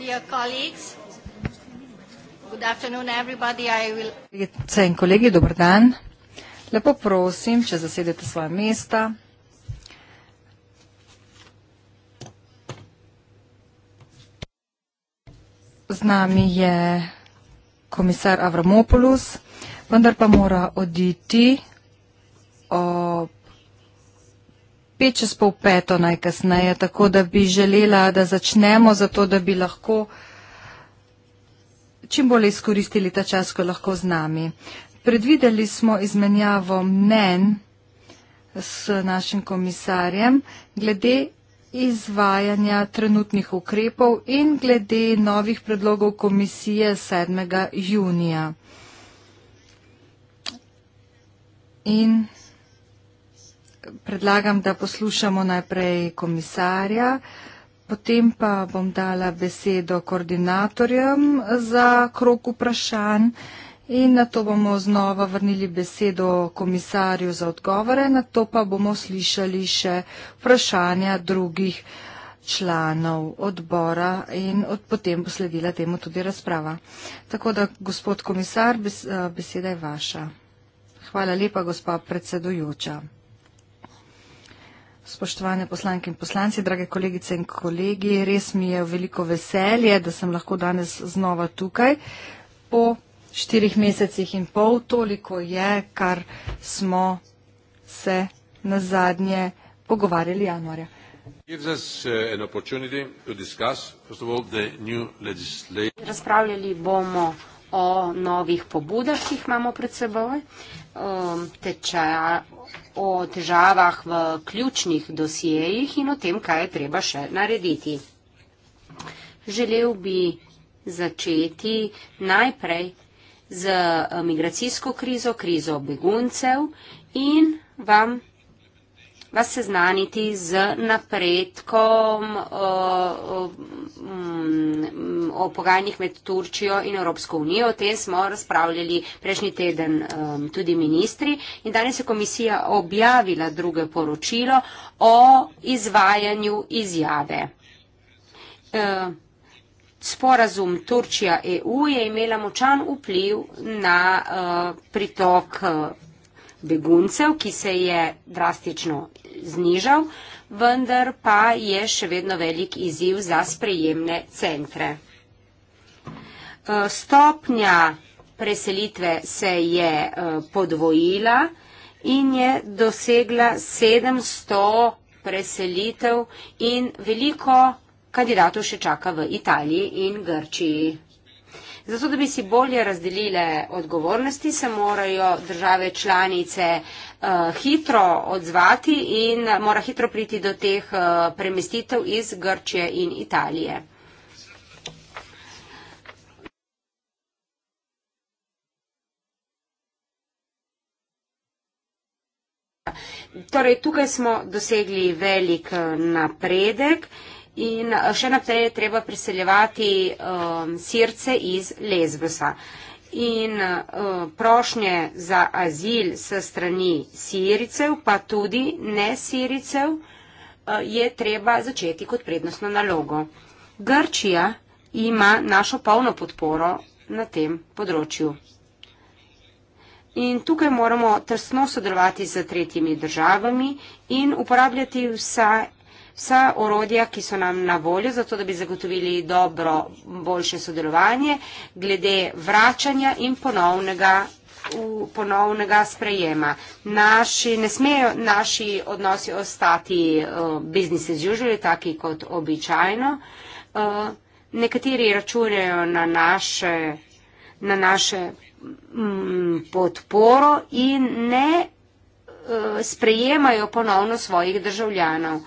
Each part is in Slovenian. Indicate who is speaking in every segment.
Speaker 1: Dear colleagues, good afternoon everybody. I will... in kolegi, dobar dan. Lepo prosim, če zasedete svoje mesta. Z nami je komisar Avramopoulos, vendar pa mora oditi ob pet čez pol peto najkasneje, tako da bi želela, da začnemo, zato da bi lahko čim bolje izkoristili ta čas, ko lahko z nami. Predvideli smo izmenjavo mnen s našim komisarjem glede izvajanja trenutnih ukrepov in glede novih predlogov komisije 7. junija. In predlagam, da poslušamo najprej komisarja, potem pa bom dala besedo koordinatorjem za krok vprašanj in na to bomo znova vrnili besedo komisarju za odgovore, na to pa bomo slišali še vprašanja drugih članov odbora in od potem bo sledila temu tudi razprava. Tako da, gospod komisar, eh, beseda je vaša. Hvala lepa, gospa predsedujoča. Spoštovane poslanke in poslanci, drage kolegice in kolegi, res mi je veliko veselje, da sem lahko danes znova tukaj. Po štirih mesecih in pol toliko je, kar smo se na zadnje pogovarjali januarja.
Speaker 2: Uh,
Speaker 3: Razpravljali bomo o novih pobudah, ki jih imamo pred seboj, um, tečaja, o težavah v ključnih dosijejih in o tem, kaj je treba še narediti. Želel bi začeti najprej z migracijsko krizo, krizo beguncev in vam vas seznaniti z napredkom o, o, o, mm, o pogajanjih med Turčijo in Evropsko unijo. O tem smo razpravljali prejšnji teden um, tudi ministri in danes je komisija objavila druge poročilo o izvajanju izjave. Uh, Sporazum Turčija-EU je imela močan vpliv na uh, pritok uh, beguncev, ki se je drastično znižal, vendar pa je še vedno velik izziv za sprejemne centre. Eh, stopnja preselitve se je eh, podvojila in je dosegla 700 preselitev in veliko kandidatov še čaka v Italiji in Grčiji. Zato, da bi si bolje razdelile odgovornosti, se morajo države članice eh, hitro odzvati in mora hitro priti do teh eh, premestitev iz Grčije in Italije. Torej, tukaj smo dosegli velik eh, napredek in eh, še naprej je treba priseljevati um, sirce iz Lesbosa. In uh, prošnje za azil s strani siricev, pa tudi ne siricev, uh, je treba začeti kot prednostno nalogo. Grčija ima našo polno podporo na tem področju. In tukaj moramo tesno sodelovati z tretjimi državami in uporabljati vsa vsa orodja, ki so nam na voljo, zato da bi zagotovili dobro, boljše sodelovanje glede vračanja in ponovnega, v, ponovnega sprejema. Naši, ne smejo naši odnosi ostati uh, business as usual, taki kot običajno. Uh, nekateri računajo na naše, na naše mm, podporo in ne eh, sprejemajo ponovno svojih državljanov. Uh,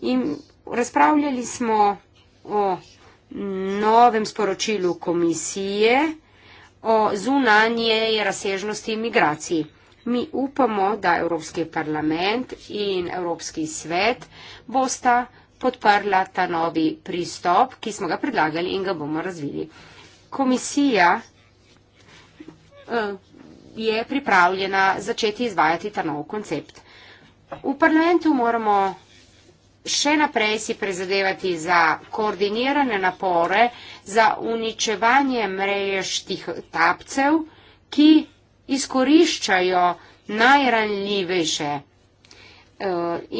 Speaker 3: In razpravljali smo o novem sporočilu komisije o zunanjej razsežnosti migracij. Mi upamo, da Evropski parlament in Evropski svet bosta podprla ta novi pristop, ki smo ga predlagali in ga bomo razvili. Komisija eh, je pripravljena začeti izvajati ta nov koncept. V parlamentu moramo še naprej si prizadevati za koordinirane napore za uničevanje mreže štih tapcev, ki izkoriščajo najranljivejše eh,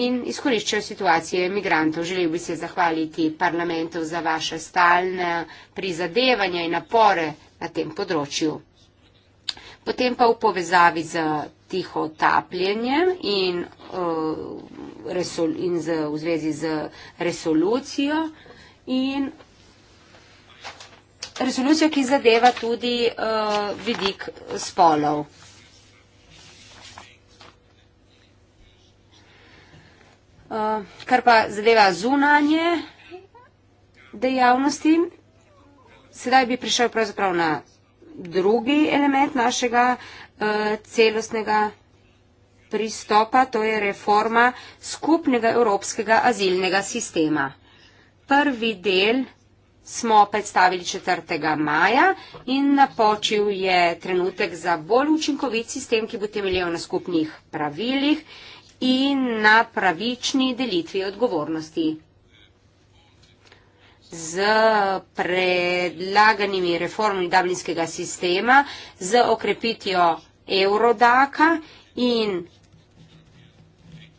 Speaker 3: in izkoriščajo situacije imigrantov. Želel bi se zahvaliti parlamentu za vaše stalne prizadevanja in napore na tem področju. Potem pa v povezavi z tiho tapljenjem in uh, resol, in z, v zvezi z resolucijo. In resolucija, ki zadeva tudi uh, vidik spolov. Uh, kar pa zadeva zunanje dejavnosti, sedaj bi prišel pravzaprav na drugi element našega uh, celostnega pristopa, to je reforma skupnega evropskega azilnega sistema. Prvi del smo predstavili 4. maja in napočil je trenutek za bolj učinkovit sistem, ki bo temeljil na skupnih pravilih in na pravični delitvi odgovornosti. Z predlaganimi reformami dublinskega sistema, z okrepitjo Eurodaka in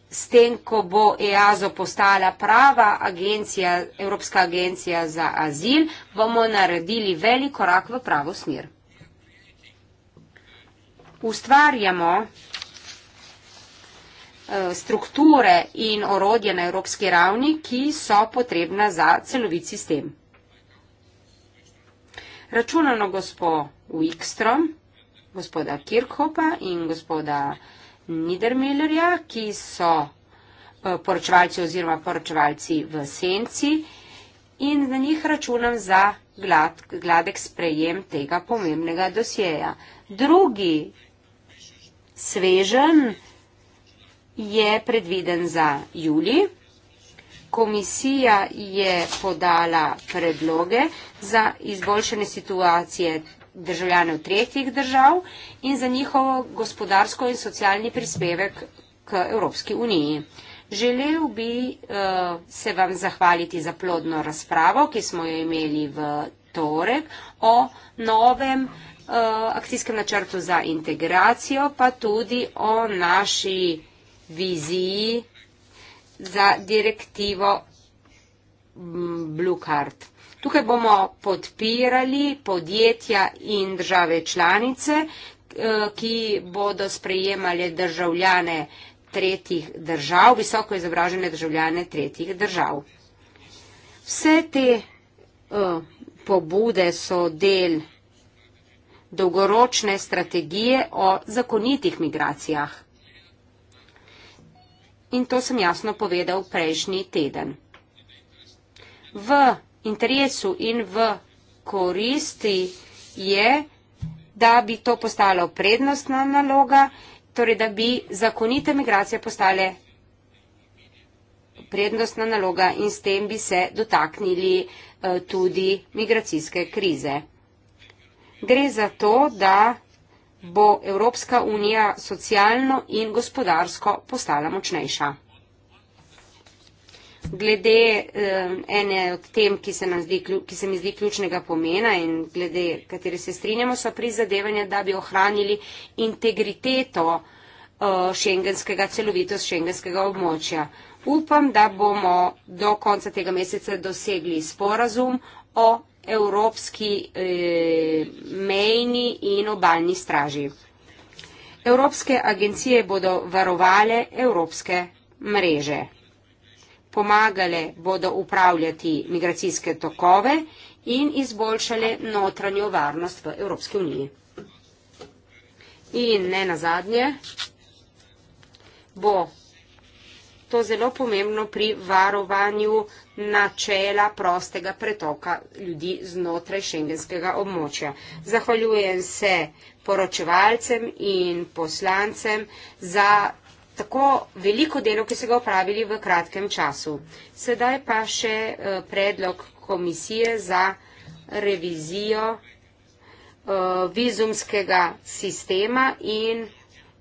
Speaker 3: s tem, ko bo EASO postala prava agencija, Evropska agencija za azil, bomo naredili velik korak v pravo smer. Ustvarjamo eh, strukture in orodje na evropski ravni, ki so potrebna za celovit sistem. Računano gospod Wikstrom, gospoda Kirchhopa in gospoda Niedermillerja, ki so eh, poročevalci oziroma poročevalci v senci in na njih računam za glad, gladek sprejem tega pomembnega dosjeja. Drugi svežen je predviden za juli. Komisija je podala predloge za izboljšanje situacije državljane v tretjih držav in za njihovo gospodarsko in socialni prispevek k Evropski uniji. Želel bi uh, se vam zahvaliti za plodno razpravo, ki smo jo imeli v torek o novem uh, akcijskem načrtu za integracijo, pa tudi o naši viziji za direktivo mm, Blue Card. Tukaj bomo podpirali podjetja in države članice, eh, ki bodo sprejemali državljane tretjih držav, visoko izobražene državljane tretjih držav. Vse te uh, pobude so del dolgoročne strategije o zakonitih migracijah. In to sem jasno povedal prejšnji teden. V interesu in v koristi je, da bi to postalo prednostna naloga, torej da bi zakonite migracije postale prednostna naloga in s tem bi se dotaknili eh, tudi migracijske krize. Gre za to, da bo Evropska unija socialno in gospodarsko postala močnejša glede eh, ene od tem, ki se, zdi, ki se mi zdi ključnega pomena in glede kateri se strinjamo, so prizadevanja, da bi ohranili integriteto eh, šengenskega, celovitost šengenskega območja. Upam, da bomo do konca tega meseca dosegli sporazum o evropski eh, mejni in obaljni straži. Evropske agencije bodo varovale evropske mreže pomagale bodo upravljati migracijske tokove in izboljšale notranjo varnost v Evropski uniji. In ne nazadnje bo to zelo pomembno pri varovanju načela prostega pretoka ljudi znotraj šengenskega območja. Zahvaljujem se poročevalcem in poslancem za tako veliko delo, ki so ga upravili v kratkem času. Sedaj pa še eh, predlog komisije za revizijo eh, vizumskega sistema in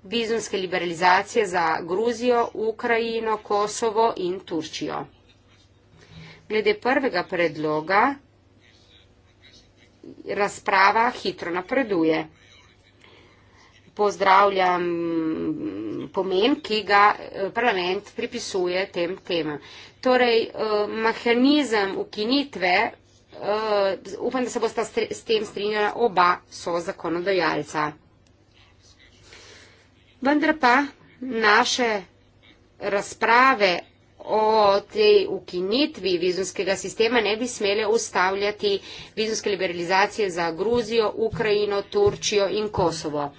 Speaker 3: vizumske liberalizacije za Gruzijo, Ukrajino, Kosovo in Turčijo. Glede prvega predloga razprava hitro napreduje. Pozdravljam pomen, ki ga eh, parlament pripisuje tem temam. Torej, uh, mehanizem ukinitve, uh, upam, da se bosta s tem strinjala oba so zakonodajalca. Vendar pa naše razprave o tej ukinitvi vizumskega sistema ne bi smele ustavljati vizumske liberalizacije za Gruzijo, Ukrajino, Turčijo in Kosovo.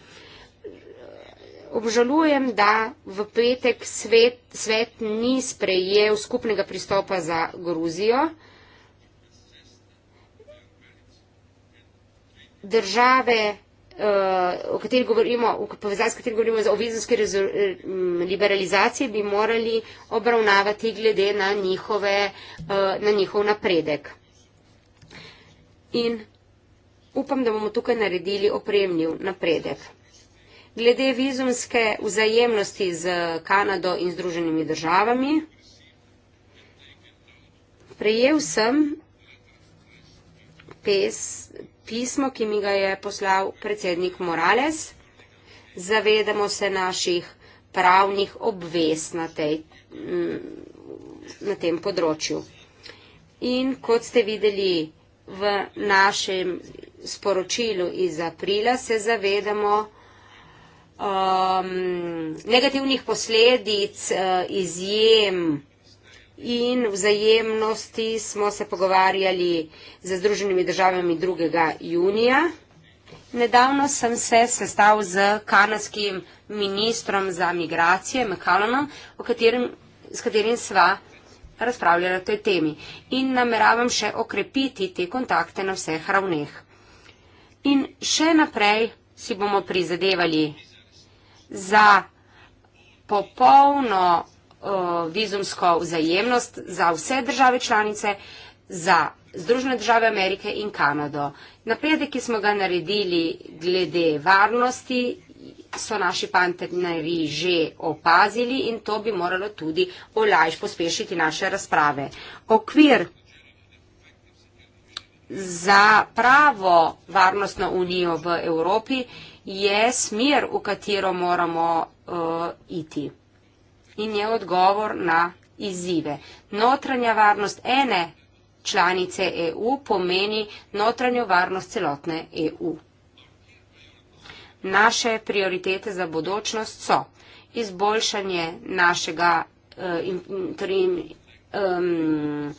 Speaker 3: Obžalujem, da v petek svet, svet ni sprejel skupnega pristopa za Gruzijo. Države, eh, o kateri govorimo, v povezavi s kateri govorimo o vizijski mm, liberalizaciji, bi morali obravnavati glede na, njihove, eh, na njihov napredek. In upam, da bomo tukaj naredili opremljiv napredek glede vizumske vzajemnosti z Kanado in Združenimi državami. Prejel sem pes, pismo, ki mi ga je poslal predsednik Morales. Zavedamo se naših pravnih obvez na, tej, mm, na tem področju. In kot ste videli v našem sporočilu iz aprila, se zavedamo, um, negativnih posledic uh, izjem in vzajemnosti smo se pogovarjali z Združenimi državami 2. junija. Nedavno sem se sestal z kanadskim ministrom za migracije, Mekalonom, s katerim sva razpravljala o tej temi. In nameravam še okrepiti te kontakte na vseh ravneh. In še naprej si bomo prizadevali za popolno uh, vizumsko vzajemnost za vse države članice, za Združene države Amerike in Kanado. Napredek, ki smo ga naredili glede varnosti, so naši partnerji že opazili in to bi moralo tudi olajš pospešiti naše razprave. Okvir za pravo varnostno unijo v Evropi je smer, v katero moramo uh, iti. In je odgovor na izzive. Notranja varnost ene članice EU pomeni notranjo varnost celotne EU. Naše prioritete za bodočnost so izboljšanje našega uh, in, in, um,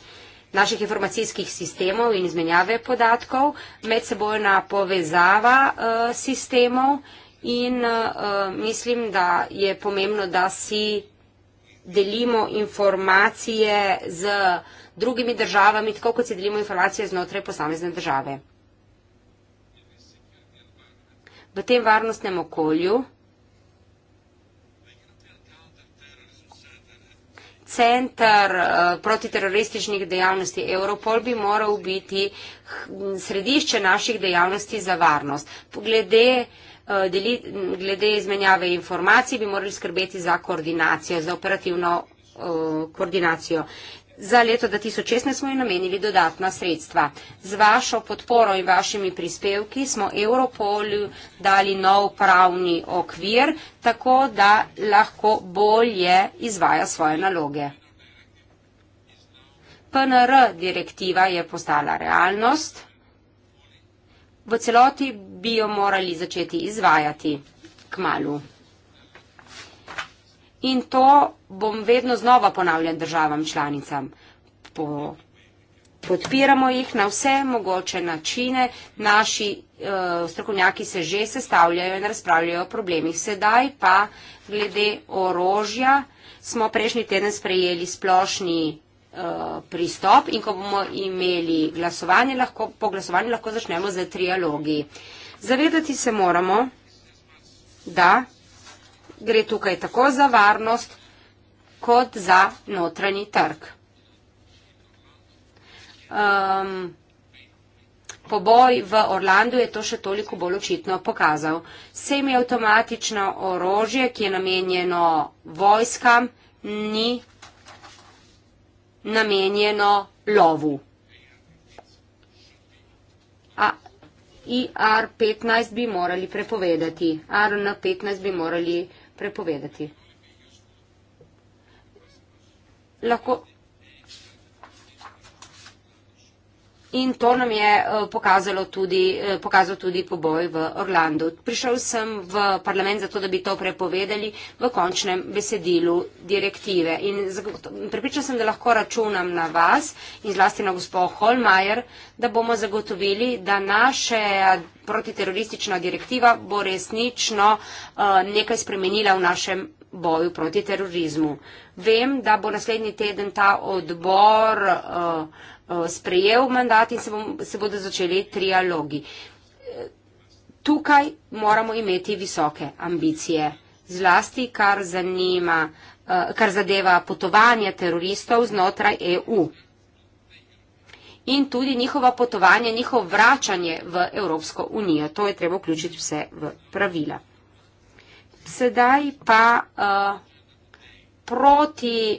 Speaker 3: naših informacijskih sistemov in izmenjave podatkov, medsebojna povezava eh, sistemov in eh, eh, mislim, da je pomembno, da si delimo informacije z drugimi državami, tako kot si delimo informacije znotraj posamezne države. V tem varnostnem okolju center uh, protiterorističnih dejavnosti Europol bi moral biti središče naših dejavnosti za varnost. Poglede eh, Deli, glede izmenjave informacij bi morali skrbeti za koordinacijo, za operativno uh, koordinacijo. Za leto 2016 smo jim namenili dodatna sredstva. Z vašo podporo in vašimi prispevki smo Europolju dali nov pravni okvir, tako da lahko bolje izvaja svoje naloge. PNR direktiva je postala realnost. V celoti bi jo morali začeti izvajati k malu. In to bom vedno znova ponavljal državam članicam. Po, podpiramo jih na vse mogoče načine, naši uh, strokovnjaki se že sestavljajo in razpravljajo o problemih. Sedaj pa glede orožja smo prejšnji teden sprejeli splošni eh, pristop in ko bomo imeli glasovanje, lahko, po glasovanju lahko začnemo z trialogi. Zavedati se moramo, da gre tukaj tako za varnost kot za notranji trg. Um, poboj v Orlandu je to še toliko bolj očitno pokazal. Semiautomatično orožje, ki je namenjeno vojskam, ni namenjeno lovu. A IR-15 bi morali prepovedati. IR-15 bi morali prepovedati lahko. In to nam je eh, tudi, eh, pokazal tudi poboj v Orlando. Prišel sem v parlament zato, da bi to prepovedali v končnem besedilu direktive. In pripričal sem, da lahko računam na vas in zlasti na gospod Holmajer, da bomo zagotovili, da naša protiteroristična direktiva bo resnično eh, nekaj spremenila v našem boju proti terorizmu. Vem, da bo naslednji teden ta odbor uh, uh, sprejel mandat in se, bom, se bodo začeli trialogi. Tukaj moramo imeti visoke ambicije, zlasti kar, zanima, uh, kar zadeva potovanje teroristov znotraj EU in tudi njihova potovanja, njihovo vračanje v Evropsko unijo. To je treba vključiti vse v pravila sedaj pa uh, proti,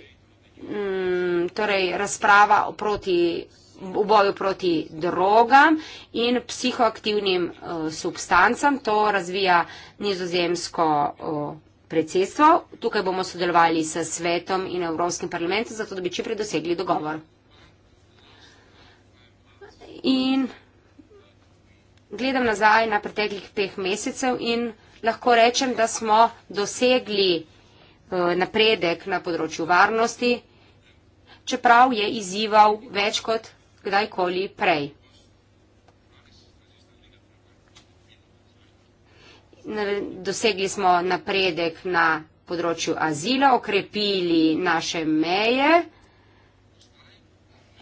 Speaker 3: um, torej razprava o proti, v boju proti drogam in psihoaktivnim uh, substancam. To razvija nizozemsko uh, predsedstvo. Tukaj bomo sodelovali s svetom in Evropskim parlamentom, zato da bi čeprej dosegli dogovor. In gledam nazaj na preteklih peh mesecev in lahko rečem, da smo dosegli eh, napredek na področju varnosti, čeprav je izzival več kot kdajkoli prej. Dosegli smo napredek na področju azila, okrepili naše meje,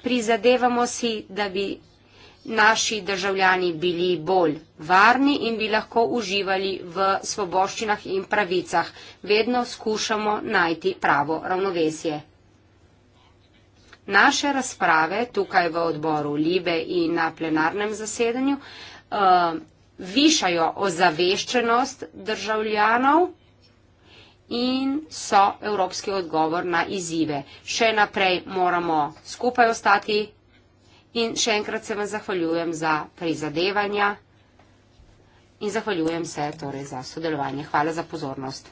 Speaker 3: prizadevamo si, da bi naši državljani bili bolj varni in bi lahko uživali v svoboščinah in pravicah. Vedno skušamo najti pravo ravnovesje. Naše razprave tukaj v odboru Libe in na plenarnem zasedanju uh, višajo ozaveščenost državljanov in so evropski odgovor na izzive. Še naprej moramo skupaj ostati In še enkrat se vam zahvaljujem za prizadevanja in zahvaljujem se torej za sodelovanje. Hvala za pozornost.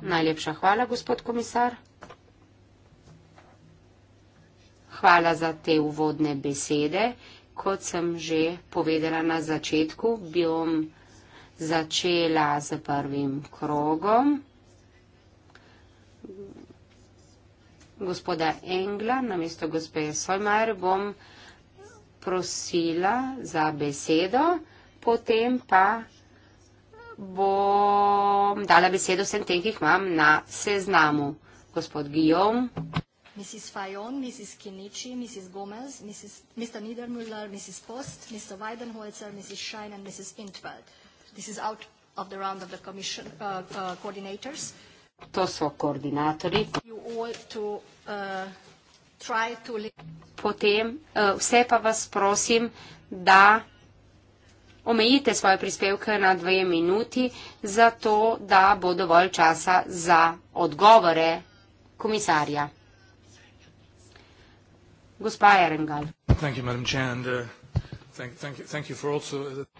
Speaker 3: Najlepša hvala, gospod komisar. Hvala za te uvodne besede. Kot sem že povedala na začetku, bi bom začela z prvim krogom. gospoda Engla, namesto gospe Solmar, bom prosila za besedo, potem pa bom dala besedo vsem tem, ki jih imam na seznamu. Gospod Gijom.
Speaker 1: Mrs. Fajon, Mrs. Kinichi, Mrs. Gomez, Mrs. Mr. Niedermüller, Mrs. Post, Mr. Weidenholzer, Mrs. Schein and Mrs. Intveld. This is out of the round of the commission uh, uh, coordinators.
Speaker 3: To so koordinatori.
Speaker 1: Uh,
Speaker 3: Potem uh, vse pa vas prosim, da omejite svoje prispevke na dve minuti, zato da bo dovolj časa za odgovore komisarja. Gospa Erengal.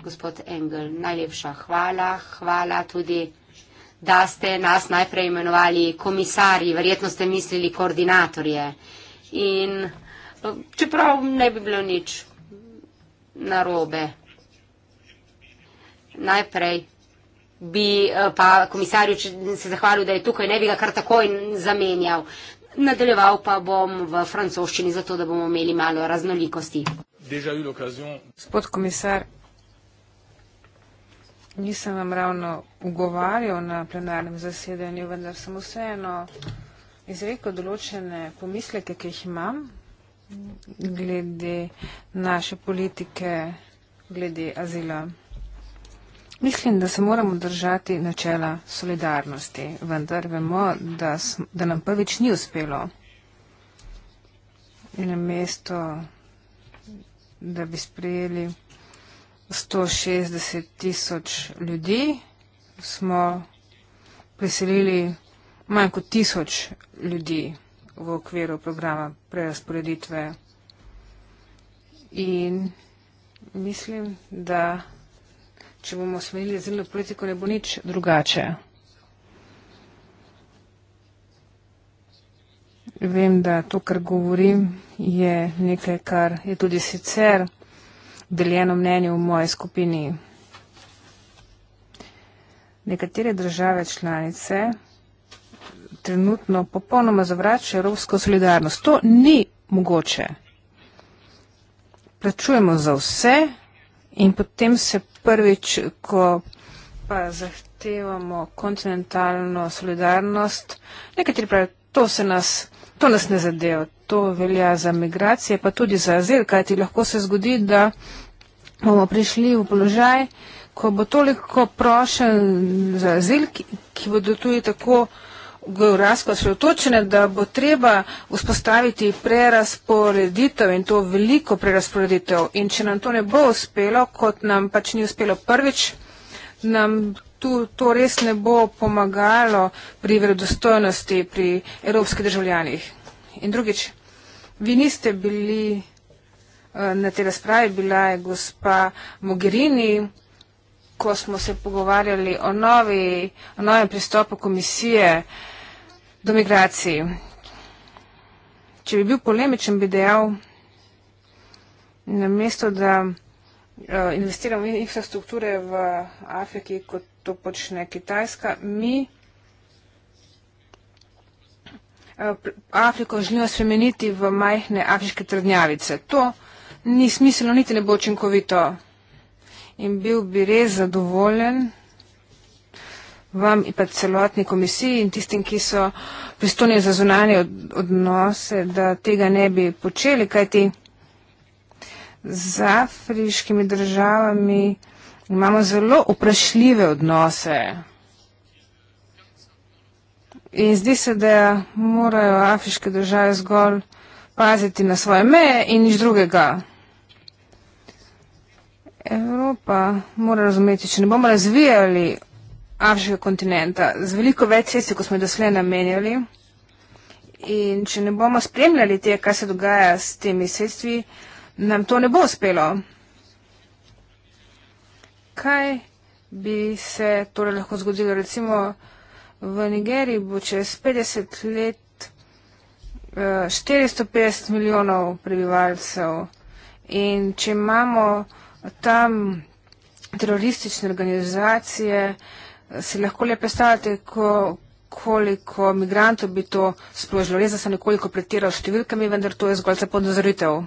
Speaker 3: Gospod Engel, najlepša hvala. Hvala tudi da ste nas najprej imenovali komisarji, verjetno ste mislili koordinatorje. In čeprav ne bi bilo nič narobe. Najprej bi eh, pa komisarju se zahvalil, da je tukaj, ne bi ga kar takoj zamenjal. Nadaljeval pa bom v francoščini, zato da bomo imeli malo raznolikosti. Gospod komisar,
Speaker 2: nisem vam ravno ugovarjal na plenarnem zasedanju, vendar sem vseeno izrekel določene pomisleke, ki jih imam glede naše politike, glede azila. Mislim, da se moramo držati načela solidarnosti, vendar vemo, da, da nam prvič ni uspelo. In na mesto, da bi sprejeli 160 tisoč ljudi, smo priselili manj kot tisoč ljudi v okviru programa prerasporeditve. In mislim, da če bomo smenili zelo politiko, ne bo nič drugače. Vem, da to, kar govorim, je nekaj, kar je tudi sicer deljeno mnenje v moji skupini. Nekatere države članice trenutno popolnoma zavračajo evropsko solidarnost. To ni mogoče. Plačujemo za vse in potem se prvič, ko pa zahtevamo kontinentalno solidarnost, nekateri pravijo, to se nas To nas ne zadeva. To velja za migracije, pa tudi za azil, kajti lahko se zgodi, da bomo prišli v položaj, ko bo toliko prošen za azil, ki, ki bodo tudi tako geografsko sredotočene, da bo treba vzpostaviti prerasporeditev in to veliko prerasporeditev. In če nam to ne bo uspelo, kot nam pač ni uspelo prvič, nam tu, to res ne bo pomagalo pri verodostojnosti pri evropskih državljanih. In drugič, vi niste bili eh, na tej razpravi, bila je gospa Mogherini, ko smo se pogovarjali o, novi, o novem pristopu komisije do migracij. Če bi bil polemičen, bi dejal, namesto da Eh, investiramo v infrastrukture v Afriki, kot to počne Kitajska. Mi eh, Afriko želimo spremeniti v majhne afriške trdnjavice. To ni smiselno, niti ne bo učinkovito. In bil bi res zadovoljen vam in pa celotni komisiji in tistim, ki so pristojni za zunanje odnose, da tega ne bi počeli, kajti z afriškimi državami imamo zelo vprašljive odnose. In zdi se, da morajo afriške države zgolj paziti na svoje meje in nič drugega. Evropa mora razumeti, če ne bomo razvijali afriškega kontinenta z veliko več sredstev, kot smo jih doslej namenjali, in če ne bomo spremljali tega, kaj se dogaja s temi sredstvi, nam to ne bo uspelo. Kaj bi se torej lahko zgodilo? Recimo v Nigeriji bo čez 50 let 450 eh, milijonov prebivalcev in če imamo tam teroristične organizacije, si lahko le predstavljate, ko, koliko migrantov bi to sprožilo. Res, da sem nekoliko pretiral s številkami, vendar to je zgolj za podozoritev.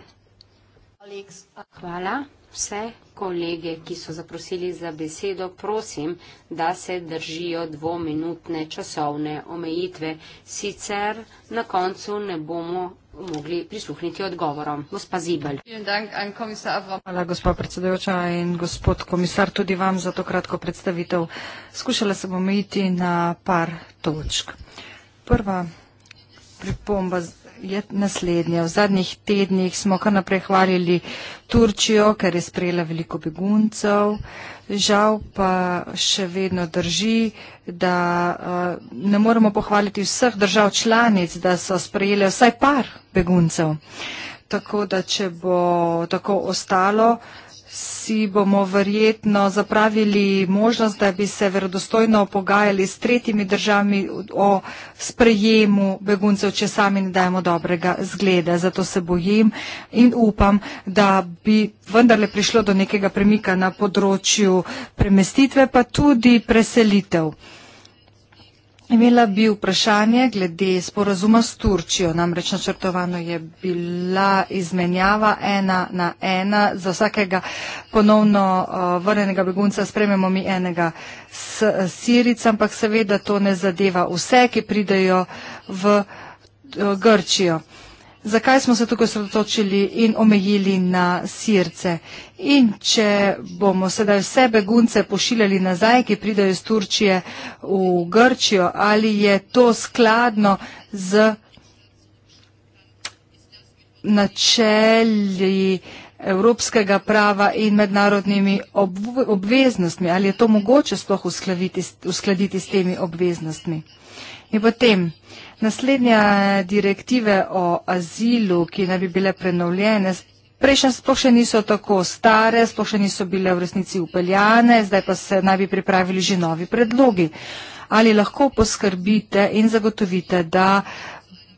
Speaker 3: Hvala. Vse kolege, ki so zaprosili za besedo, prosim, da se držijo dvominutne časovne omejitve. Sicer na koncu ne bomo mogli prisluhniti odgovorom. Gospa Zibel.
Speaker 1: Hvala, gospa predsedujoča in gospod komisar, tudi vam za to kratko predstavitev. Skušala sem omejiti na par točk. Prva pripomba je naslednje. V zadnjih tednih smo kar naprej hvalili Turčijo, ker je sprejela veliko beguncev. Žal pa še vedno drži, da uh, ne moremo pohvaliti vseh držav članic, da so sprejele vsaj par beguncev. Tako da, če bo tako ostalo, uh, si bomo verjetno zapravili možnost, da bi se verodostojno pogajali s tretjimi državami o sprejemu beguncev, če sami ne dajemo dobrega zgleda. Zato se bojim in upam, da bi vendarle prišlo do nekega premika na področju premestitve, pa tudi preselitev. Imela bi vprašanje glede sporazuma s Turčijo. Namreč načrtovano je bila izmenjava ena na ena. Za vsakega ponovno uh, vrnenega begunca sprememo mi enega s uh, Sirica, ampak seveda to ne zadeva vse, ki pridejo v uh, Grčijo zakaj smo se tukaj sredotočili in omejili na sirce. In če bomo sedaj vse begunce pošiljali nazaj, ki pridejo iz Turčije v Grčijo, ali je to skladno z načelji evropskega prava in mednarodnimi obveznostmi, ali je to mogoče sploh uskladiti s temi obveznostmi. In potem, uh, Naslednja eh, direktive o azilu, ki naj bi bile prenovljene, prejšnje sploh še niso tako stare, sploh še niso bile v resnici upeljane, zdaj pa se naj bi pripravili že novi predlogi. Ali lahko poskrbite in zagotovite, da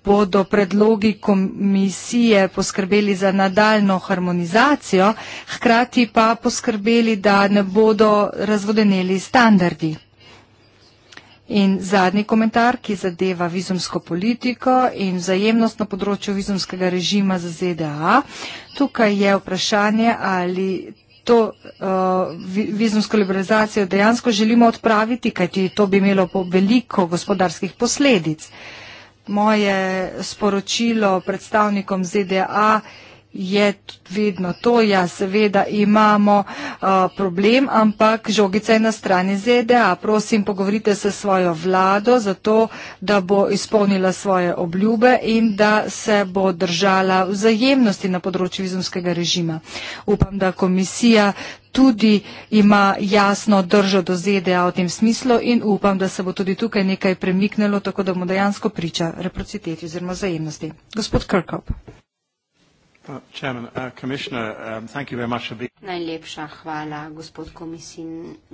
Speaker 1: bodo predlogi komisije poskrbeli za nadaljno harmonizacijo, hkrati pa poskrbeli, da ne bodo razvodeneli standardi? In zadnji komentar, ki zadeva vizumsko politiko in vzajemnost na področju vizumskega režima za ZDA. Tukaj je vprašanje, ali to uh, vizumsko liberalizacijo dejansko želimo odpraviti, kajti to bi imelo veliko gospodarskih posledic. Moje sporočilo predstavnikom ZDA je, je tudi vedno to, ja seveda imamo uh, problem, ampak žogica je na strani ZDA. Prosim, pogovorite se s svojo vlado za to, da bo izpolnila svoje obljube in da se bo držala vzajemnosti na področju vizumskega režima. Upam, da komisija tudi ima jasno držo do ZDA v tem smislu in upam, da se bo tudi tukaj nekaj premiknilo, tako da bomo dejansko priča reprociteti oziroma vzajemnosti. Gospod Krkop.
Speaker 2: Uh, um,
Speaker 3: Najlepša hvala, gospod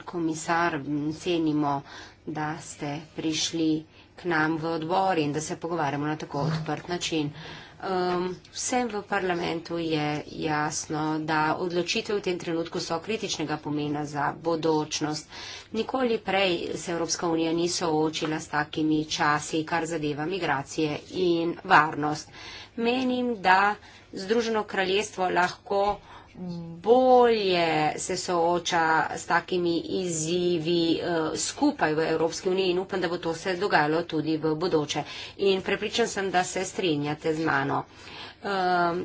Speaker 3: komisar. Cenimo, da ste prišli k nam v odbor in da se pogovarjamo na tako odprt način. Um, vsem v parlamentu je jasno, da odločitve v tem trenutku so kritičnega pomena za bodočnost. Nikoli prej se Evropska unija ni soočila s takimi časi, kar zadeva migracije in varnost. Menim, da Združeno kraljestvo lahko bolje se sooča s takimi izzivi uh, skupaj v Evropski uniji in upam, da bo to se dogajalo tudi v bodoče. In prepričan sem, da se strinjate z mano. Uh,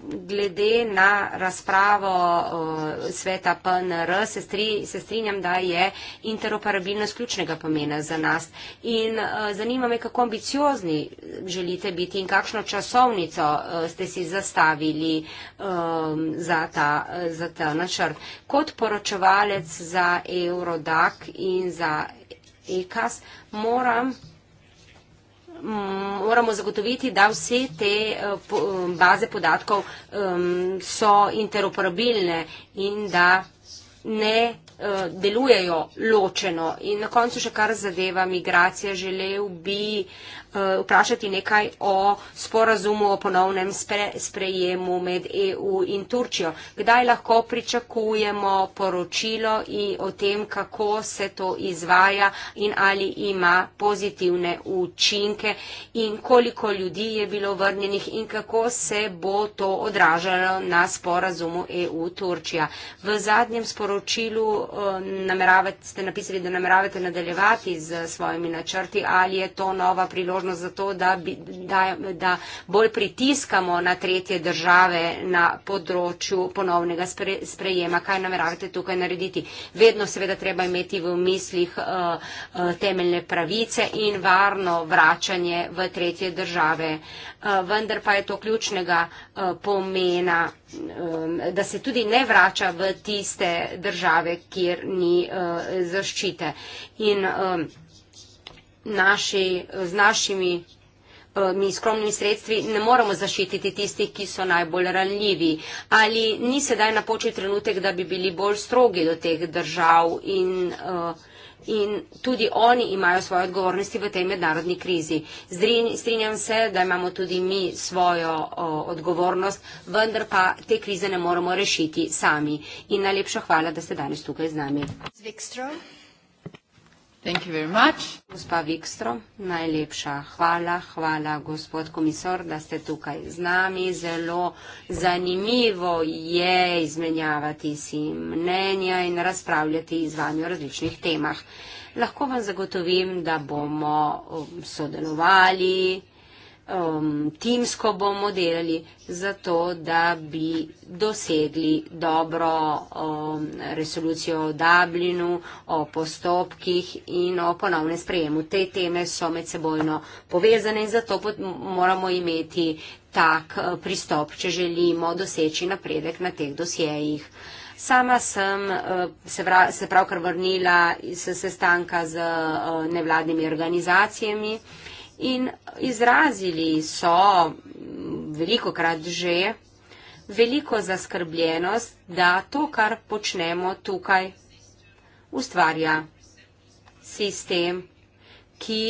Speaker 3: glede na razpravo uh, sveta PNR se, stri, se strinjam, da je interoperabilnost ključnega pomena za nas. In uh, zanima me, kako ambiciozni želite biti in kakšno časovnico uh, ste si zastavili um, za, ta, uh, za ta načrt. Kot poročevalec za Eurodac in za ECAS moram. Mm, moramo zagotoviti, da vse te eh, eh, baze podatkov so interoperabilne in da ne eh, delujejo ločeno. In na koncu še kar zadeva migracija, želel bi Eh, vprašati nekaj o sporazumu o ponovnem spre, sprejemu med EU in Turčijo. Kdaj lahko pričakujemo poročilo in o tem, kako se to izvaja in ali ima pozitivne učinke in koliko ljudi je bilo vrnjenih in kako se bo to odražalo na sporazumu EU-Turčija. V zadnjem sporočilu eh, ste napisali, da nameravate nadaljevati z svojimi načrti ali je to nova priložnost priložnost za to, da, bi, da, da bolj pritiskamo na tretje države na področju ponovnega spre, sprejema. Kaj nameravate tukaj narediti? Vedno seveda treba imeti v mislih uh, uh, temeljne pravice in varno vračanje v tretje države. Uh, vendar pa je to ključnega uh, pomena, um, da se tudi ne vrača v tiste države, kjer ni uh, zaščite. In, um, naši, z našimi eh, mi skromnimi sredstvi ne moremo zaščititi tistih, ki so najbolj ranljivi. Ali ni sedaj napočil trenutek, da bi bili bolj strogi do teh držav in, eh, in tudi oni imajo svoje odgovornosti v tej mednarodni krizi. Strinjam se, da imamo tudi mi svojo eh, odgovornost, vendar pa te krize ne moremo rešiti sami. In najlepša hvala, da ste danes tukaj z nami. Zvikstro. Gospa Vikstro, najlepša hvala. Hvala, gospod komisar, da ste tukaj z nami. Zelo zanimivo je izmenjavati si mnenja in razpravljati z vami o različnih temah. Lahko vam zagotovim, da bomo um, sodelovali um, timsko bomo delali, zato da bi dosegli dobro um, resolucijo o Dublinu, o postopkih in o ponovnem sprejemu. Te teme so med sebojno povezane in zato moramo imeti tak uh, pristop, če želimo doseči napredek na teh dosjejih. Sama sem uh, se, vra, se pravkar vrnila iz sestanka z uh, nevladnimi organizacijami in izrazili so veliko krat že veliko zaskrbljenost, da to, kar počnemo tukaj, ustvarja sistem, ki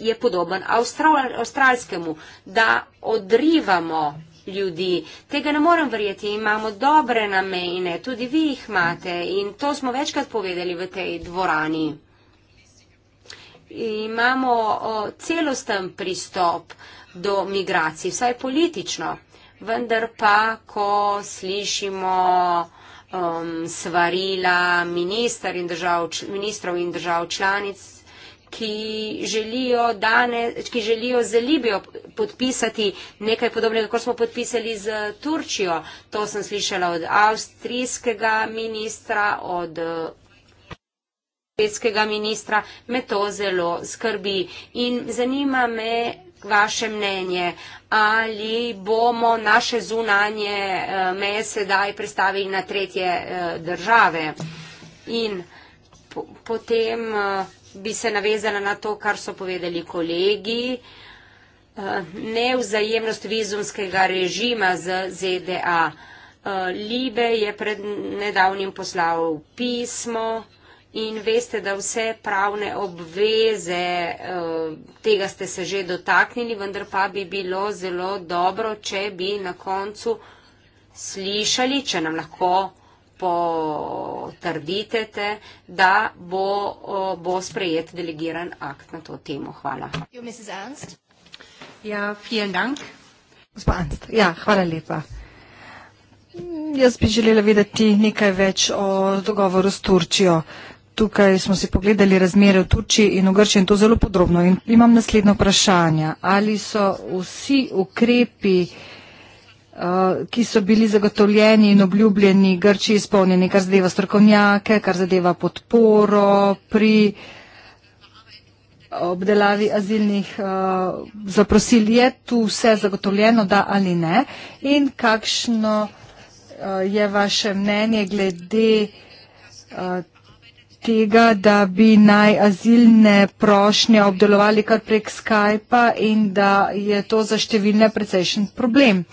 Speaker 3: eh, je podoben avstralskemu, da odrivamo ljudi. Tega ne morem verjeti, imamo dobre namene, tudi vi jih imate in to smo večkrat povedali v tej dvorani imamo celosten pristop do migracij, vsaj politično. Vendar pa, ko slišimo um, svarila minister in držav, ministrov in držav članic, ki želijo, danes, ki želijo z Libijo podpisati nekaj podobnega, kot smo podpisali z Turčijo. To sem slišala od avstrijskega ministra, od švedskega ministra, me to zelo skrbi. In zanima me vaše mnenje, ali bomo naše zunanje eh, meje sedaj predstavili na tretje eh, države. In po, potem eh, bi se navezala na to, kar so povedali kolegi, neuzajemnost vizumskega režima z ZDA. Libe je pred nedavnim poslal pismo, In veste, da vse pravne obveze, eh, tega ste se že dotaknili, vendar pa bi bilo zelo dobro, če bi na koncu slišali, če nam lahko potrdite, da bo, eh, bo sprejet delegiran akt na to temo. Hvala. Ja,
Speaker 1: ja, hvala lepa. Jaz bi želela vedeti nekaj več o dogovoru s Turčijo tukaj smo si pogledali razmere v Turčiji in v Grčiji in to zelo podrobno. In imam naslednjo vprašanje. Ali so vsi ukrepi, eh, ki so bili zagotovljeni in obljubljeni Grčiji, izpolnjeni, kar zadeva strokovnjake, kar zadeva podporo pri obdelavi azilnih eh, zaprosil? Je tu vse zagotovljeno, da ali ne? In kakšno eh, je vaše mnenje glede tega, da bi naj azilne prošnje obdelovali kar prek Skypa in da je to za številne precejšen problem.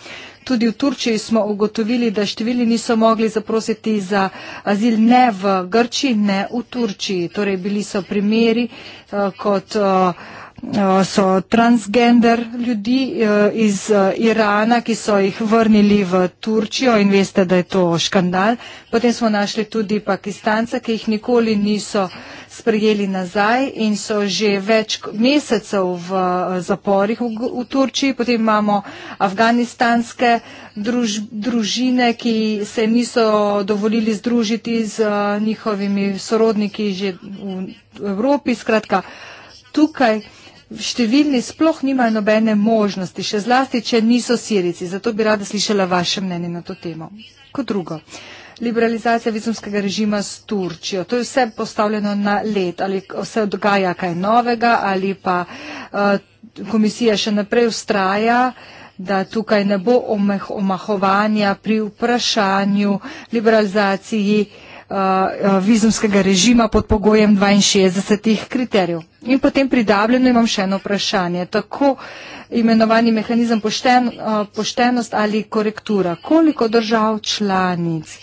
Speaker 1: Tudi v Turčiji smo ugotovili, da številni niso mogli zaprositi za azil ne v Grčiji, ne v Turčiji. Torej bili so primeri uh, kot. Uh, Eh, so transgender ljudi eh, iz eh, Irana, ki so jih vrnili v Turčijo in veste, da je to škandal. Potem smo našli tudi pakistanca, ki jih nikoli niso sprejeli nazaj in so že več mesecev v zaporih v, v Turčiji. Potem imamo afganistanske druž, družine, ki se niso dovolili združiti z njihovimi sorodniki že v Evropi. Skratka, tukaj številni sploh nimajo nobene možnosti, še zlasti, če niso sirici. Zato bi rada slišala vaše mnenje na to temo. Kot drugo, liberalizacija vizumskega režima s Turčijo. To je vse postavljeno na let, ali se dogaja kaj novega, ali pa uh, komisija še naprej ustraja da tukaj ne bo omahovanja pri vprašanju liberalizaciji uh, Eh, eh, vizumskega režima pod pogojem 62 kriterijev. In potem pri Dablinu imam še eno vprašanje. Tako imenovani mehanizem pošten, eh, poštenost ali korektura. Koliko držav članic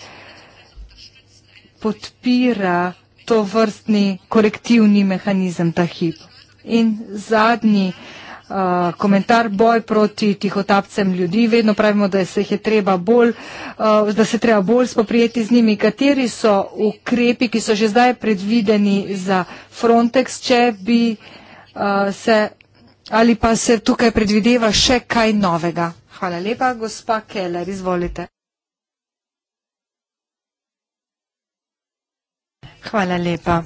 Speaker 1: podpira to vrstni korektivni mehanizem ta hip? In zadnji uh, Eh, komentar boj proti tihotapcem ljudi. Vedno pravimo, da se je treba bolj, uh, da se treba bolj spoprijeti z njimi. Kateri so ukrepi, ki so že zdaj predvideni za Frontex, če bi uh, se ali pa se tukaj predvideva še kaj novega? Hvala lepa, gospa Keller, izvolite. Hvala lepa.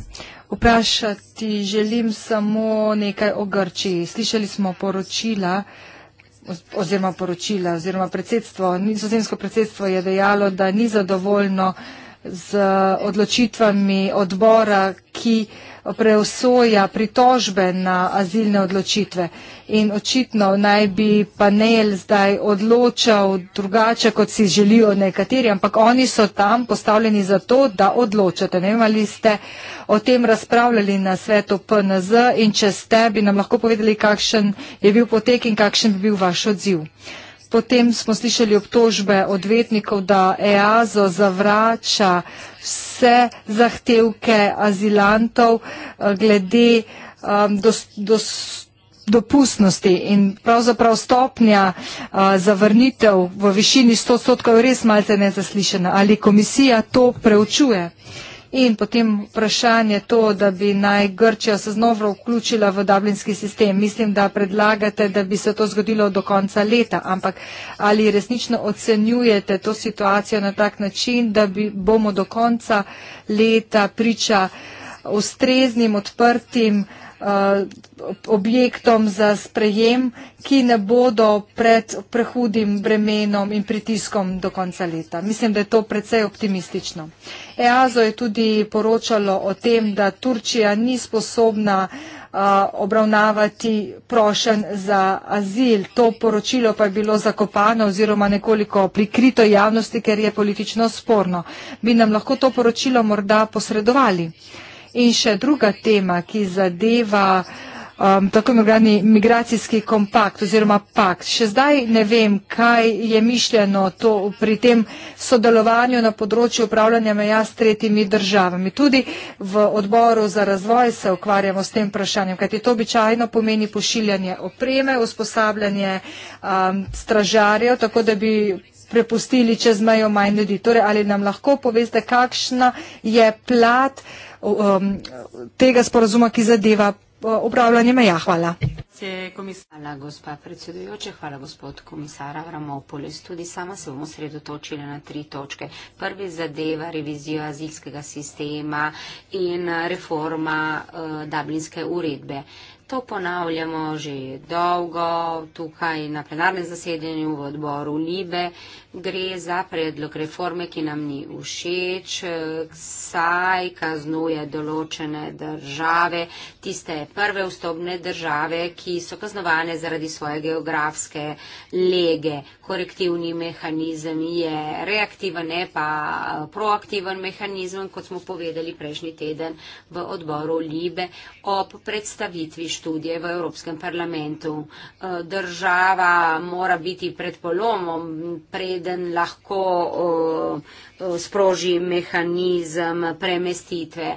Speaker 1: Vprašati želim samo nekaj o Grči. Slišali smo poročila oziroma poročila oziroma predsedstvo, nizozemsko predsedstvo je dejalo, da ni zadovoljno z odločitvami odbora, ki uh, preosoja pritožbe na azilne odločitve. In očitno naj bi panel zdaj odločal drugače, kot si želijo nekateri, ampak oni so tam postavljeni za to, da odločate. Ne vem, ali ste o tem razpravljali na svetu PNZ in če ste, bi nam lahko povedali, kakšen je bil potek in kakšen bi bil vaš odziv. Potem smo slišali obtožbe odvetnikov, da EAZO zavrača vse zahtevke azilantov eh, glede um, dos, dos, dopustnosti in pravzaprav stopnja a, eh, zavrnitev v višini 100 odstotkov je res malce nezaslišena. Ali komisija to preučuje? In potem vprašanje je to, da bi naj Grčija se znova vključila v dublinski sistem. Mislim, da predlagate, da bi se to zgodilo do konca leta, ampak ali resnično ocenjujete to situacijo na tak način, da bi, bomo do konca leta priča ustreznim, odprtim, uh, Eh, objektom za sprejem, ki ne bodo pred prehudim bremenom in pritiskom do konca leta. Mislim, da je to precej optimistično. EASO je tudi poročalo o tem, da Turčija ni sposobna eh, obravnavati prošen za azil. To poročilo pa je bilo zakopano oziroma nekoliko prikrito javnosti, ker je politično sporno. Bi nam lahko to poročilo morda posredovali? Uh, In še druga tema, ki zadeva um, tako imenovani migracijski kompakt oziroma pakt. Še zdaj ne vem, kaj je mišljeno to, pri tem sodelovanju na področju upravljanja meja s tretjimi državami. Tudi v odboru za razvoj se ukvarjamo s tem vprašanjem, kajti to običajno pomeni pošiljanje opreme, usposabljanje um, stražarjev, tako da bi prepustili čez mejo manj ljudi. Torej, ali nam lahko poveste, kakšna je plat, um, tega sporazuma, ki zadeva upravljanje meja. Hvala.
Speaker 3: Hvala, gospa predsedujoča, hvala, gospod komisar Avramopoles. Tudi sama se bomo sredotočila na tri točke. Prvi zadeva revizijo azilskega sistema in reforma uh, Dublinske uredbe. To ponavljamo že dolgo tukaj na plenarnem zasedanju v odboru Libe. Uh, gre za predlog reforme, ki nam ni všeč, saj kaznuje določene države, tiste prve vstopne države, ki so kaznovane zaradi svoje geografske lege. Korektivni mehanizem je reaktiven, ne pa proaktiven mehanizem, kot smo povedali prejšnji teden v odboru Libe ob predstavitvi študije v Evropskem parlamentu. Država mora biti pred polomom, pred preden lahko sproži mehanizem premestitve.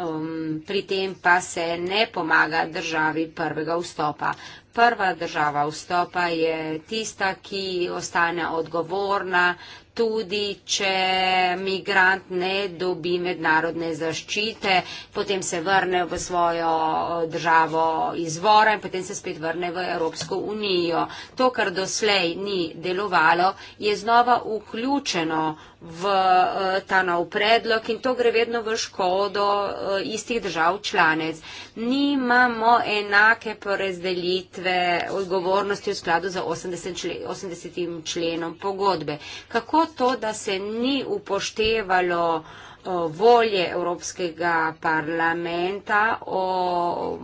Speaker 3: Um, pri tem pa se ne pomaga državi prvega vstopa prva država vstopa je tista, ki ostane odgovorna, tudi če migrant ne dobi mednarodne zaščite, potem se vrne v svojo eh, državo izvora in potem se spet vrne v Evropsko unijo. To, kar doslej ni delovalo, je znova vključeno v eh, ta nov predlog in to gre vedno v škodo eh, istih držav članec. Nimamo enake porazdelitve sve odgovornosti u skladu za 80. členom pogodbe. Kako to da se ni upoštevalo eh, volje Evropskega parlamenta o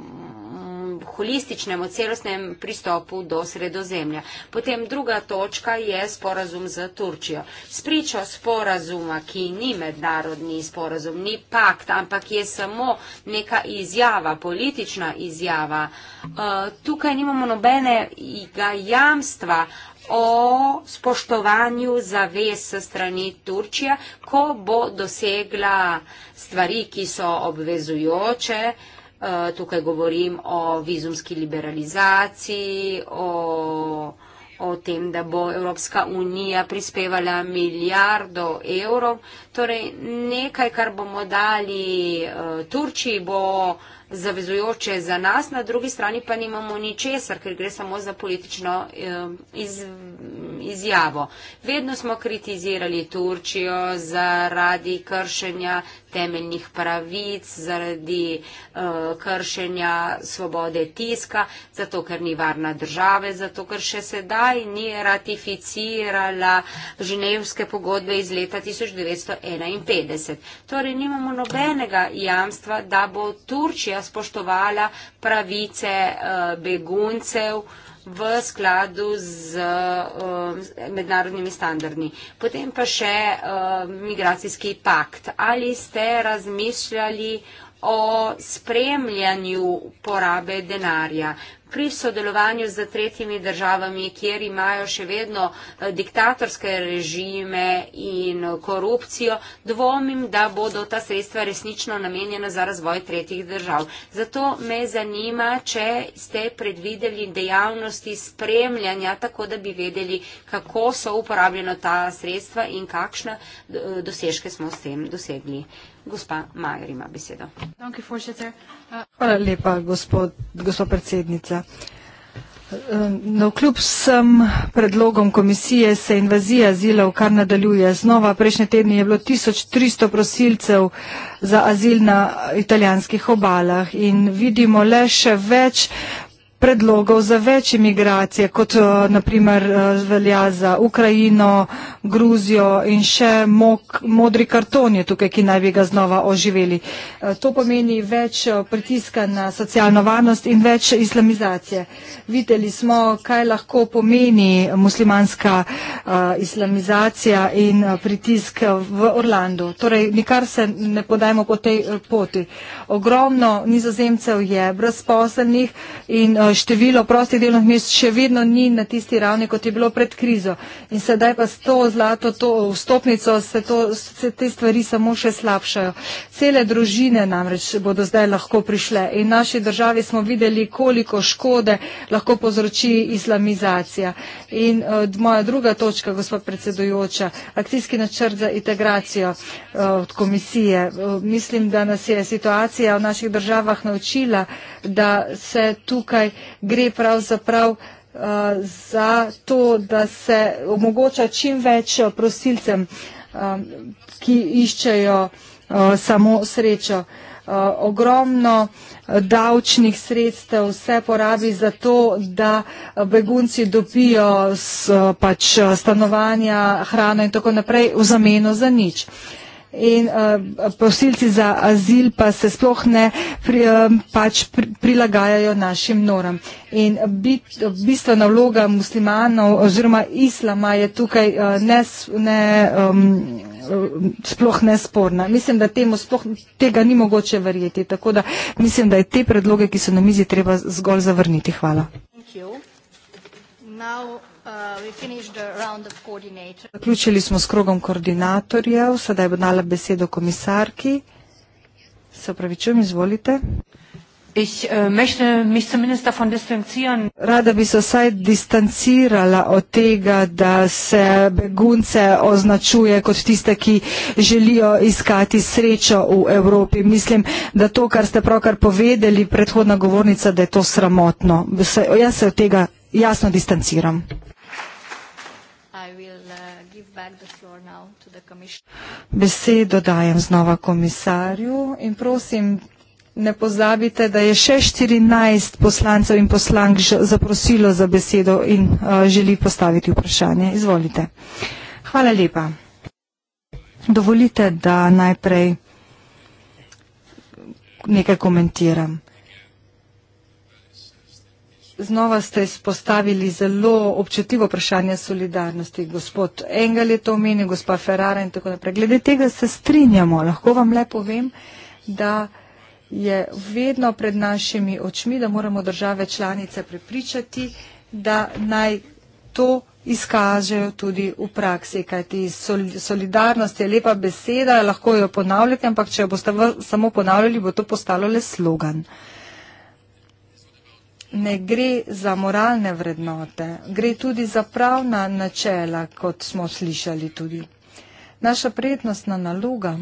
Speaker 3: holističnem, celostnem pristopu do sredozemlja. Potem druga točka je sporazum z Turčijo. Spričo sporazuma, ki ni mednarodni sporazum, ni pakt, ampak je samo neka izjava, politična izjava, eh, tukaj nimamo nobenega jamstva o spoštovanju zavez s strani Turčije, ko bo dosegla stvari, ki so obvezujoče, uh, Eh, tukaj govorim o vizumski liberalizaciji, o, o tem, da bo Evropska unija prispevala milijardo evrov. Torej nekaj, kar bomo dali uh, Turčiji, bo uh, zavezujoče za nas, na drugi strani pa nimamo ničesar, ker gre samo za politično iz, izjavo. Vedno smo kritizirali Turčijo zaradi kršenja temeljnih pravic, zaradi uh, kršenja svobode tiska, zato ker ni varna država, zato ker še sedaj ni ratificirala ženevske pogodbe iz leta 1951. Torej nimamo nobenega jamstva, da bo Turčija seveda spoštovala pravice eh, beguncev v skladu z eh, mednarodnimi standardi. Potem pa še eh, migracijski pakt. Ali ste razmišljali o spremljanju porabe denarja. Pri sodelovanju z tretjimi državami, kjer imajo še vedno eh, diktatorske režime in korupcijo, dvomim, da bodo ta sredstva resnično namenjena za razvoj tretjih držav. Zato me zanima, če ste predvideli dejavnosti spremljanja, tako da bi vedeli, kako so uporabljena ta sredstva in kakšne eh, dosežke smo s tem dosegli. Gospa Majer ima besedo. Eh,
Speaker 1: Hvala lepa, gospod, gospod predsednica. Eh, no, kljub vsem predlogom komisije se invazija azilov kar nadaljuje. Znova prejšnje tedne je bilo 1300 prosilcev za azil na italijanskih obalah in vidimo le še več predlogov za več imigracije, kot eh, naprimer eh, velja za Ukrajino, Gruzijo in še mok, modri karton je tukaj, ki naj bi ga znova oživeli. Eh, to pomeni več pritiska na socialno varnost in več islamizacije. Videli smo, kaj lahko pomeni muslimanska uh, islamizacija in pritisk v Orlando. Torej, nikar se ne podajmo po tej poti. Ogromno nizozemcev je brezposelnih in uh, Eh, število prostih delovnih mest še vedno ni na tisti ravni, kot je bilo pred krizo. In sedaj pa s to zlato to vstopnico se, to, se te stvari samo še slabšajo. Cele družine namreč bodo zdaj lahko prišle in naši državi smo videli, koliko škode lahko povzroči islamizacija. In uh, moja druga točka, gospod predsedujoča, akcijski načrt za integracijo uh, od komisije. Uh, mislim, da nas je situacija v naših državah naučila, da se tukaj gre pravzaprav eh, za to, da se omogoča čim več eh, prosilcem, eh, ki iščejo samo srečo. Ogromno davčnih sredstev se porabi za to, da begunci dobijo pač stanovanja, hrano in tako naprej v zameno za nič in uh, prosilci za azil pa se sploh ne pri, uh, pač pri, prilagajajo našim noram. In bit, bistvena vloga muslimanov oziroma islama je tukaj uh, ne, ne, um, sploh nesporna. Mislim, da sploh, tega ni mogoče verjeti. Tako da mislim, da je te predloge, ki so na mizi, treba zgolj zavrniti. Hvala.
Speaker 2: Thank you. Now... Uh,
Speaker 1: Zaključili smo s krogom koordinatorjev, sedaj bo dala besedo komisarki. Se opravičujem, izvolite. Ich, uh, möchte, von Rada bi se vsaj distancirala od tega, da se begunce označuje kot tiste, ki želijo iskati srečo v Evropi. Mislim, da to, kar ste pravkar povedali, predhodna govornica, da je to sramotno. Se, jaz se od tega jasno distanciram. Besedo dajem znova komisarju in prosim, ne pozabite, da je še 14 poslancev in poslank zaprosilo za besedo in eh, želi postaviti vprašanje. Izvolite. Hvala lepa. Dovolite, da najprej nekaj komentiram. Znova ste izpostavili zelo občutljivo vprašanje solidarnosti. Gospod Engel je to omenil, gospa Ferrara in tako naprej. Glede tega se strinjamo. Lahko vam le povem, da je vedno pred našimi očmi, da moramo države članice prepričati, da naj to izkažejo tudi v praksi. Kajti solidarnost je lepa beseda, lahko jo ponavljate, ampak če jo boste samo ponavljali, bo to postalo le slogan ne gre za moralne vrednote, gre tudi za pravna načela, kot smo slišali tudi. Naša prednostna naloga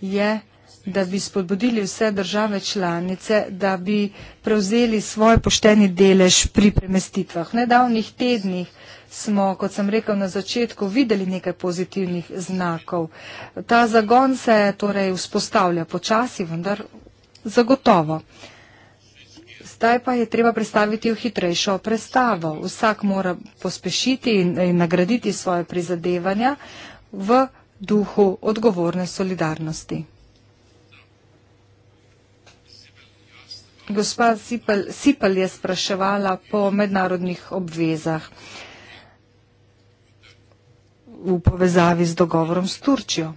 Speaker 1: je, da bi spodbudili vse države članice, da bi prevzeli svoj pošteni delež pri premestitvah. V nedavnih tednih smo, kot sem rekel na začetku, videli nekaj pozitivnih znakov. Ta zagon se torej vzpostavlja počasi, vendar zagotovo. Uh, Zdaj pa je treba predstaviti v hitrejšo predstavo. Vsak mora pospešiti in, in nagraditi svoje prizadevanja v duhu odgovorne solidarnosti. Gospa Sipel, Sipel je spraševala po mednarodnih obvezah v povezavi z dogovorom s Turčjo.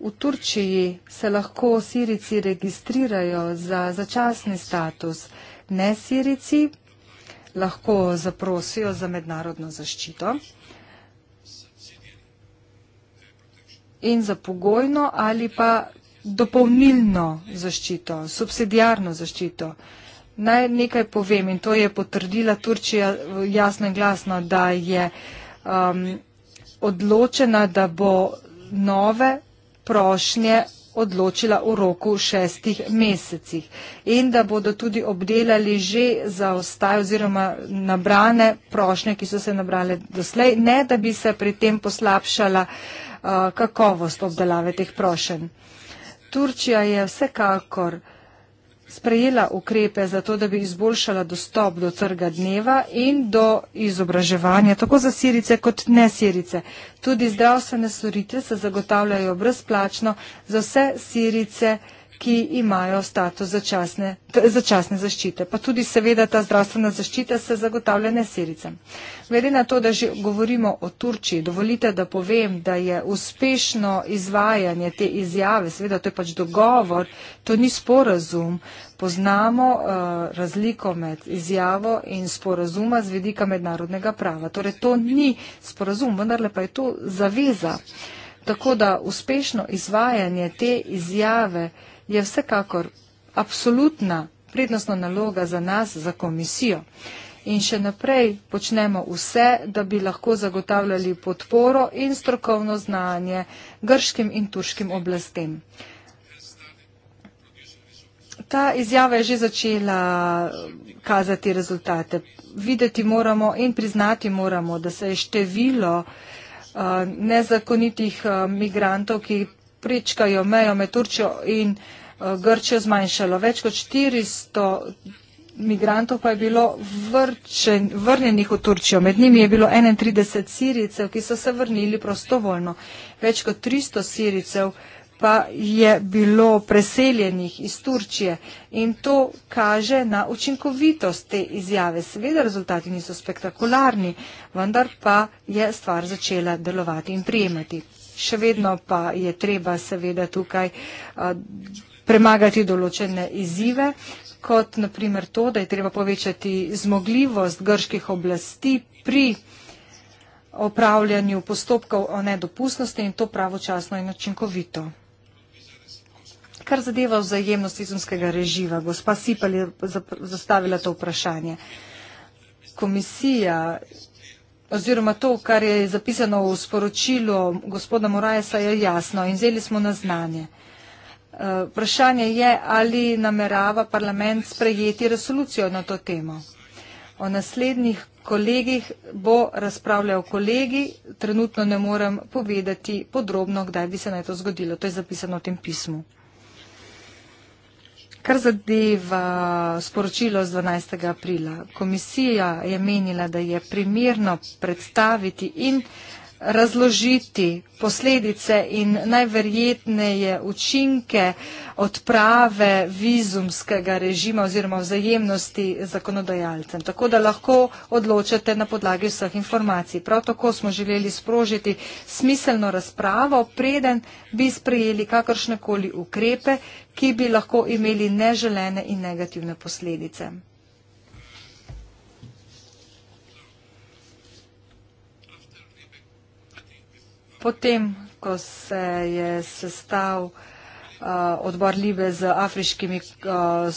Speaker 1: V Turčiji se lahko Sirici registrirajo za začasni status, ne Sirici lahko zaprosijo za mednarodno zaščito in za pogojno ali pa dopolnilno zaščito, subsidijarno zaščito. Naj nekaj povem in to je potrdila Turčija jasno in glasno, da je um, odločena, da bo nove prošnje odločila v roku šestih mesecih in da bodo tudi obdelali že zaostaje oziroma nabrane prošnje, ki so se nabrale doslej, ne da bi se pri tem poslabšala uh, kakovost obdelave teh prošen. Turčija je vsekakor sprejela ukrepe za to, da bi izboljšala dostop do trga dneva in do izobraževanja, tako za sirice kot nesirice. Tudi zdravstvene storitve se zagotavljajo brezplačno za vse sirice ki imajo status začasne, začasne zaščite. Pa tudi seveda ta zdravstvena zaščita se zagotavlja nesiricam. Glede na to, da že govorimo o Turčiji, dovolite, da povem, da je uspešno izvajanje te izjave, seveda to je pač dogovor, to ni sporazum. Poznamo uh, razliko med izjavo in sporazuma z vedika mednarodnega prava. Torej, to ni sporazum, vendarle pa je to zaveza. Tako da uspešno izvajanje te izjave uh, je vsekakor absolutna prednostna naloga za nas, za komisijo. In še naprej počnemo vse, da bi lahko zagotavljali podporo in strokovno znanje grškim in turškim oblastem. Ta izjava je že začela kazati rezultate. Videti moramo in priznati moramo, da se je število eh, nezakonitih eh, migrantov, ki prečkajo mejo med Turčjo in eh, Grčjo zmanjšalo. Več kot 400 migrantov pa je bilo vrčen, vrnjenih v Turčjo. Med njimi je bilo 31 siricev, ki so se vrnili prostovoljno. Več kot 300 siricev pa je bilo preseljenih iz Turčije in to kaže na učinkovitost te izjave. Seveda rezultati niso spektakularni, vendar pa je stvar začela delovati in prijemati še vedno pa je treba seveda tukaj premagati določene izzive, kot naprimer to, da je treba povečati zmogljivost grških oblasti pri opravljanju postopkov o nedopustnosti in to pravočasno in očinkovito. Kar zadeva vzajemnost vizumskega reživa, gospa Sipal je zastavila to vprašanje. Komisija oziroma to, kar je zapisano v sporočilu gospoda Morajesa, je jasno in zeli smo na znanje. Eh, vprašanje je, ali namerava parlament sprejeti resolucijo na to temo. O naslednjih kolegih bo razpravljal kolegi, trenutno ne morem povedati podrobno, kdaj bi se naj to zgodilo. To je zapisano v tem pismu. Kar zadeva sporočilo z 12. aprila, komisija je menila, da je primerno predstaviti in uh, razložiti posledice in najverjetneje učinke odprave vizumskega režima oziroma vzajemnosti zakonodajalcem. Tako da lahko odločate na podlagi vseh informacij. Prav tako smo želeli sprožiti smiselno razpravo, preden bi sprejeli kakršnekoli ukrepe, ki bi lahko imeli neželene in negativne posledice. Potem, ko se je sestal uh, odbor Libe z afriškimi uh,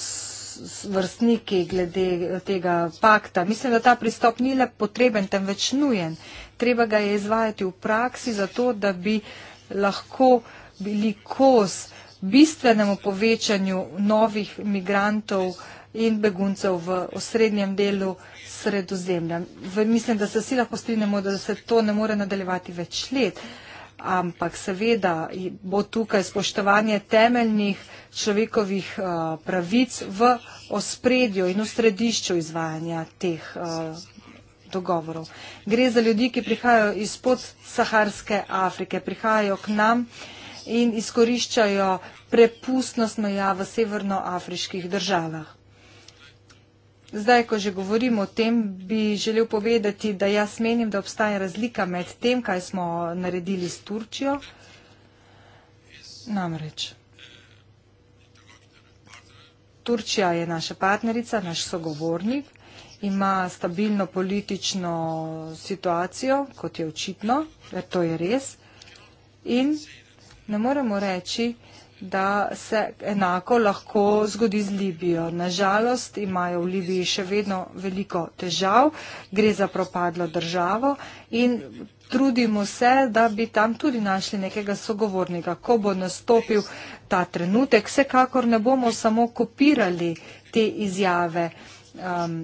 Speaker 1: vrstniki glede tega pakta, mislim, da ta pristop ni le potreben, temveč nujen. Treba ga je izvajati v praksi, zato da bi lahko bili kos bistvenemu povečanju novih migrantov in beguncev v osrednjem delu sredozemlja. Mislim, da se vsi lahko strinjamo, da se to ne more nadaljevati več let, ampak seveda bo tukaj spoštovanje temeljnih človekovih uh, pravic v ospredju in v središču izvajanja teh uh, dogovorov. Gre za ljudi, ki prihajajo izpod Saharske Afrike, prihajajo k nam in izkoriščajo prepustnost meja v severnoafriških državah. Zdaj, ko že govorimo o tem, bi želel povedati, da jaz menim, da obstaja razlika med tem, kaj smo naredili s Turčijo. Namreč. Turčija je naša partnerica, naš sogovornik, ima stabilno politično situacijo, kot je očitno, ker to je res. In ne moremo reči, da se enako lahko zgodi z Libijo. Nažalost imajo v Libiji še vedno veliko težav, gre za propadlo državo in trudimo se, da bi tam tudi našli nekega sogovornika. Ko bo nastopil ta trenutek, vsekakor ne bomo samo kopirali te izjave. Um,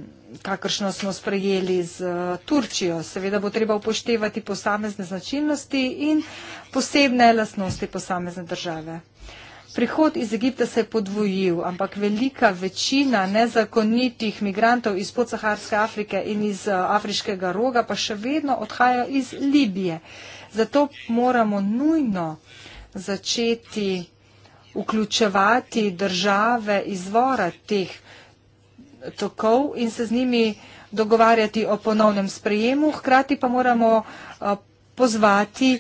Speaker 1: kakršno smo sprejeli z uh, Turčijo. Seveda bo treba upoštevati posamezne značilnosti in posebne lasnosti posamezne države. Prihod iz Egipta se je podvojil, ampak velika večina nezakonitih migrantov iz podsaharske Afrike in iz eh, afriškega roga pa še vedno odhajajo iz Libije. Zato moramo nujno začeti vključevati države izvora teh tokov in se z njimi dogovarjati o ponovnem sprejemu. Hkrati pa moramo eh, pozvati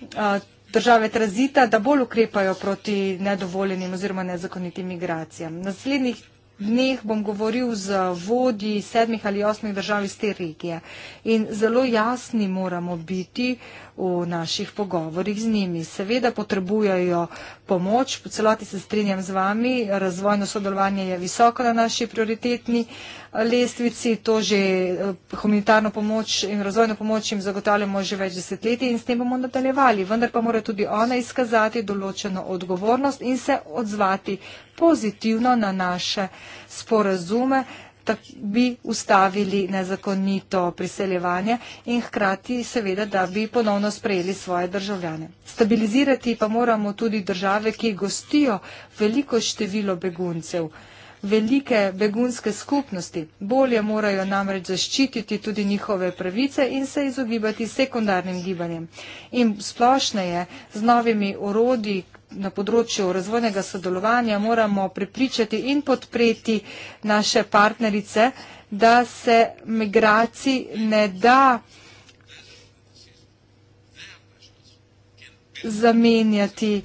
Speaker 1: eh, države tranzita, da bolj ukrepajo proti nedovoljenim oziroma nezakonitim migracijam. Naslednjih dneh bom govoril z vodji sedmih ali osmih držav iz te regije in zelo jasni moramo biti v naših pogovorih z njimi. Seveda potrebujejo pomoč, po celoti se strinjam z vami, razvojno sodelovanje je visoko na naši prioritetni uh, lestvici, to že eh, humanitarno pomoč in razvojno pomoč jim zagotavljamo že več desetletij in s tem bomo nadaljevali. Vendar pa mora tudi ona izkazati določeno odgovornost in se odzvati pozitivno na naše sporazume, da bi ustavili nezakonito priseljevanje in hkrati seveda, da bi ponovno sprejeli svoje državljane. Stabilizirati pa moramo tudi države, ki gostijo veliko število beguncev velike begunske skupnosti. Bolje morajo namreč zaščititi tudi njihove pravice in se izogibati sekundarnim gibanjem. In splošne je z novimi urodji na področju razvojnega sodelovanja moramo pripričati in podpreti naše partnerice, da se migraciji ne da zamenjati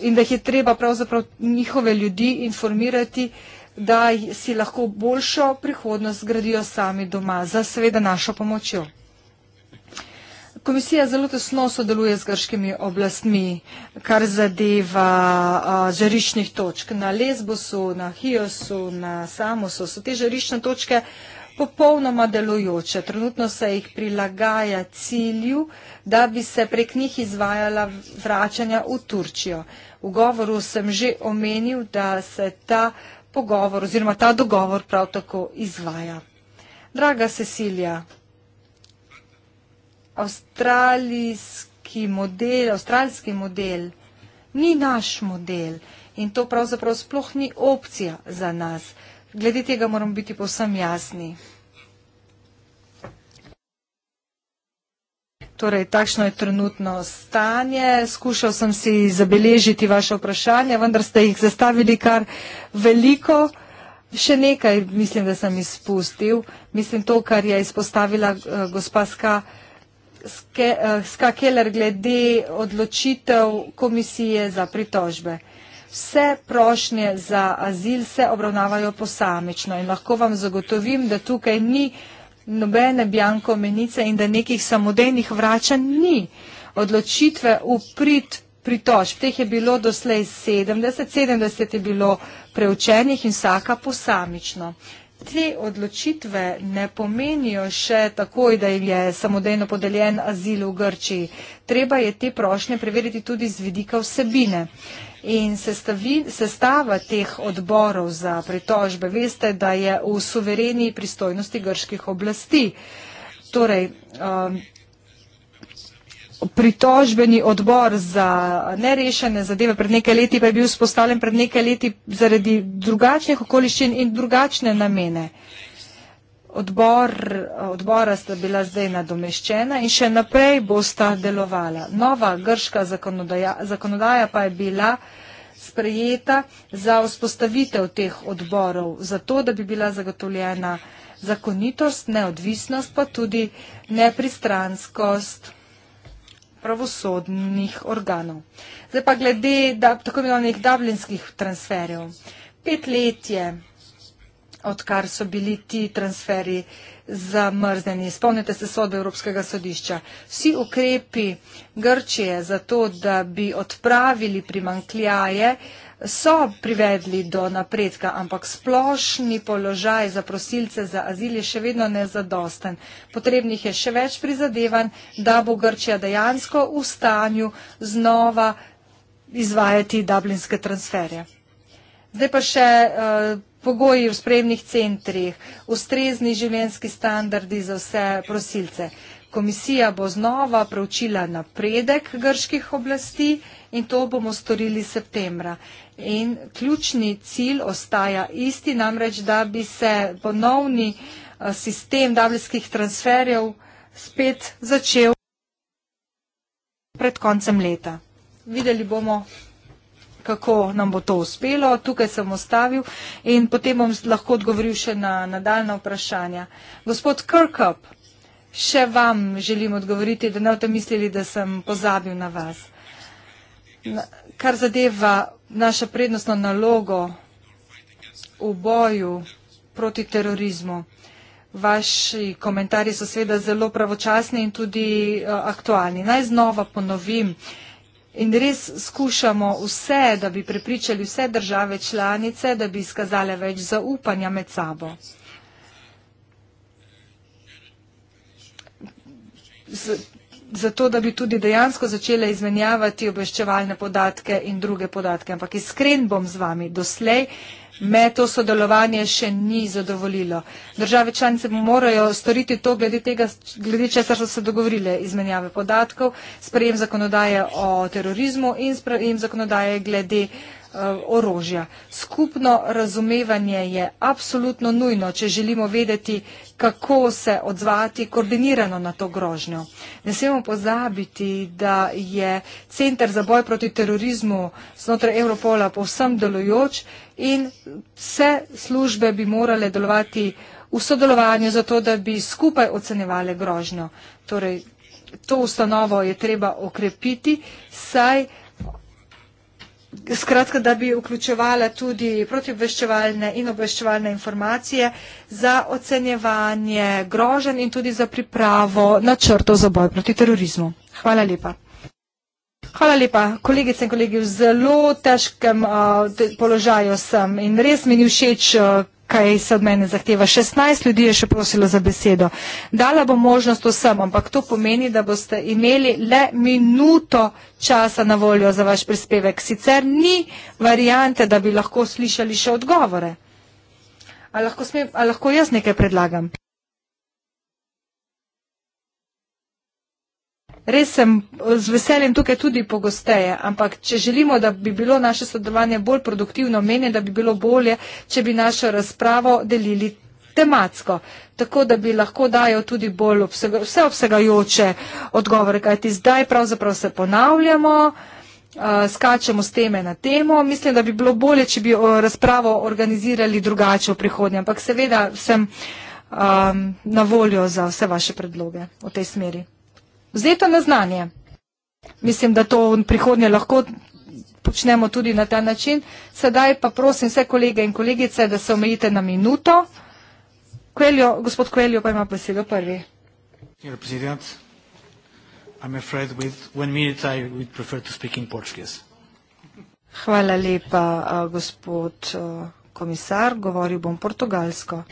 Speaker 1: in da jih je treba pravzaprav njihove ljudi informirati, da si lahko boljšo prihodnost gradijo sami doma, za seveda našo pomočjo. Komisija zelo tesno sodeluje z grškimi oblastmi, kar zadeva uh, žariščnih točk. Na Lesbosu, na Hiosu, na Samosu so te žariščne točke uh, popolnoma delujoče. Trenutno se jih prilagaja cilju, da bi se prek njih izvajala vračanja v Turčijo. V govoru sem že omenil, da se ta pogovor oziroma ta dogovor prav tako izvaja. Draga Cecilija, avstralijski model, avstralijski model ni naš model in to pravzaprav sploh ni opcija za nas. Glede tega moramo biti povsem jasni. Torej, takšno je trenutno stanje. Skušal sem si zabeležiti vaše vprašanje, vendar ste jih zastavili kar veliko. Še nekaj mislim, da sem izpustil. Mislim to, kar je izpostavila uh, gospa Ska, Ske, uh, Ska Keller glede odločitev komisije za pritožbe vse prošnje za azil se obravnavajo posamično in lahko vam zagotovim, da tukaj ni nobene bjanko menice in da nekih samodejnih vračanj ni. Odločitve v prid pritožb, teh je bilo doslej 70, 70 je bilo preučenih in vsaka posamično te odločitve ne pomenijo še takoj, da jim je samodejno podeljen azil v Grčiji. Treba je te prošnje preveriti tudi z vidika vsebine. In sestavi, sestava teh odborov za pritožbe, veste, da je v suvereni pristojnosti grških oblasti. Torej, um, pritožbeni odbor za nerešene zadeve pred nekaj leti, pa je bil spostavljen pred nekaj leti zaradi drugačnih okoliščin in drugačne namene. Odbor, odbora sta bila zdaj nadomeščena in še naprej bosta delovala. Nova grška zakonodaja, zakonodaja pa je bila sprejeta za vzpostavitev teh odborov, zato da bi bila zagotovljena zakonitost, neodvisnost pa tudi nepristranskost pravosodnih organov. Zdaj pa glede da, tako imenovanih dublinskih transferjev. Pet let je, odkar so bili ti transferji zamrzneni. Spomnite se sodbe Evropskega sodišča. Vsi ukrepi Grčije za to, da bi odpravili primankljaje, uh, so privedli do napredka, ampak splošni položaj za prosilce za azil je še vedno nezadosten. Potrebnih je še več prizadevanj, da bo Grčija dejansko v stanju znova izvajati dublinske transferje. Zdaj pa še uh, pogoji v spremnih centrih, ustrezni življenjski standardi za vse prosilce. Komisija bo znova preučila napredek grških oblasti in to bomo storili septembra. In ključni cilj ostaja isti, namreč, da bi se ponovni eh, sistem davljskih transferjev spet začel pred koncem leta. Videli bomo, kako nam bo to uspelo. Tukaj sem ostavil in potem bom lahko odgovoril še na nadaljna vprašanja. Gospod Kirkup, še vam želim odgovoriti, da ne boste mislili, da sem pozabil na vas kar zadeva naša prednostna nalogo v boju proti terorizmu. Vaši komentarji so seveda zelo pravočasni in tudi eh, aktualni. Naj znova ponovim in res skušamo vse, da bi prepričali vse države članice, da bi izkazale več zaupanja med sabo. Z zato, da bi tudi dejansko začele izmenjavati obveščevalne podatke in druge podatke. Ampak iskren bom z vami, doslej me to sodelovanje še ni zadovoljilo. Države članice morajo storiti to, glede tega, glede česar so se dogovorile izmenjave podatkov, sprejem zakonodaje o terorizmu in sprejem zakonodaje glede Eh, orožja. Skupno razumevanje je apsolutno nujno, če želimo vedeti, kako se odzvati koordinirano na to grožnjo. Ne smemo pozabiti, da je Centr za boj proti terorizmu znotraj Evropola povsem delujoč in vse službe bi morale delovati v sodelovanju za to, da bi skupaj ocenevali grožnjo. Torej, to ustanovo je treba okrepiti, saj skratka, da bi vključevala tudi protivveščevalne in obveščevalne informacije za ocenjevanje grožen in tudi za pripravo načrtov za boj proti terorizmu. Hvala lepa. Hvala lepa, kolegice in kolegi, v zelo težkem uh, položaju sem in res mi ni všeč uh, kaj se od mene zahteva. 16 ljudi je še prosilo za besedo. Dala bom možnost vsem, ampak to pomeni, da boste imeli le minuto časa na voljo za vaš prispevek. Sicer ni variante, da bi lahko slišali še odgovore. A lahko, smem, a lahko jaz nekaj predlagam? res sem z veseljem tukaj tudi pogosteje, ampak če želimo, da bi bilo naše sodelovanje bolj produktivno, meni, da bi bilo bolje, če bi našo razpravo delili tematsko, tako da bi lahko dajal tudi bolj obsega, vseobsegajoče odgovore, kajti zdaj pravzaprav se ponavljamo, skačemo s teme na temo. Mislim, da bi bilo bolje, če bi razpravo organizirali drugače v prihodnje, ampak seveda sem um, na voljo za vse vaše predloge v tej smeri vzeta na znanje. Mislim, da to v prihodnje lahko počnemo tudi na ta način. Sedaj pa prosim vse kolege in kolegice, da se omejite na minuto. Kveljo, gospod Kveljo pa ima besedo prvi. Hvala lepa, eh, gospod eh, komisar. Govoril bom portugalsko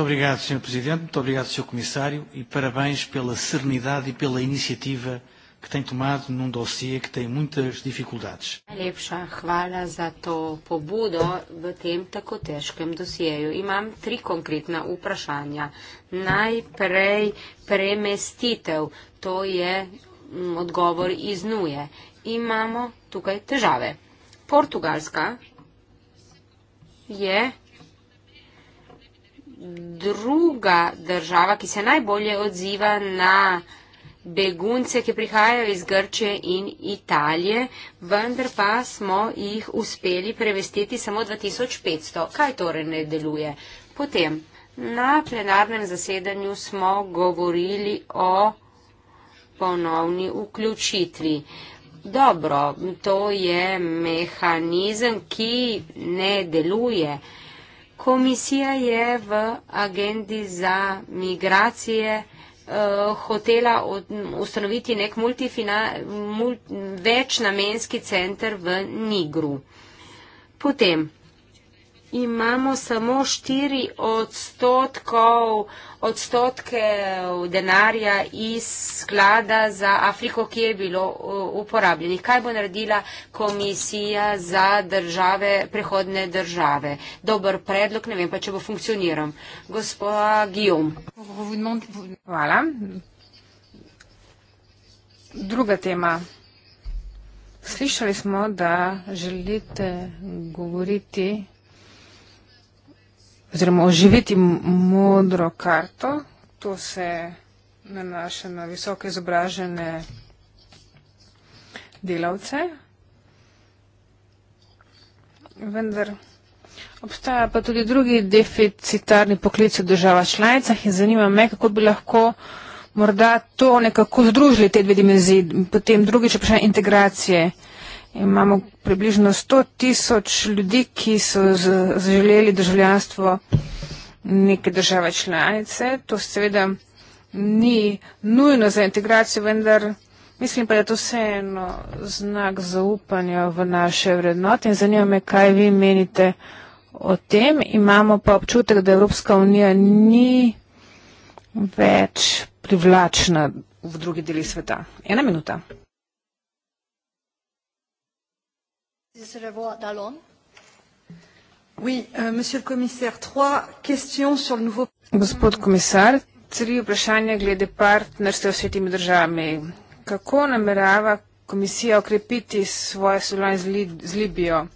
Speaker 3: obrigado, Sr. Presidente, muito obrigado, Sr. Comissário, e parabéns pela serenidade e pela iniciativa que tem tomado num dossiê que tem muitas dificuldades. Najlepša hvala za to pobudo v tem tako težkem dosijeju. Imam tri konkretna vprašanja. Najprej premestitev, to je mm, odgovor iz nuje. Imamo tukaj težave. Portugalska je druga država, ki se najbolje odziva na begunce, ki prihajajo iz Grčije in Italije, vendar pa smo jih uspeli prevestiti samo 2500. Kaj torej ne deluje? Potem, na plenarnem zasedanju smo govorili o ponovni vključitvi. Dobro, to je mehanizem, ki ne deluje. Uh, Komisija je v agendi za migracije uh, hotela od, ustanoviti nek multi, večnamenski center v Nigru. Potem imamo samo 4 odstotkov odstotke denarja iz sklada za Afriko, ki je bilo uporabljenih. Kaj bo naredila komisija za države, prehodne države? Dober predlog, ne vem pa, če bo funkcioniral. Gospoda Gijom. Hvala.
Speaker 2: Druga tema. Slišali smo, da želite govoriti oziroma oživiti modro karto. To se nanaša na visoke izobražene delavce. Vendar obstaja pa tudi drugi deficitarni poklic v državah članicah in zanima me, kako bi lahko morda to nekako združili te dve dimenzije, potem drugič vprašanje integracije. Uh, Imamo približno 100 tisoč ljudi, ki so zaželjeli državljanstvo neke države članice. To seveda ni nujno za integracijo, vendar mislim pa, da to vse eno znak zaupanja v naše vrednote in zanima me, kaj vi menite o tem. Imamo pa občutek, da Evropska unija ni več privlačna v drugi deli sveta. Ena minuta.
Speaker 1: Euh,
Speaker 2: Gospod komisar, tri vprašanja glede partnerstva s svetimi državami. Kako namerava komisija okrepiti svoje sodelovanje z Libijo?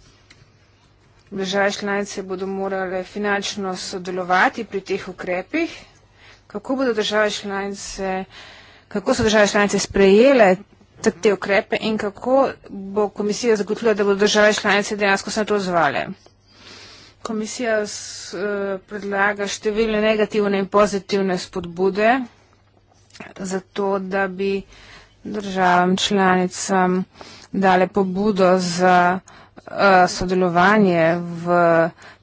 Speaker 2: Države članice bodo morale finančno sodelovati pri teh ukrepih. Kako, bodo države članice, kako so države članice sprejele tak, te ukrepe in kako bo komisija zagotovila, da bodo države članice dejansko se na to zvale. Komisija s, eh, predlaga številne negativne in pozitivne spodbude za to, da bi državam članicam dale pobudo za eh, sodelovanje v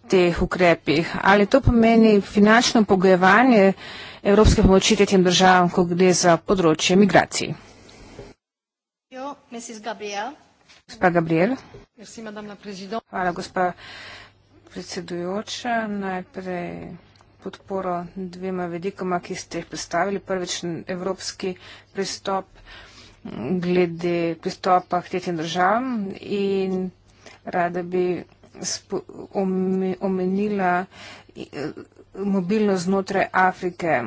Speaker 2: teh ukrepih. Ali to pomeni finančno pogojevanje evropske pomoči tem državam, ko gre za področje migracij? Gospa Gabriel. Hvala, gospa predsedujoča. Najprej podporo dvema vedikoma, ki ste jih predstavili. Prvič evropski pristop glede pristopa k tretjim državam in rada bi omenila eh, mobilnost znotraj Afrike.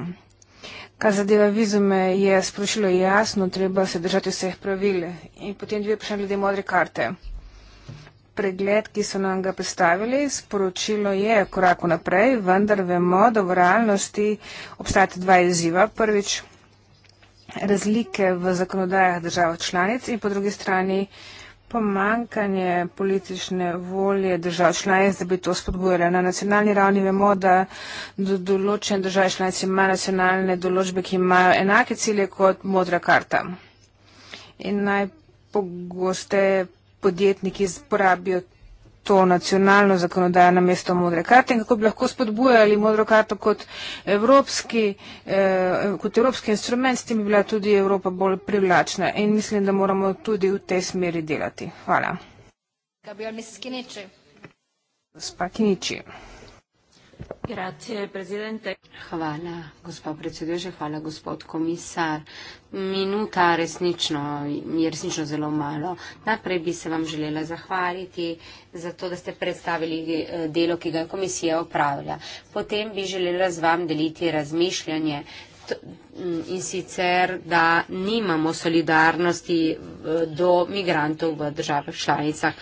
Speaker 2: Kar zadeva vizume, je sprašilo jasno, treba se držati vseh pravil. In potem dve vprašanje glede modre karte. Pregled, ki so nam ga predstavili, sporočilo je korak naprej, vendar vemo, da v realnosti obstajata dva izziva. Prvič, razlike v zakonodajah držav članic in po drugi strani pomankanje politične volje držav članic, da bi to spodbujali. Na nacionalni ravni vemo, da do določene države članice imajo nacionalne določbe, ki imajo enake cilje kot modra karta. In najpogosteje podjetniki porabijo to nacionalno zakonodajo na mesto modre karte in kako bi lahko spodbujali modro karto kot evropski, eh, kot evropski instrument, s tem bi bila tudi Evropa bolj privlačna in mislim, da moramo tudi v tej smeri delati. Hvala.
Speaker 3: Hvala, gospod predsedujoče, hvala, gospod komisar. Minuta resnično, je resnično zelo malo. Najprej bi se vam želela zahvaliti za to, da ste predstavili eh, delo, ki ga komisija opravlja. Potem bi želela z vam deliti razmišljanje in sicer, da nimamo solidarnosti do migrantov v državah članicah.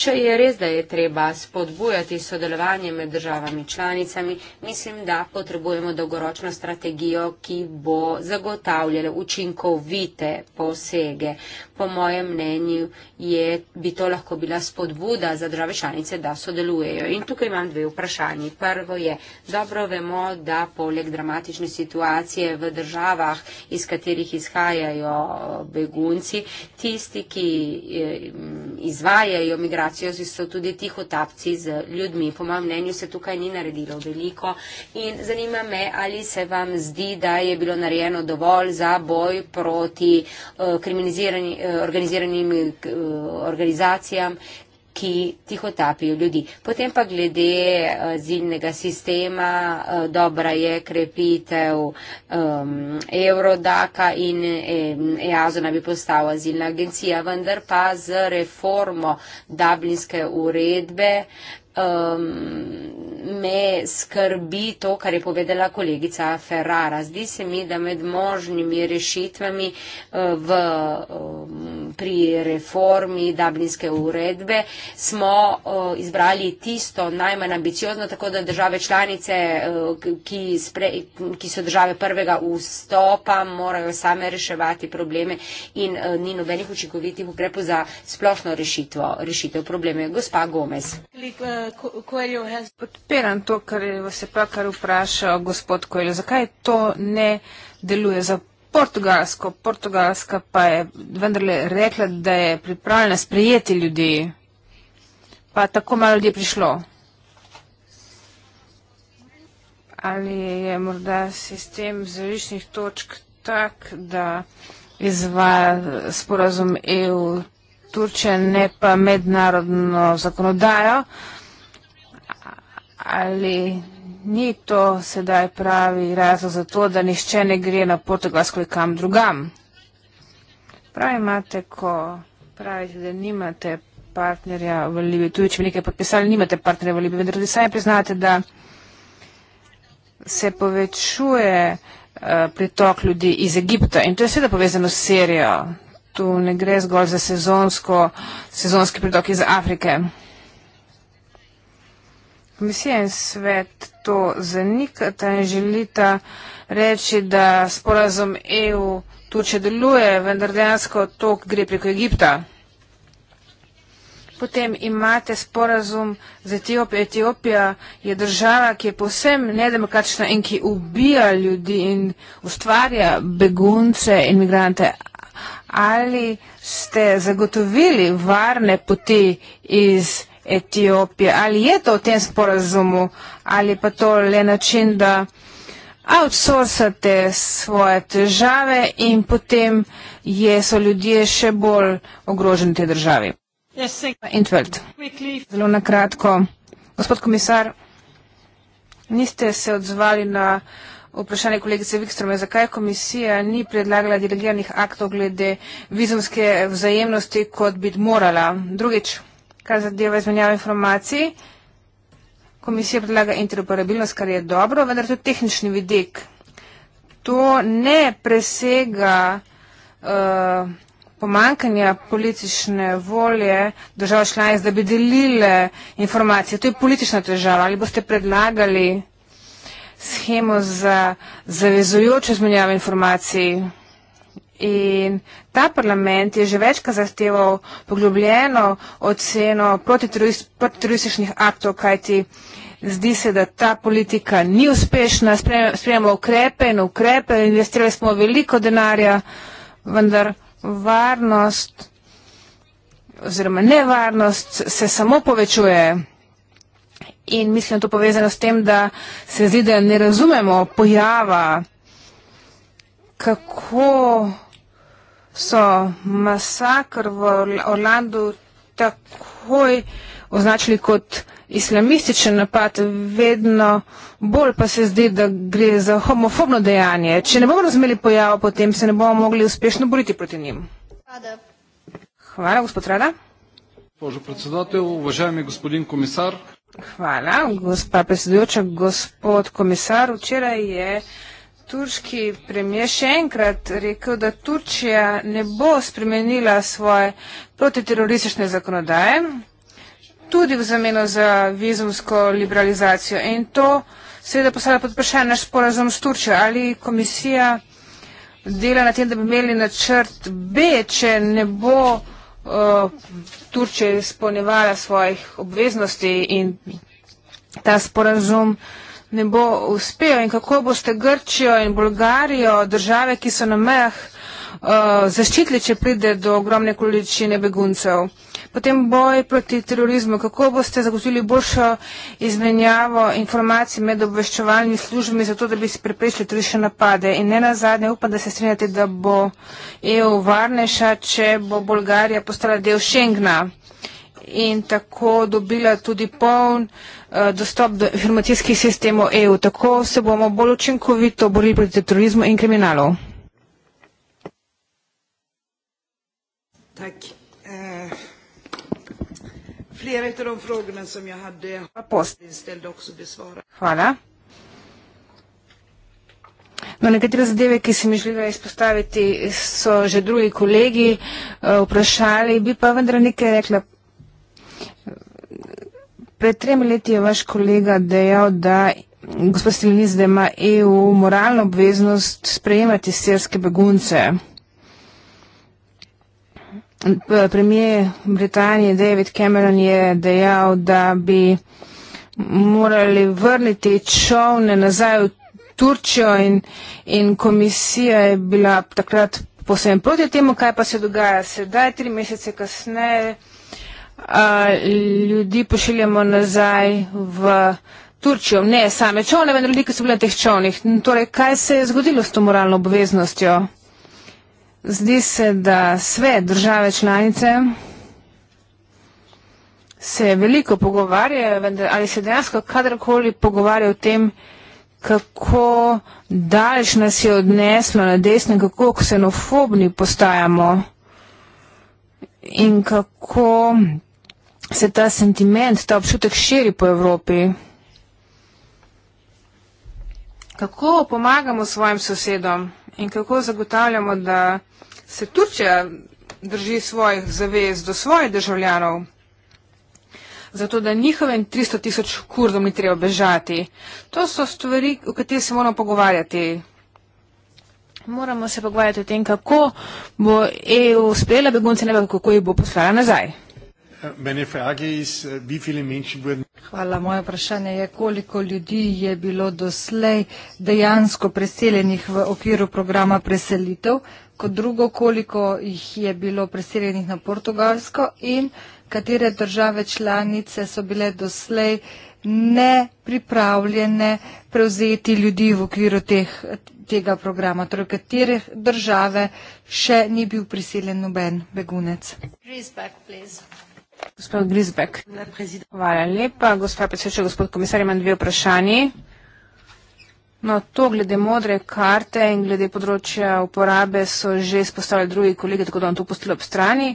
Speaker 3: Če je res, da je treba spodbujati sodelovanje med državami članicami, mislim, da potrebujemo dolgoročno strategijo, ki bo zagotavljala učinkovite posege po mojem mnenju je, bi to lahko bila spodbuda za države članice, da sodelujejo. In tukaj imam dve vprašanje. Prvo je, dobro vemo, da poleg dramatične situacije v državah, iz katerih izhajajo begunci, tisti, ki eh, izvajajo migracijo, so tudi tiho tapci z ljudmi. Po mojem mnenju se tukaj ni naredilo veliko. In zanima me, ali se vam zdi, da je bilo narejeno dovolj za boj proti uh, eh, kriminaliziranju, eh, organiziranim eh, organizacijam, ki tiho tapijo ljudi. Potem pa glede eh, zilnega sistema, eh, dobra je krepitev um, Eurodaka in ehm, EASO naj bi postala zilna agencija, vendar pa z reformo Dublinske uredbe uh, um, me skrbi to, kar je povedala kolegica Ferrara. Zdi se mi, da med možnimi rešitvami eh, v, pri reformi Dublinske uredbe smo eh, izbrali tisto najmanj ambiciozno, tako da države članice, eh, ki, spre, ki so države prvega vstopa, morajo same reševati probleme in ni nobenih učinkovitih ukrepov za splošno rešitvo, rešitev probleme. Gospa Gomez.
Speaker 2: Koeljo has...
Speaker 3: Podpiram to, kar vas je pravkar
Speaker 2: vprašal gospod Koeljo. Zakaj to ne deluje za Portugalsko? Portugalska pa je vendarle rekla, da je pripravljena sprejeti ljudi. Pa tako malo ljudi je prišlo. Ali je morda sistem zvišnih točk tak, da izvaja sporazum EU-Turčija, ne pa mednarodno zakonodajo? Uh, ali ni to sedaj pravi razlog za to, da nišče ne gre na portugalsko ali kam drugam. Pravi imate, ko pravite, da nimate partnerja v Libiji, tudi če bi nekaj podpisali, nimate partnerja v Libiji, vendar tudi sami priznate, da se povečuje uh, pritok ljudi iz Egipta in to je seveda povezano s Serijo. Tu ne gre zgolj za sezonsko, sezonski pritok iz Afrike komisija in svet to zanikata in želita reči, da sporazum EU tu če deluje, vendar dejansko to gre preko Egipta. Potem imate sporazum z Etiopijo. Etiopija je država, ki je povsem nedemokratična in ki ubija ljudi in ustvarja begunce in migrante. Ali ste zagotovili varne poti iz Etiopije? Etiopije. Ali je to v tem sporazumu ali pa to le način, da outsourcate svoje težave in potem je, so ljudje še bolj ogroženi te državi? Intveld. Zelo nakratko. Gospod komisar, niste se odzvali na vprašanje kolegice Vikstrome, zakaj komisija ni predlagala delegiranih aktov glede vizumske vzajemnosti, kot bi morala. Drugič kar zadeva izmenjavo informacij. Komisija predlaga interoperabilnost, kar je dobro, vendar to je tehnični vidik. To ne presega uh, pomankanja politične volje država članic, da bi delile informacije. To je politična težava. Ali boste predlagali schemo za zavezujočo izmenjavo informacij? In ta parlament je že večkrat zahteval poglobljeno oceno protiterorističnih aktov, kajti zdi se, da ta politika ni uspešna, sprejemamo ukrepe in ukrepe, investirali smo veliko denarja, vendar varnost oziroma nevarnost se samo povečuje. In mislim, da je to povezano s tem, da se zdi, da ne razumemo pojava, kako so masakr v Orlandu takoj označili kot islamističen napad, vedno bolj pa se zdi, da gre za homofobno dejanje. Če ne bomo razumeli pojava, potem se ne bomo mogli uspešno boriti proti njim. Hvala, gospod Rada. Bože predsedatelj,
Speaker 1: uvažajem je gospodin
Speaker 2: komisar. Hvala, gospa predsedujoča, gospod komisar. Včeraj je turški premijer še enkrat rekel, da Turčija ne bo spremenila svoje protiteroristične zakonodaje, tudi v zameno za vizumsko liberalizacijo. In to seveda postavlja pod vprašanje naš sporazum s Turčijo. Ali komisija dela na tem, da bi imeli načrt B, če ne bo uh, Turčija izpolnjevala svojih obveznosti in ta sporazum. Uh, ne bo uspel in kako boste Grčijo in Bolgarijo, države, ki so na mejah, uh, zaščitili, če pride do ogromne količine beguncev. Potem boj proti terorizmu, kako boste zagotovili boljšo izmenjavo informacij med obveščevalnimi službami, zato da bi si preprečili tudi napade. In ne nazadnje, upam, da se strinjate, da bo EU varnejša, če bo Bolgarija postala del Schengna in tako dobila tudi poln uh, dostop do informacijskih sistemov EU. Tako se bomo bolj učinkovito borili proti terorizmu in kriminalov. Tak. Uh, eh, flere av de frågorna som jag hade ja, postinställd också besvara. Hvala. No, nekatere zadeve, ki sem jih želela izpostaviti, so že drugi kolegi uh, vprašali, bi pa vendar nekaj rekla Pred tremi leti je vaš kolega dejal, da gospod Stilinic, da ima EU moralno obveznost sprejemati sirske begunce. Premijer Britanije David Cameron je dejal, da bi morali vrniti čovne nazaj v Turčijo in, in komisija je bila takrat posebno proti temu, kaj pa se dogaja sedaj, tri mesece kasneje ljudi pošiljamo nazaj v Turčijo. Ne same čovne, vendar ljudi, ki so bili na teh čovnih. Torej, kaj se je zgodilo s to moralno obveznostjo? Zdi se, da sve države članice se veliko pogovarjajo, vendar ali se dejansko kadarkoli pogovarja o tem, kako daleč nas je odneslo na desno, kako ksenofobni postajamo in kako se ta sentiment, ta občutek širi po Evropi. Kako pomagamo svojim sosedom in kako zagotavljamo, da se Turčija drži svojih zavez do svojih državljanov, zato da njihovim 300 tisoč kurdom ni treba bežati. To so stvari, o katerih se moramo pogovarjati. Moramo se pogovarjati o tem, kako bo EU sprejela begunce, ne pa kako jih bo poslala nazaj. Meine Frage ist, eh, wie viele Menschen wurden. Hvala. Moje vprašanje je, koliko ljudi je bilo doslej
Speaker 1: dejansko preseljenih v okviru programa preselitev, kot drugo, koliko jih je bilo preseljenih na Portugalsko in katere države članice so bile doslej nepripravljene prevzeti ljudi v okviru teh, tega programa, torej katere države še
Speaker 2: ni bil priseljen noben begunec. Respect, Gospod Grizbek. Hvala lepa, gospod predsedujoči, gospod komisar, imam dve vprašanji. No, to glede modre karte in glede področja uporabe so že spostavili drugi kolegi, tako da vam to postilo ob strani.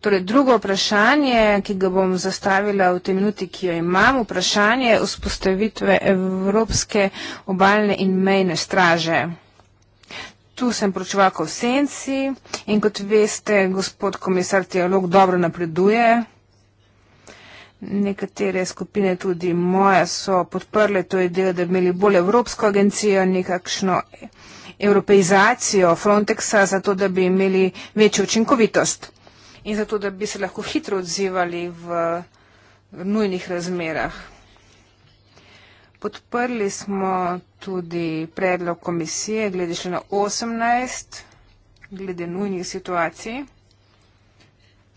Speaker 2: Torej, drugo vprašanje, ki ga bom zastavila v tej minuti, ki jo imam, vprašanje vzpostavitve Evropske obaljne in mejne straže. Tu sem pročevalka v senci in kot veste, gospod komisar Teolog dobro napreduje. Nekatere skupine, tudi moja, so podprle to idejo, da bi imeli bolj Evropsko agencijo, nekakšno evropeizacijo Frontexa, zato da bi imeli večjo učinkovitost in zato da bi se lahko hitro odzivali v nujnih razmerah. Podprli smo tudi predlog komisije glede še na 18, glede nujnih situacij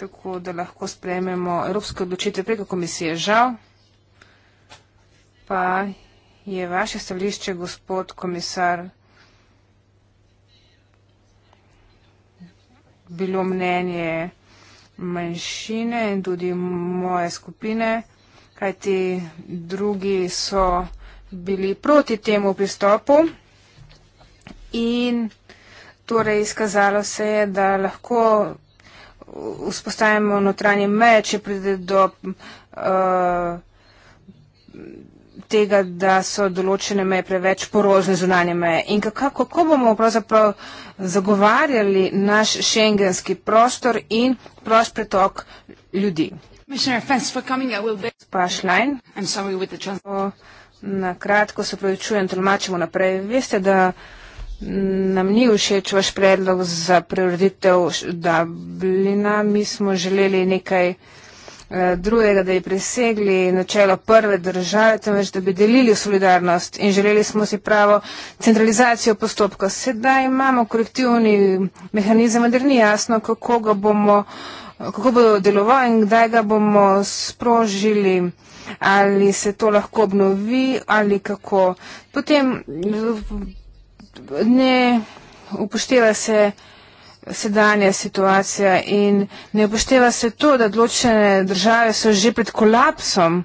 Speaker 2: tako da lahko sprejmemo evropske odločitve preko komisije. Žal pa je vaše stališče, gospod komisar, bilo mnenje manjšine in tudi moje skupine, kajti drugi so bili proti temu pristopu. In torej izkazalo se je, da lahko vzpostavimo notranje meje, če pride do eh, tega, da so določene meje preveč porožne zunanje meje. In kako bomo pravzaprav zagovarjali naš šengenski prostor in prost pretok ljudi? Pa Šlajn, na kratko se pravičujem, tolmačimo naprej. Veste, da Nam ni všeč vaš predlog za preureditev Dublina. Mi smo želeli nekaj eh, drugega, da bi presegli načelo prve države, temveč da bi delili solidarnost in želeli smo si pravo centralizacijo postopka. Sedaj imamo korektivni mehanizem, vendar ni jasno, kako ga bomo kako bo deloval in kdaj ga bomo sprožili, ali se to lahko obnovi ali kako. Potem ne upošteva se sedanja situacija in ne upošteva se to, da določene države so že pred kolapsom.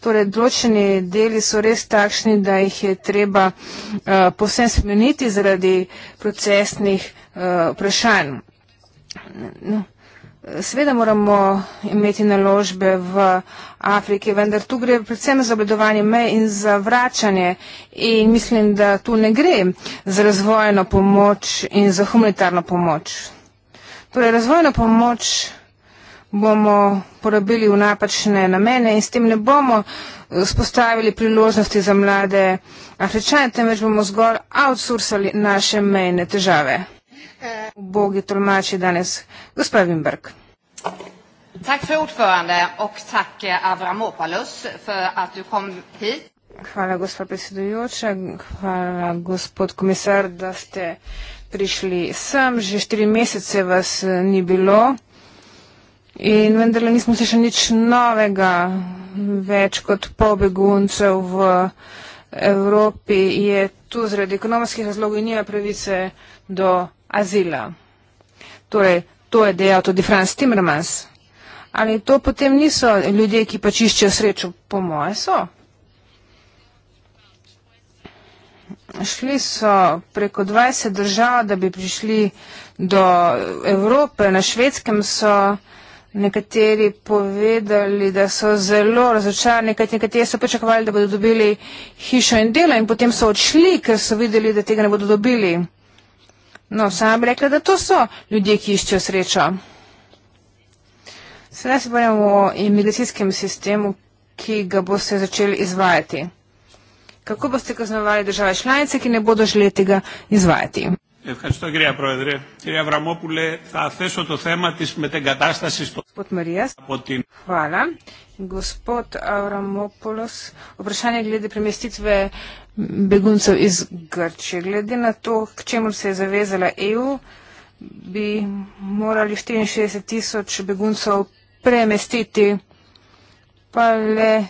Speaker 2: Torej, določeni deli so res takšni, da jih je treba uh, eh, posebno spremeniti zaradi procesnih uh, vprašanj. No. Sveda moramo imeti naložbe v Afriki, vendar tu gre predvsem za obledovanje mej in za vračanje. In mislim, da tu ne gre za razvojno pomoč in za humanitarno pomoč. Torej, razvojno pomoč bomo porabili v napačne namene in s tem ne bomo eh, spostavili priložnosti za mlade afričane, temveč bomo zgolj outsourcali naše mejne težave. Boge tolmači danes. Gospa Wimberg.
Speaker 3: Tak för ordförande och tack eh, Avramopoulos för att du kom hit.
Speaker 2: Hvala, gospa predsedujoča, hvala, gospod komisar, da ste prišli sem. Že štiri mesece vas eh, ni bilo in vendarle nismo slišali nič novega več kot pol beguncev v Evropi. Je tu zaradi ekonomskih razlogov in nima pravice do azila. Torej, to je dejal tudi Franz Timmermans. Ali to potem niso ljudje, ki pač iščejo srečo? Po moje so. Šli so preko 20 držav, da bi prišli do Evrope. Na švedskem so nekateri povedali, da so zelo razočarani, kajti nekateri so pričakovali, da bodo dobili hišo in delo in potem so odšli, ker so videli, da tega ne bodo dobili. No, sam bi rekla, da to so ljudje, ki iščejo srečo. Sedaj se bojamo o imigracijskem sistemu, ki ga boste začeli izvajati. Kako boste kaznovali države članice, ki ne bodo želeli tega izvajati? Hvala. Gospod Avramopoulos, vprašanje glede premestitve beguncev iz Grče. Glede na to, k čemu se je zavezala EU, bi morali 64 tisoč beguncev premestiti, pa le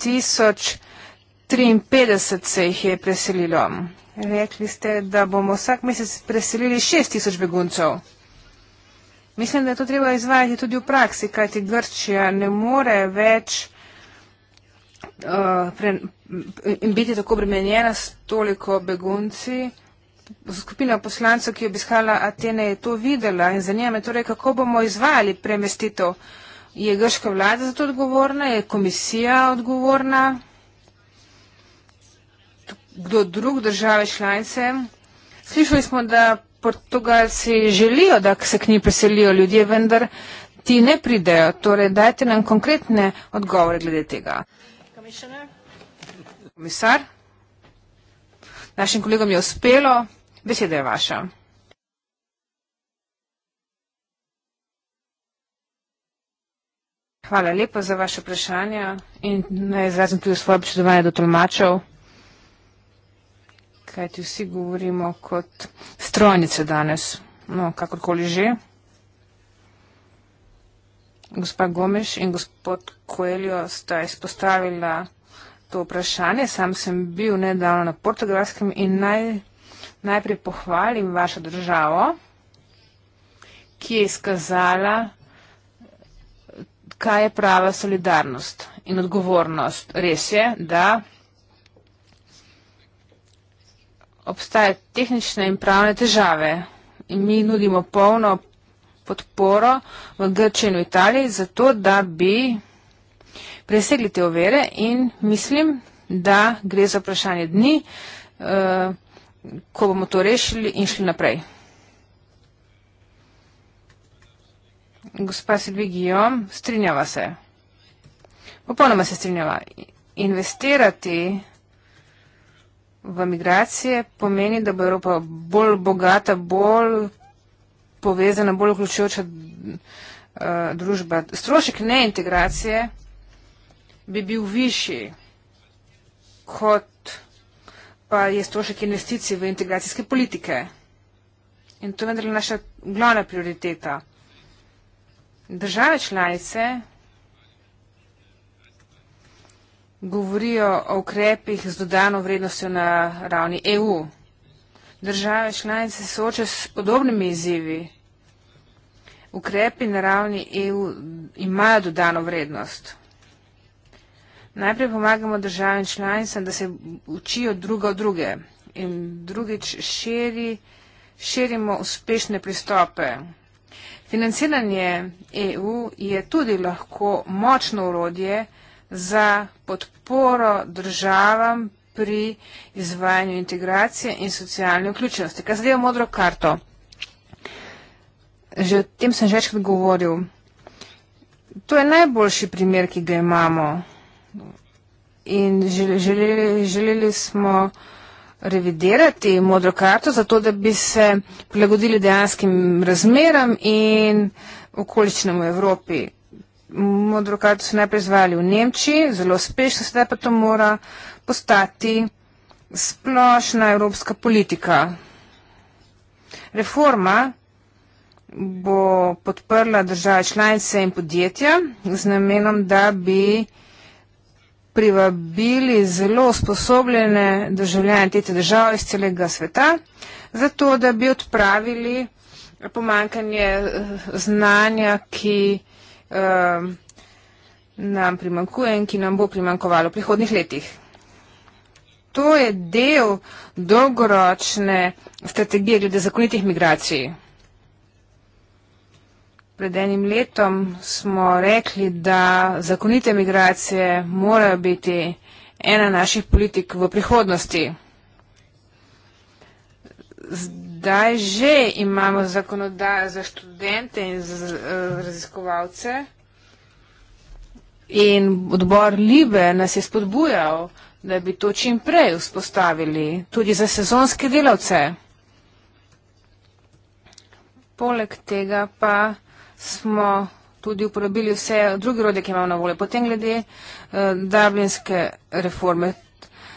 Speaker 2: 1053 se jih je preselilo. Rekli ste, da bomo vsak mesec preselili 6 tisoč beguncev. Mislim, da je to treba izvajati tudi v praksi, kajti Grčija ne more več uh, pre, in biti tako obremenjena s toliko begunci. Skupina poslancev, ki je obiskala Atene, je to videla in zanima me torej, kako bomo izvajali premestitev. Je grška vlada za to odgovorna? Je komisija odgovorna? Kdo drug države članice? Slišali smo, da Portugalci želijo, da se k njim preselijo ljudje, vendar ti ne pridejo. Torej, dajte nam konkretne odgovore glede tega. Commissioner. Komisar, našim kolegom je uspelo, beseda je vaša. Hvala lepa za vaše vprašanje in naj izrazim tudi svoje občudovanje do tolmačev, kajti vsi govorimo kot strojnice danes, no, kakorkoli že gospa Gomeš in gospod Koeljo sta izpostavila to vprašanje. Sam sem bil nedavno na portugalskem in naj, najprej pohvalim vašo državo, ki je izkazala, kaj je prava solidarnost in odgovornost. Res je, da obstajajo tehnične in pravne težave. In mi nudimo polno podporo v Grčiji in v Italiji, zato da bi presegli te overe in mislim, da gre za vprašanje dni, eh, ko bomo to rešili in šli naprej. Gospa Silvigijo, strinjava se. Popolnoma se strinjava. Investirati v migracije pomeni, da bo Evropa bolj bogata, bolj povezana, bolj vključujoča eh, družba. Strošek neintegracije bi bil višji, kot pa je strošek investicij v integracijske politike. In to je vendar naša glavna prioriteta. Države članice govorijo o ukrepih z dodano vrednostjo na ravni EU. Države članice se soočajo s podobnimi izzivi ukrepi na ravni EU imajo dodano vrednost. Najprej pomagamo državam članicam, da se učijo druga od druge in drugič širi, širimo uspešne pristope. Financiranje EU je tudi lahko močno urodje za podporo državam pri izvajanju integracije in socialne vključenosti. Kaj zadeva modro karto? Že o tem sem večkrat govoril. To je najboljši primer, ki ga imamo. In želeli, želeli smo revidirati modro karto, zato da bi se prilagodili dejanskim razmeram in okoličnemu Evropi. Modro karto so najprej izvajali v Nemčiji, zelo uspešno, sedaj pa to mora postati splošna evropska politika. Reforma bo podprla države članice in podjetja z namenom, da bi privabili zelo sposobljene državljane tete države iz celega sveta, zato da bi odpravili pomankanje eh, znanja, ki eh, nam primankuje in ki nam bo primankovalo v prihodnih letih. To je del dolgoročne strategije glede zakonitih migracij. Pred enim letom smo rekli, da zakonite migracije morajo biti ena naših politik v prihodnosti. Zdaj že imamo zakonodajo za študente in za raziskovalce in odbor Libe nas je spodbujal, da bi to čim prej vzpostavili tudi za sezonske delavce. Poleg tega pa smo tudi uporabili vse druge rode, ki imamo na voljo. Potem glede uh, dublinske reforme.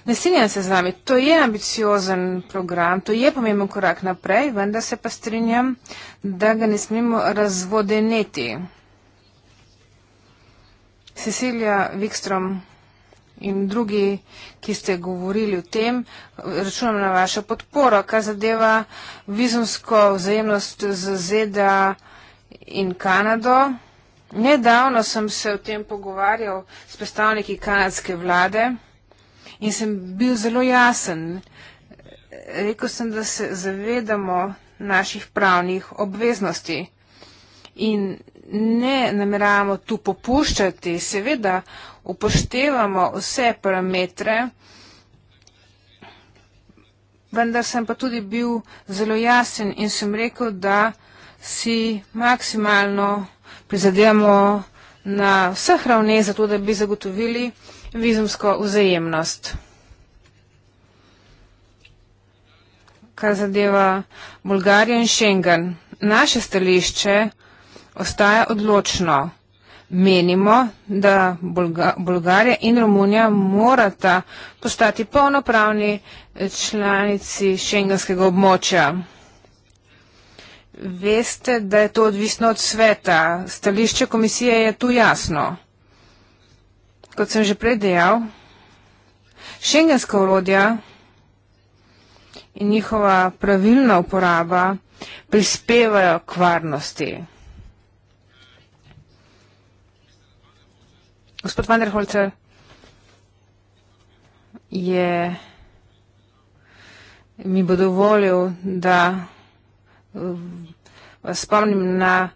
Speaker 2: Ne strinjam se z nami, to je ambiciozen program, to je pomemben korak naprej, vendar se pa strinjam, da ga ne smemo razvodeneti. Cecilija Vikstrom in drugi, ki ste govorili o tem, računam na vašo podporo, kar zadeva vizumsko vzajemnost z ZDA in Kanado. Nedavno sem se o tem pogovarjal s predstavniki kanadske vlade in sem bil zelo jasen. Rekl sem, da se zavedamo naših pravnih obveznosti in ne nameravamo tu popuščati. Seveda upoštevamo vse parametre, vendar sem pa tudi bil zelo jasen in sem rekel, da si maksimalno prizadevamo na vseh ravneh za to, da bi zagotovili vizumsko vzajemnost. Kar zadeva Bolgarijo in Schengen, naše stališče ostaja odločno. Menimo, da Bolga, Bolgarija in Romunija morata postati polnopravni članici šengenskega območja veste, da je to odvisno od sveta. Stališče komisije je tu jasno. Kot sem že prej dejal, šengenska urodja in njihova pravilna uporaba prispevajo k varnosti. Gospod Vanderholzer je mi bo dovolil, da spomnim na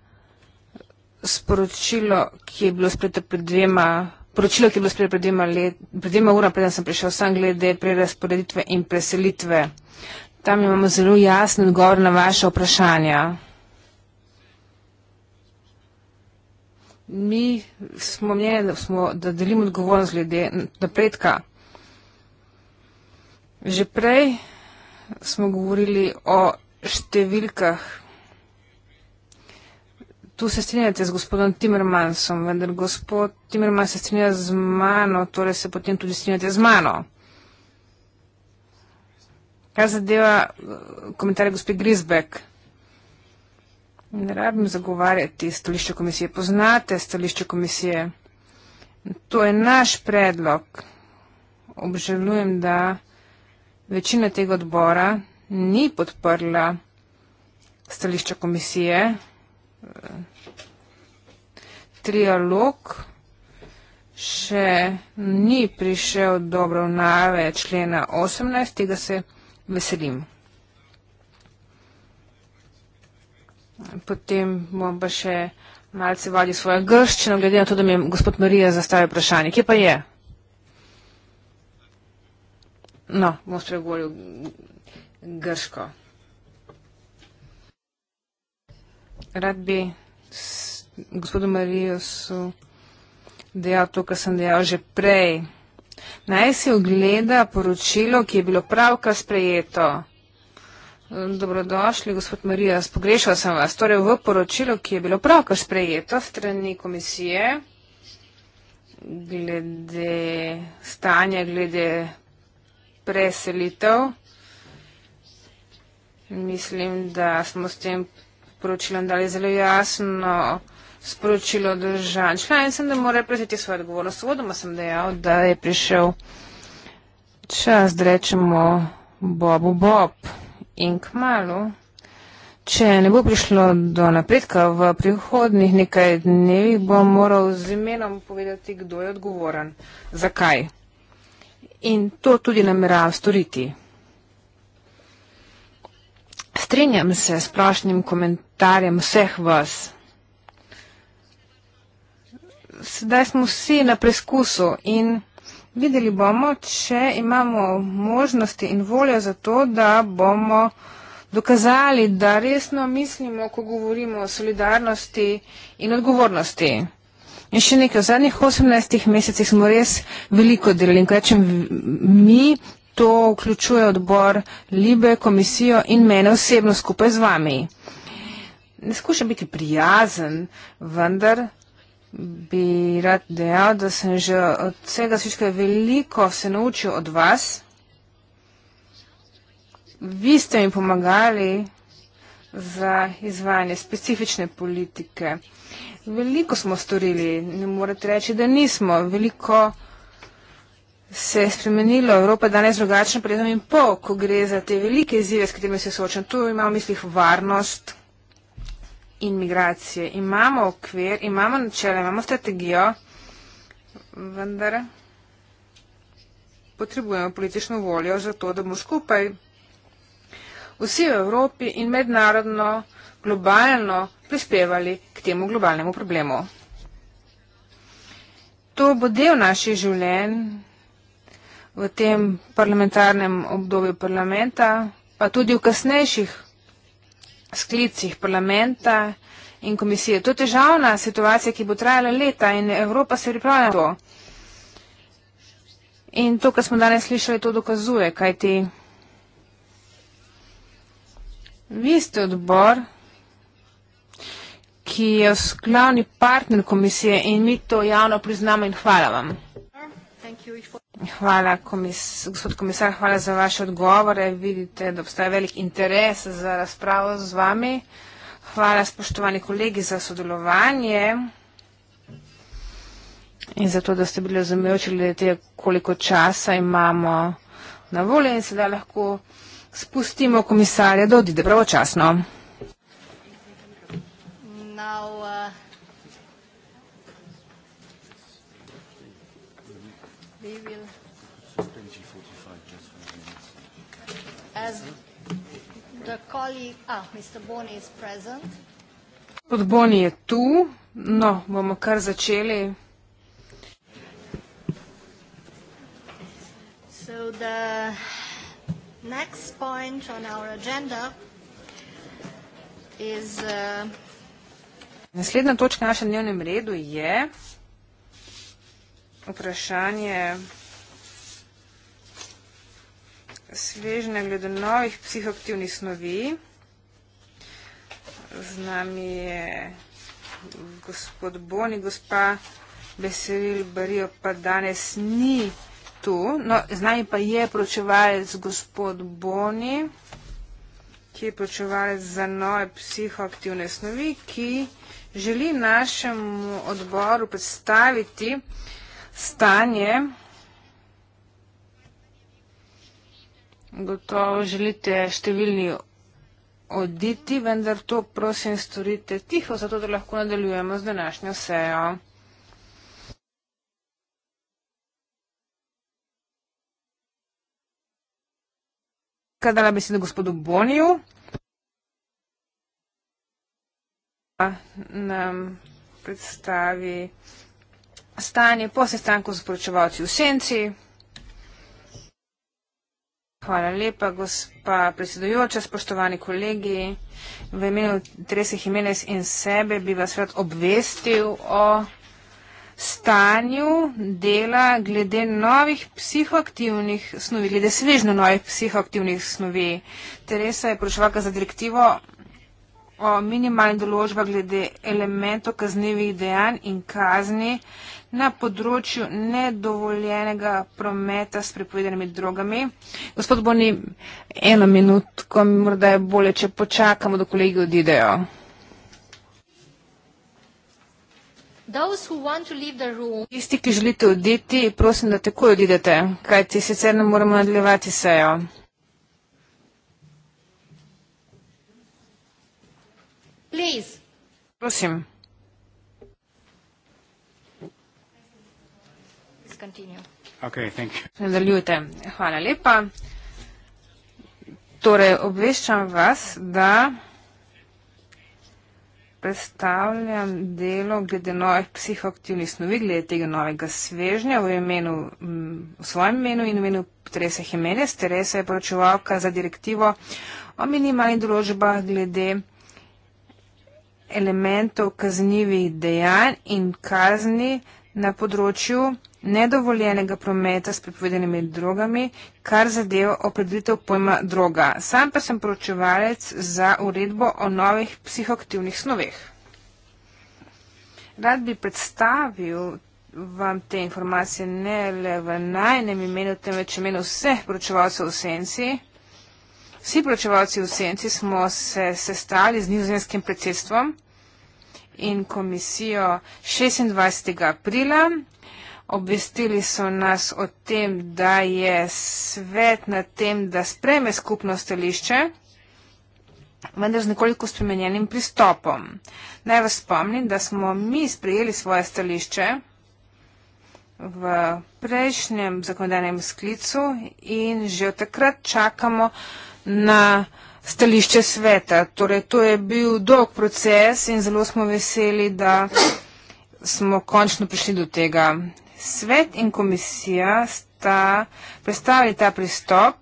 Speaker 2: sporočilo, ki je bilo spredo pred dvema. Poročilo, ki je bilo sprejeto pred dvema, pred dvema urama, preden sem prišel sam, glede prerasporeditve in preselitve. Tam imamo zelo jasen odgovor na vaše vprašanja. Mi smo mnenje, da, smo, da delimo odgovornost glede napredka. Že prej smo govorili o številkah tu se strinjate z gospodom Timmermansom, vendar gospod Timmermans se strinja z mano, torej se potem tudi strinjate z mano. Kaj zadeva eh, komentarje gospe Grisbek? Ne rabim zagovarjati stališče komisije. Poznate stališče komisije. To je naš predlog. Obžalujem, da večina tega odbora ni podprla stališča komisije trialog še ni prišel do obravnave člena 18, tega se veselim. Potem bom pa še malce vadil svojo grščino, glede na to, da mi je gospod Marija zastavil vprašanje. Kje pa je? No, bom spregovoril grško. Rad bi gospodu Marijosu dejal to, kar sem dejal že prej. Naj si ogleda poročilo, ki je bilo pravkar sprejeto. Dobrodošli, gospod Marija, spogrešal sem vas. Torej, v poročilo, ki je bilo pravkar sprejeto strani komisije, glede stanja, glede preselitev, mislim, da smo s tem sporočilo, da je zelo jasno sporočilo držav članicam, da morajo prevzeti svojo odgovornost. Vodoma sem dejal, da je prišel čas, da rečemo Bobu Bob in k malu. Če ne bo prišlo do napredka v prihodnih nekaj dnevih, bom moral z imenom povedati, kdo je odgovoren, zakaj. In to tudi namerava storiti strinjam se s prošnjim komentarjem vseh vas. Sedaj smo vsi na preskusu in videli bomo, če imamo možnosti in voljo za to, da bomo dokazali, da resno mislimo, ko govorimo o solidarnosti in odgovornosti. In še nekaj, v zadnjih 18 mesecih smo res veliko delali. In ko rečem mi, To vključuje odbor Libe, komisijo in mene osebno skupaj z vami. Ne skušam biti prijazen, vendar bi rad dejal, da sem že od vsega svička veliko se naučil od vas. Vi ste mi pomagali za izvajanje specifične politike. Veliko smo storili, ne morete reči, da nismo. Veliko smo se je spremenilo, Evropa danes drugačna pred nami po, ko gre za te velike izzive, s katerimi se soočam. Tu imamo v mislih varnost in migracije. Imamo okvir, imamo načele, imamo strategijo, vendar potrebujemo politično voljo za to, da bomo skupaj vsi v Evropi in mednarodno, globalno prispevali k temu globalnemu problemu. To bo del naših življenj, v tem parlamentarnem obdobju parlamenta, pa tudi v kasnejših sklicih parlamenta in komisije. To je težavna situacija, ki bo trajala leta in Evropa se pripravlja na to. In to, kar smo danes slišali, to dokazuje, kaj ti. Vi ste odbor, ki je glavni partner komisije in mi to javno priznamo in hvala vam. Hvala, komis, gospod komisar, hvala za vaše odgovore. Vidite, da obstaja velik interes za razpravo z vami. Hvala, spoštovani kolegi, za sodelovanje in za to, da ste bili razumejoči, glede koliko časa imamo na voljo in sedaj lahko spustimo komisarja, da odide pravočasno. Now,
Speaker 1: uh... The colleague, ah, Mr. Boni is present.
Speaker 2: Gospod Boni je tu, no, bomo kar začeli. So the
Speaker 1: next point on our agenda is...
Speaker 2: Uh, Naslednja točka na našem dnevnem redu je vprašanje svežne glede novih psihoaktivnih snovi. Z nami je gospod Boni, gospa Besevil Barijo, pa danes ni tu. No, z nami pa je pročevalec gospod Boni, ki je pročevalec za nove psihoaktivne snovi, ki želi našemu odboru predstaviti stanje, Gotovo želite številni oditi, vendar to prosim storite tiho, zato da lahko nadaljujemo z današnjo sejo. Kadala bi se na gospodu Boniju. Nam predstavi stanje po sestanku s poročevalci v Senci. Hvala lepa, gospa predsedujoča, spoštovani kolegi. V imenu Tresih Jimenez in sebe bi vas rad obvestil o stanju dela glede novih psihoaktivnih snovi, glede svežno novih psihoaktivnih snovi. Teresa je poročevalka za direktivo o minimalni doložba glede elementov kaznevih dejanj in kazni, na področju nedovoljenega prometa s prepovedanimi drogami. Gospod Boni, eno minutko, morda je bolje, če počakamo, da kolegi odidejo. Tisti, ki želite oditi, prosim, da takoj odidete, kajti sicer ne moremo nadaljevati sejo. Please. Prosim. Nadaljujte. Hvala lepa. Torej, obveščam vas, da predstavljam delo glede novih psihoaktivnih snovi, glede tega novega svežnja v, imenu, v svojem imenu in v imenu Terese Jimenez. Teresa je poročevalka za direktivo o minimalnih določbah glede elementov kaznjivih dejanj in kazni na področju nedovoljenega prometa s prepovedanimi drogami, kar zadeva opredelitev pojma droga. Sam pa sem poročevalec za uredbo o novih psihoaktivnih snoveh. Rad bi predstavil vam te informacije ne le v najnem imenu, temveč imenu vseh poročevalcev v senci. Vsi poročevalci v senci smo se sestali z nizozemskim predsedstvom in komisijo 26. aprila obvestili so nas o tem, da je svet na tem, da spreme skupno stališče, vendar z nekoliko spremenjenim pristopom. Naj vas spomnim, da smo mi sprejeli svoje stališče v prejšnjem zakonodajnem sklicu in že od takrat čakamo na stališče sveta. Torej, to je bil dolg proces in zelo smo veseli, da smo končno prišli do tega Svet in komisija sta predstavili ta pristop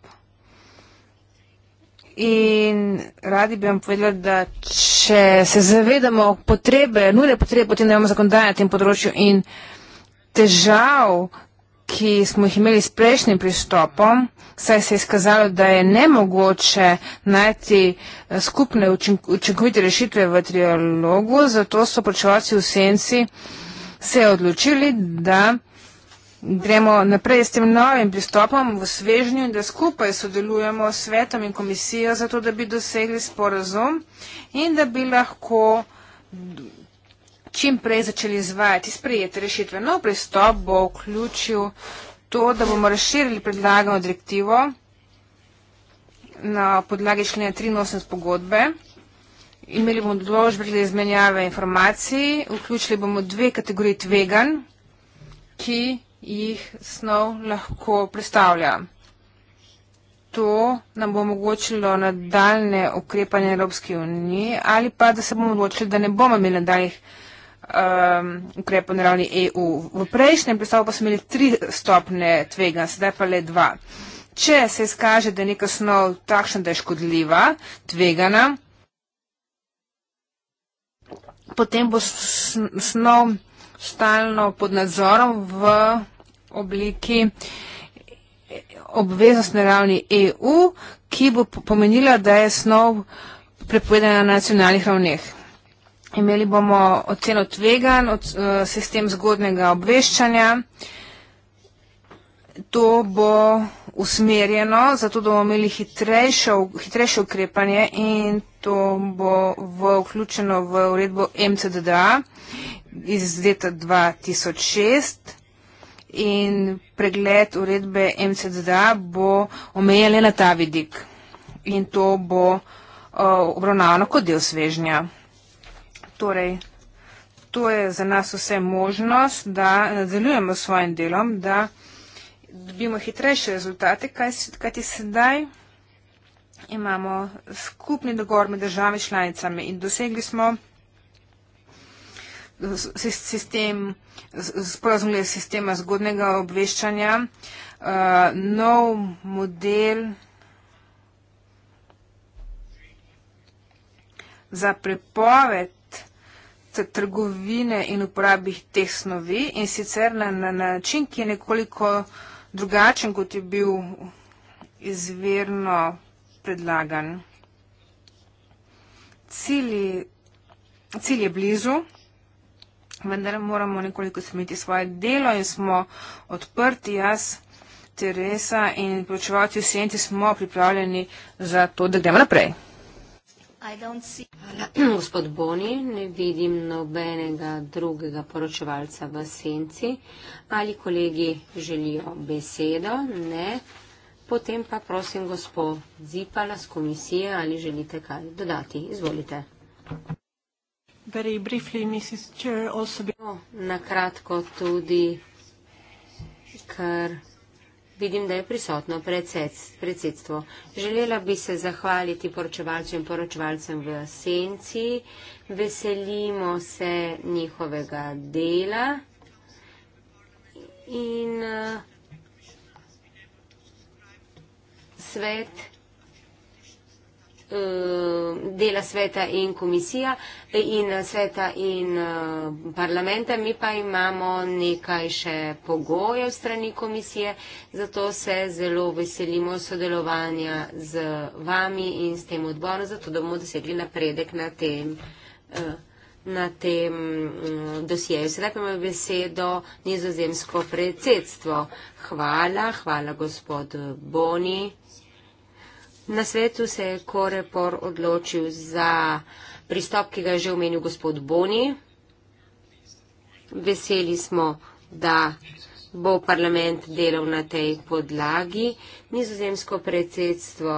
Speaker 2: in radi bi vam povedala, da če se zavedamo potrebe, nujne potrebe, potem da imamo zakonodaje na tem področju in težav, ki smo jih imeli s prejšnjim pristopom, saj se je skazalo, da je nemogoče najti eh, skupne učinkovite rešitve v trialogu, zato so počevalci v senci se odločili, da Gremo naprej s tem novim pristopom v svežnju in da skupaj sodelujemo s svetom in komisijo za to, da bi dosegli sporazum in da bi lahko čim prej začeli izvajati sprejete rešitve. Nov pristop bo vključil to, da bomo razširili predlagano direktivo na podlagi člena 83 pogodbe. Imeli bomo odložbe glede izmenjave informacij, vključili bomo dve kategorije tvegan, ki jih snov lahko predstavlja. To nam bo omogočilo nadaljne ukrepanje Evropske unije ali pa, da se bomo odločili, da ne bomo imeli nadaljnih um, ukrepov na ravni EU. V prejšnjem predstavu pa smo imeli tri stopne tvega, sedaj pa le dva. Če se izkaže, da je neka snov takšna, da je škodljiva, tvegana, potem bo snov stalno pod nadzorom v obliki obveznostne ravni EU, ki bo pomenila, da je snov prepovedana na nacionalnih ravneh. Imeli bomo oceno tvegan, od, eh, sistem zgodnega obveščanja. To bo usmerjeno, zato da bomo imeli hitrejše, hitrejše ukrepanje in to bo v, vključeno v uredbo MCDDA iz leta 2006 in pregled uredbe MCDA bo omejen le na ta vidik in to bo uh, obravnavano kot del svežnja. Torej, to je za nas vse možnost, da nadaljujemo s svojim delom, da dobimo hitrejše rezultate, kaj ti sedaj imamo skupni dogovor med državami članicami in dosegli smo sistem, sporazumljen sistema zgodnega obveščanja, uh, nov model za prepoved trgovine in uporabih teh snovi in sicer na, na način, ki je nekoliko drugačen, kot je bil izverno predlagan. Cilj, cilj je blizu vendar moramo nekoliko smeti svoje delo in smo odprti, jaz, Teresa in počevalci v senci smo pripravljeni za to, da gremo naprej.
Speaker 3: Gospod Boni, ne vidim nobenega drugega poročevalca v senci. Ali kolegi želijo besedo? Ne. Potem pa prosim gospod Zipala z komisije, ali želite kaj dodati. Izvolite. Briefly, Chair, also... no, na kratko tudi, ker vidim, da je prisotno predsedstvo. Želela bi se zahvaliti poročevalcem in poročevalcem v senci. Veselimo se njihovega dela in uh, svet Eh, dela sveta in komisija in eh, sveta in eh, parlamenta. Mi pa imamo nekaj še pogojev strani komisije, zato se zelo veselimo sodelovanja z vami in s tem odborom, zato da bomo dosegli napredek na tem, na tem mm, dosjeju. Sedaj pa imamo besedo nizozemsko predsedstvo. Hvala, hvala gospod Boni. Na svetu se je Korepor odločil za pristop, ki ga je že omenil gospod Boni. Veseli smo, da bo parlament delal na tej podlagi. Nizozemsko predsedstvo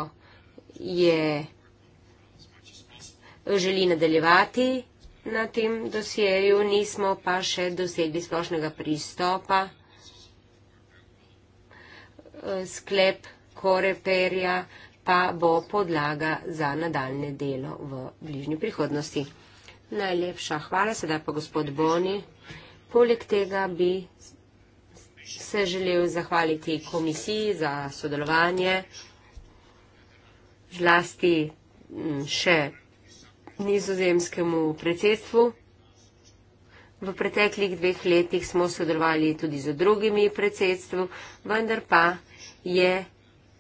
Speaker 3: je želi nadaljevati na tem dosjeju, nismo pa še dosegli splošnega pristopa. Sklep Koreperja pa bo podlaga za nadaljne delo v bližnji prihodnosti. Najlepša hvala, sedaj pa gospod Boni. Poleg tega bi se želel zahvaliti komisiji za sodelovanje, zlasti še nizozemskemu predsedstvu. V preteklih dveh letih smo sodelovali tudi z drugimi predsedstvu, vendar pa je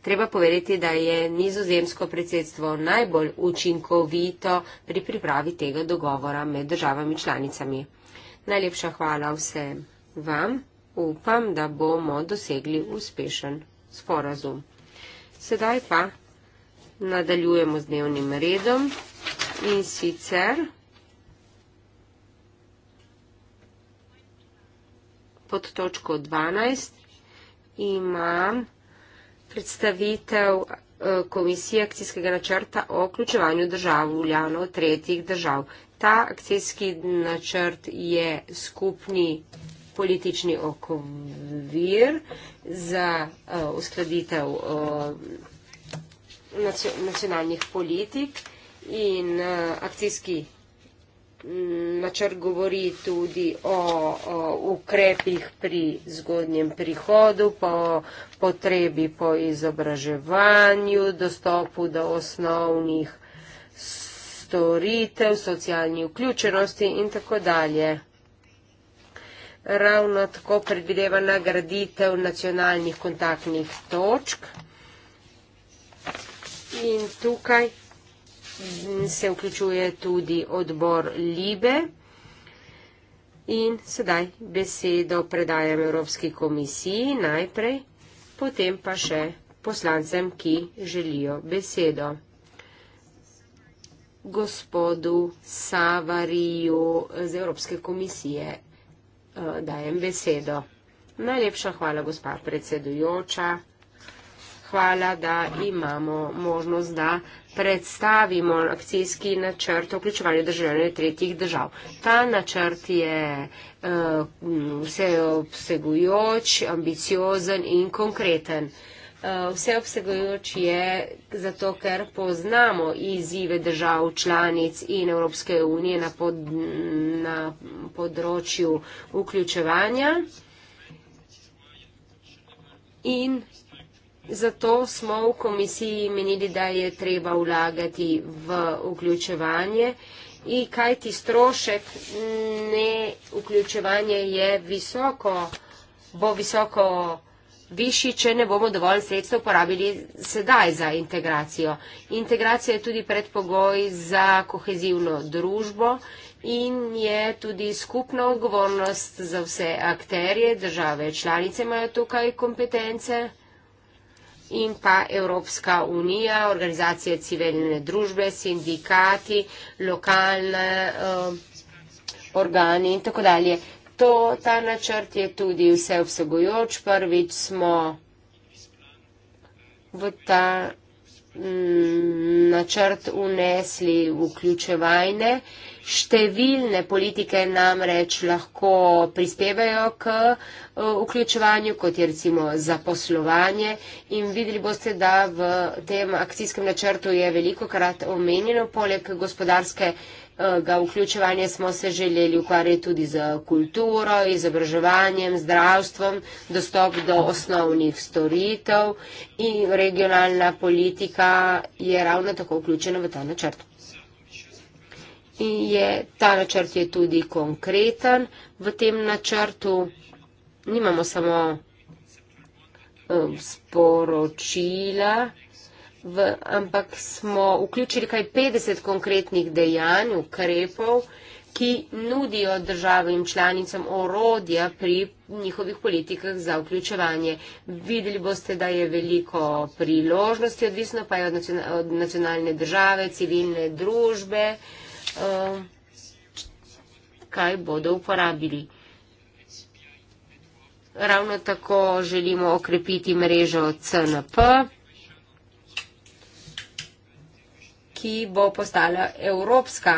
Speaker 3: Treba povedati, da je nizozemsko predsedstvo najbolj učinkovito pri pripravi tega dogovora med državami članicami. Najlepša hvala vse vam. Upam, da bomo dosegli uspešen sporazum. Sedaj pa nadaljujemo z dnevnim redom in sicer pod točko 12 imam predstavitev eh, komisije akcijskega načrta o vključevanju držav v Ljano tretjih držav. Ta akcijski načrt je skupni politični okvir za eh, uskladitev eh, nacionalnih politik in akcijski načrt načrt govori tudi o, o ukrepih pri zgodnjem prihodu, po potrebi po izobraževanju, dostopu do osnovnih storitev, socialni vključenosti in tako dalje. Ravno tako predvideva nagraditev nacionalnih kontaktnih točk. In tukaj se vključuje tudi odbor Libe. In sedaj besedo predajam Evropski komisiji najprej, potem pa še poslancem, ki želijo besedo. Gospodu Savariju z Evropske komisije eh, dajem besedo. Najlepša hvala, gospa predsedujoča. Hvala, da imamo možnost, da predstavimo akcijski načrt o vključevanju državljanov tretjih držav. Ta načrt je eh, vseobsegujoč, ambiciozen in konkreten. Eh, vseobsegujoč je zato, ker poznamo izzive držav članic in Evropske unije na, pod, na področju vključevanja in Zato smo v komisiji menili, da je treba vlagati v vključevanje in kaj ti strošek ne vključevanje je visoko, bo visoko višji, če ne bomo dovolj sredstev porabili sedaj za integracijo. Integracija je tudi predpogoj za kohezivno družbo in je tudi skupna odgovornost za vse akterje, države članice imajo tukaj kompetence in pa Evropska unija, organizacije civilne družbe, sindikati, lokalne uh, organi in tako dalje. To, ta načrt je tudi vse obsegujoč. Prvič smo v ta mm, načrt unesli vključevajne uh, Številne politike namreč lahko prispevajo k eh, vključevanju, kot je recimo zaposlovanje. In videli boste, da v tem akcijskem načrtu je veliko krat omenjeno, poleg gospodarskega eh, vključevanja smo se želeli ukvarjati tudi z kulturo, izobraževanjem, zdravstvom, dostop do osnovnih storitev in regionalna politika je ravno tako vključena v ta načrt in je ta načrt je tudi konkreten v tem načrtu. Nimamo samo um, sporočila, v, ampak smo vključili kaj 50 konkretnih dejanj, ukrepov, ki nudijo državim članicam orodja pri njihovih politikah za vključevanje. Videli boste, da je veliko priložnosti, odvisno pa je od, nacional od nacionalne države, civilne družbe, uh, Eh, kaj bodo uporabili. Ravno tako želimo okrepiti mrežo CNP, ki bo postala evropska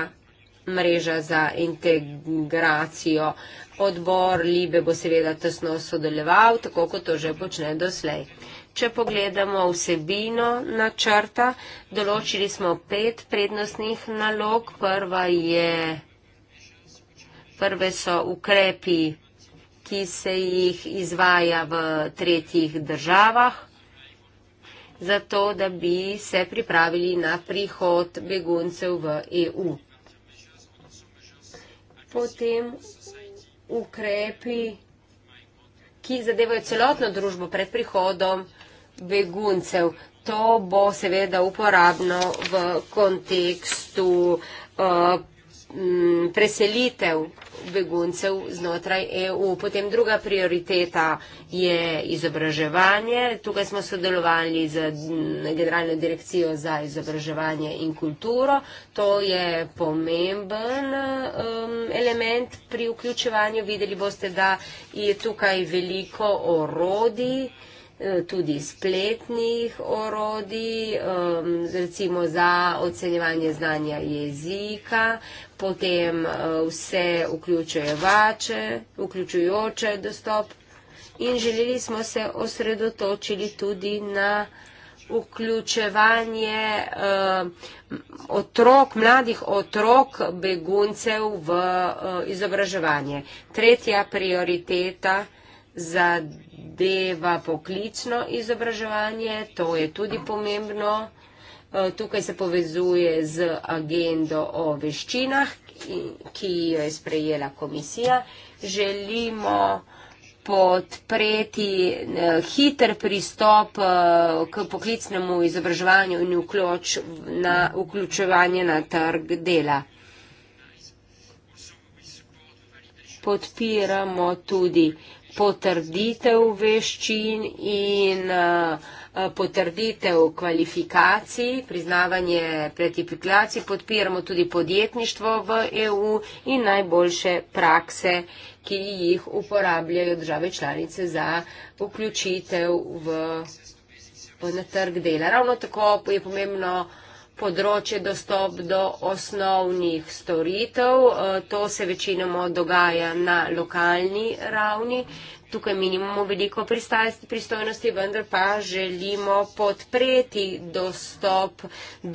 Speaker 3: mreža za integracijo. Odbor Libe bo seveda tesno sodeleval, tako kot to že počne doslej. Če pogledamo vsebino načrta, določili smo pet prednostnih nalog. Prva je, prve so ukrepi, ki se jih izvaja v tretjih državah, zato da bi se pripravili na prihod beguncev v EU. Potem ukrepi, ki zadevajo celotno družbo pred prihodom, beguncev. To bo seveda uporabno v kontekstu uh, preselitev beguncev znotraj EU. Potem druga prioriteta je izobraževanje. Tukaj smo sodelovali z Generalno direkcijo za izobraževanje in kulturo. To je pomemben um, element pri vključevanju. Videli boste, da je tukaj veliko orodij. Eh, tudi spletnih orodij, recimo za ocenjevanje znanja jezika, potem eh, vse vače, vključujoče dostop in želeli smo se osredotočili tudi na vključevanje otrok, mladih otrok, beguncev v eh, izobraževanje. Tretja prioriteta je, zadeva poklicno izobraževanje, to je tudi pomembno. E, tukaj se povezuje z agendo o veščinah, ki jo je sprejela komisija. Želimo podpreti e, hiter pristop e, k poklicnemu izobraževanju in vključ na vključevanje na trg dela. Podpiramo tudi potrditev veščin in uh, potrditev kvalifikacij, priznavanje pretipiklacij, podpiramo tudi podjetništvo v EU in najboljše prakse, ki jih uporabljajo države članice za vključitev v, v trg dela. Ravno tako je pomembno, področje dostop do osnovnih storitev. E, to se večinoma dogaja na lokalni ravni. Tukaj mi nimamo veliko pristojnosti, vendar pa želimo podpreti dostop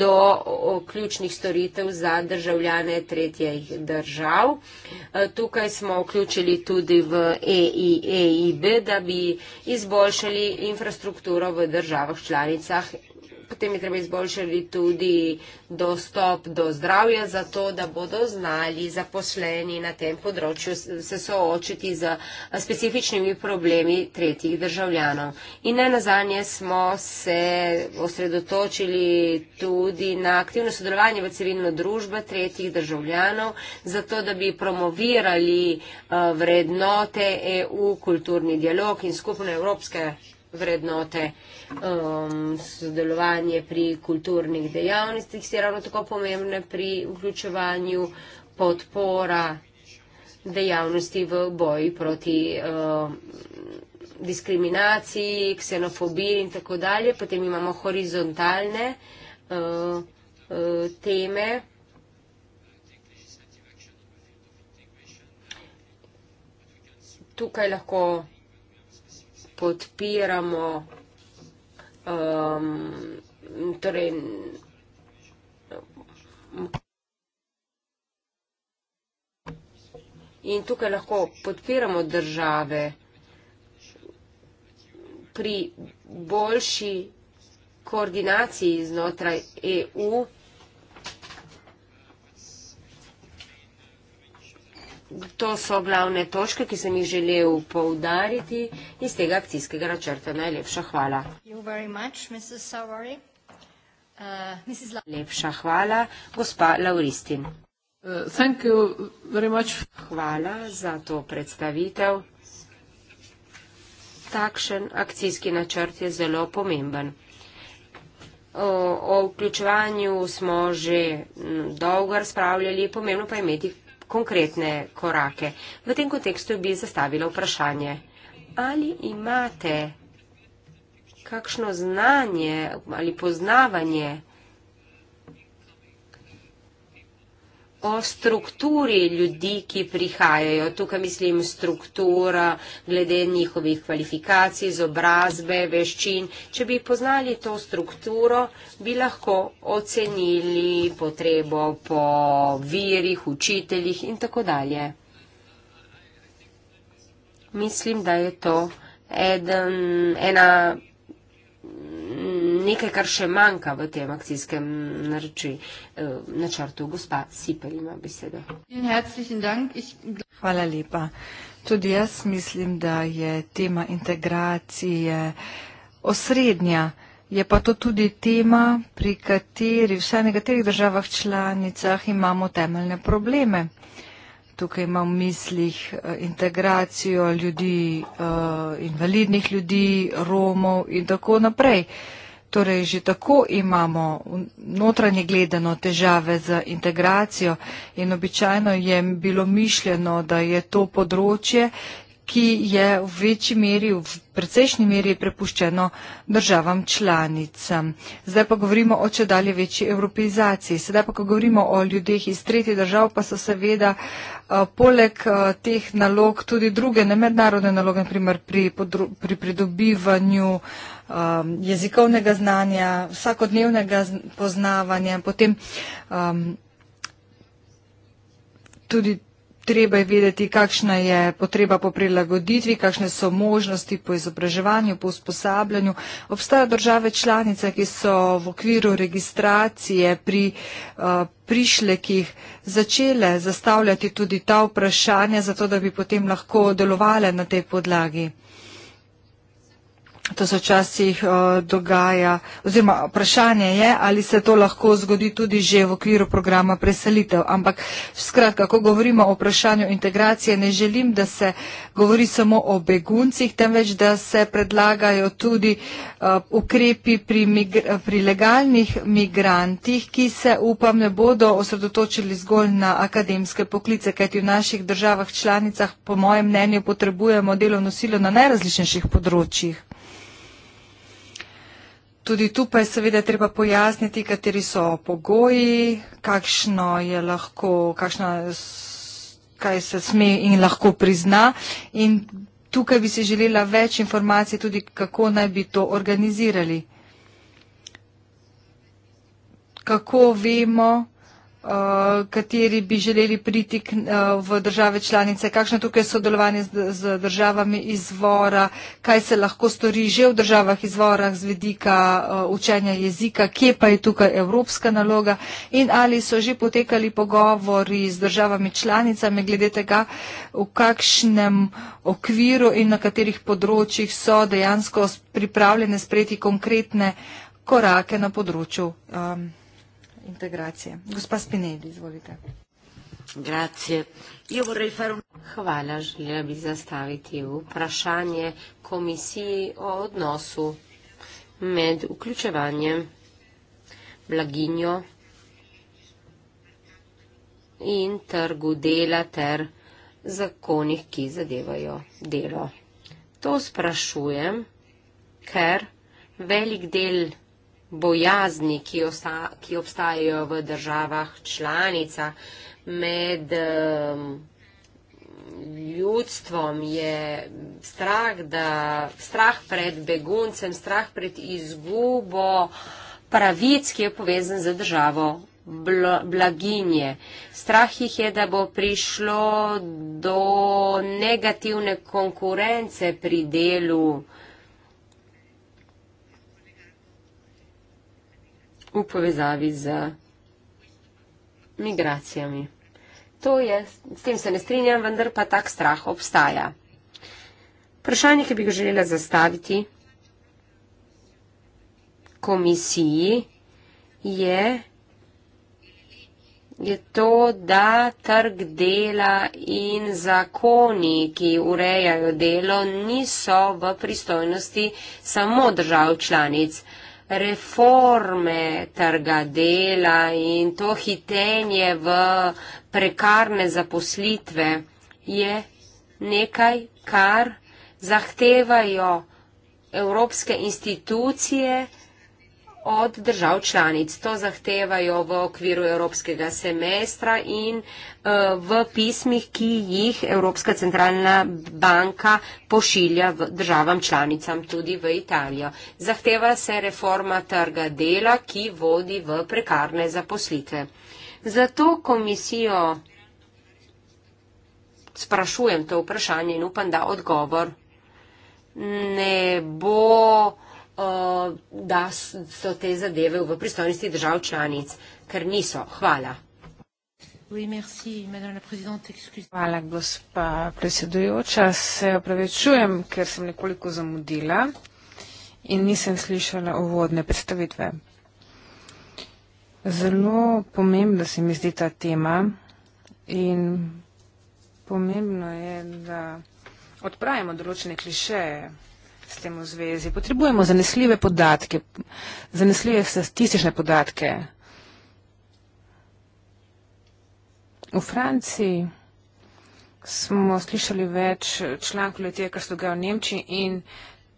Speaker 3: do ključnih storitev za državljane tretjih držav. E, tukaj smo vključili tudi v EIB, e da bi izboljšali infrastrukturo v državah članicah potem je treba izboljšati tudi dostop do zdravja, zato da bodo znali zaposleni na tem področju se soočiti z eh, specifičnimi problemi tretjih državljanov. In ne nazadnje smo se osredotočili tudi na aktivno sodelovanje v civilno družbo tretjih državljanov, zato da bi promovirali eh, vrednote EU, kulturni dialog in skupne evropske vrednote um, sodelovanje pri kulturnih dejavnostih, si ravno tako pomembne pri vključevanju podpora dejavnosti v boji proti um, diskriminaciji, ksenofobiji in tako dalje. Potem imamo horizontalne uh, uh, teme. Tukaj lahko podpiramo um, torej, in tukaj lahko podpiramo države pri boljši koordinaciji znotraj EU. to so glavne točke, ki sem jih želel poudariti iz tega akcijskega načrta. Najlepša hvala. Uh, Lepša hvala, gospa Lauristin. Uh, hvala za to predstavitev. Takšen akcijski načrt je zelo pomemben. O, o vključevanju smo že dolgo razpravljali, pomembno pa je imeti konkretne korake. V tem kontekstu bi zastavila vprašanje, ali imate kakšno znanje ali poznavanje o strukturi ljudi, ki prihajajo. Tukaj mislim struktura glede njihovih kvalifikacij, izobrazbe, veščin. Če bi poznali to strukturo, bi lahko ocenili potrebo po virih, učiteljih in tako dalje. Mislim, da je to eden, ena nekaj, kar še manjka v tem akcijskem narči, eh, načrtu. Gospa Sipel ima besedo.
Speaker 1: Hvala lepa. Tudi jaz mislim, da je tema integracije osrednja. Je pa to tudi tema, pri kateri vsaj v nekaterih državah članicah imamo temeljne probleme. Tukaj imam v mislih eh, integracijo ljudi, eh, invalidnih ljudi, Romov in tako naprej. Torej, že tako imamo notranje gledano težave z integracijo in običajno je bilo mišljeno, da je to področje, ki je v večji meri, v precejšnji meri prepuščeno državam članicam. Zdaj pa govorimo o če dalje večji evropizaciji. Sedaj pa, ko govorimo o ljudeh iz tretjih držav, pa so seveda eh, poleg eh, teh nalog tudi druge, ne mednarodne naloge, naprimer pri, pri pridobivanju um, jezikovnega znanja, vsakodnevnega poznavanja, potem um, tudi treba je vedeti, kakšna je potreba po prilagoditvi, kakšne so možnosti po izobraževanju, po usposabljanju. Obstajajo države članice, ki so v okviru registracije pri uh, prišlekih začele zastavljati tudi ta vprašanja, zato da bi potem lahko delovale na tej podlagi to se včasih eh, dogaja, oziroma vprašanje je, ali se to lahko zgodi tudi že v okviru programa preselitev. Ampak skratka, ko govorimo o vprašanju integracije, ne želim, da se govori samo o beguncih, temveč, da se predlagajo tudi eh, ukrepi pri, pri legalnih migrantih, ki se upam ne bodo osredotočili zgolj na akademske poklice, kajti v naših državah članicah, po mojem mnenju, potrebujemo delovno silo na najrazličnejših področjih. Tudi tu pa je seveda treba pojasniti, kateri so pogoji, kakšno je lahko, kakšno, kaj se sme in lahko prizna. In tukaj bi si želela več informacij tudi, kako naj bi to organizirali. Kako vemo, Eh, kateri bi želeli priti eh, v države članice, kakšno je tukaj sodelovanje z državami izvora, kaj se lahko stori že v državah izvorah z vidika eh, učenja jezika, kje pa je tukaj evropska naloga in ali so že potekali pogovori z državami članicami glede tega, v kakšnem okviru in na katerih področjih so dejansko pripravljene sprejeti konkretne korake na področju. Um, integracije. Gospa Spinelli, izvolite.
Speaker 3: Grazie. Io vorrei fare un... Hvala, želela bi zastaviti vprašanje komisiji o odnosu med vključevanjem blaginjo in trgu dela ter zakonih, ki zadevajo delo. To sprašujem, ker velik del vprašanja bojazni, ki, osta, ki obstajajo v državah članica med um, ljudstvom je strah, da, strah pred beguncem, strah pred izgubo pravic, ki je povezan z državo blaginje. Strah jih je, da bo prišlo do negativne konkurence pri delu uh, v povezavi z migracijami. To je, s tem se ne strinjam, vendar pa tak strah obstaja. Vprašanje, ki bi ga želela zastaviti komisiji, je, je to, da trg dela in zakoni, ki urejajo delo, niso v pristojnosti samo držav članic. Uh, reforme trga dela in to hitenje v prekarne zaposlitve je nekaj, kar zahtevajo evropske institucije, od držav članic. To zahtevajo v okviru evropskega semestra in uh, v pismih, ki jih Evropska centralna banka pošilja državam članicam, tudi v Italijo. Zahteva se reforma trga dela, ki vodi v prekarne zaposlitve. Zato komisijo sprašujem to vprašanje in upam, da odgovor ne bo da so te zadeve v pristojnosti držav članic, ker niso. Hvala.
Speaker 2: Hvala, gospa predsedujoča. Se opravičujem, ker sem nekoliko zamudila in nisem slišala uvodne predstavitve. Zelo pomembna se mi zdi ta tema in pomembno je, da odpravimo določene klišeje s tem v zvezi. Potrebujemo zanesljive podatke, zanesljive statistične podatke. V Franciji smo slišali več člankov ljudje, kar se dogaja v Nemčiji in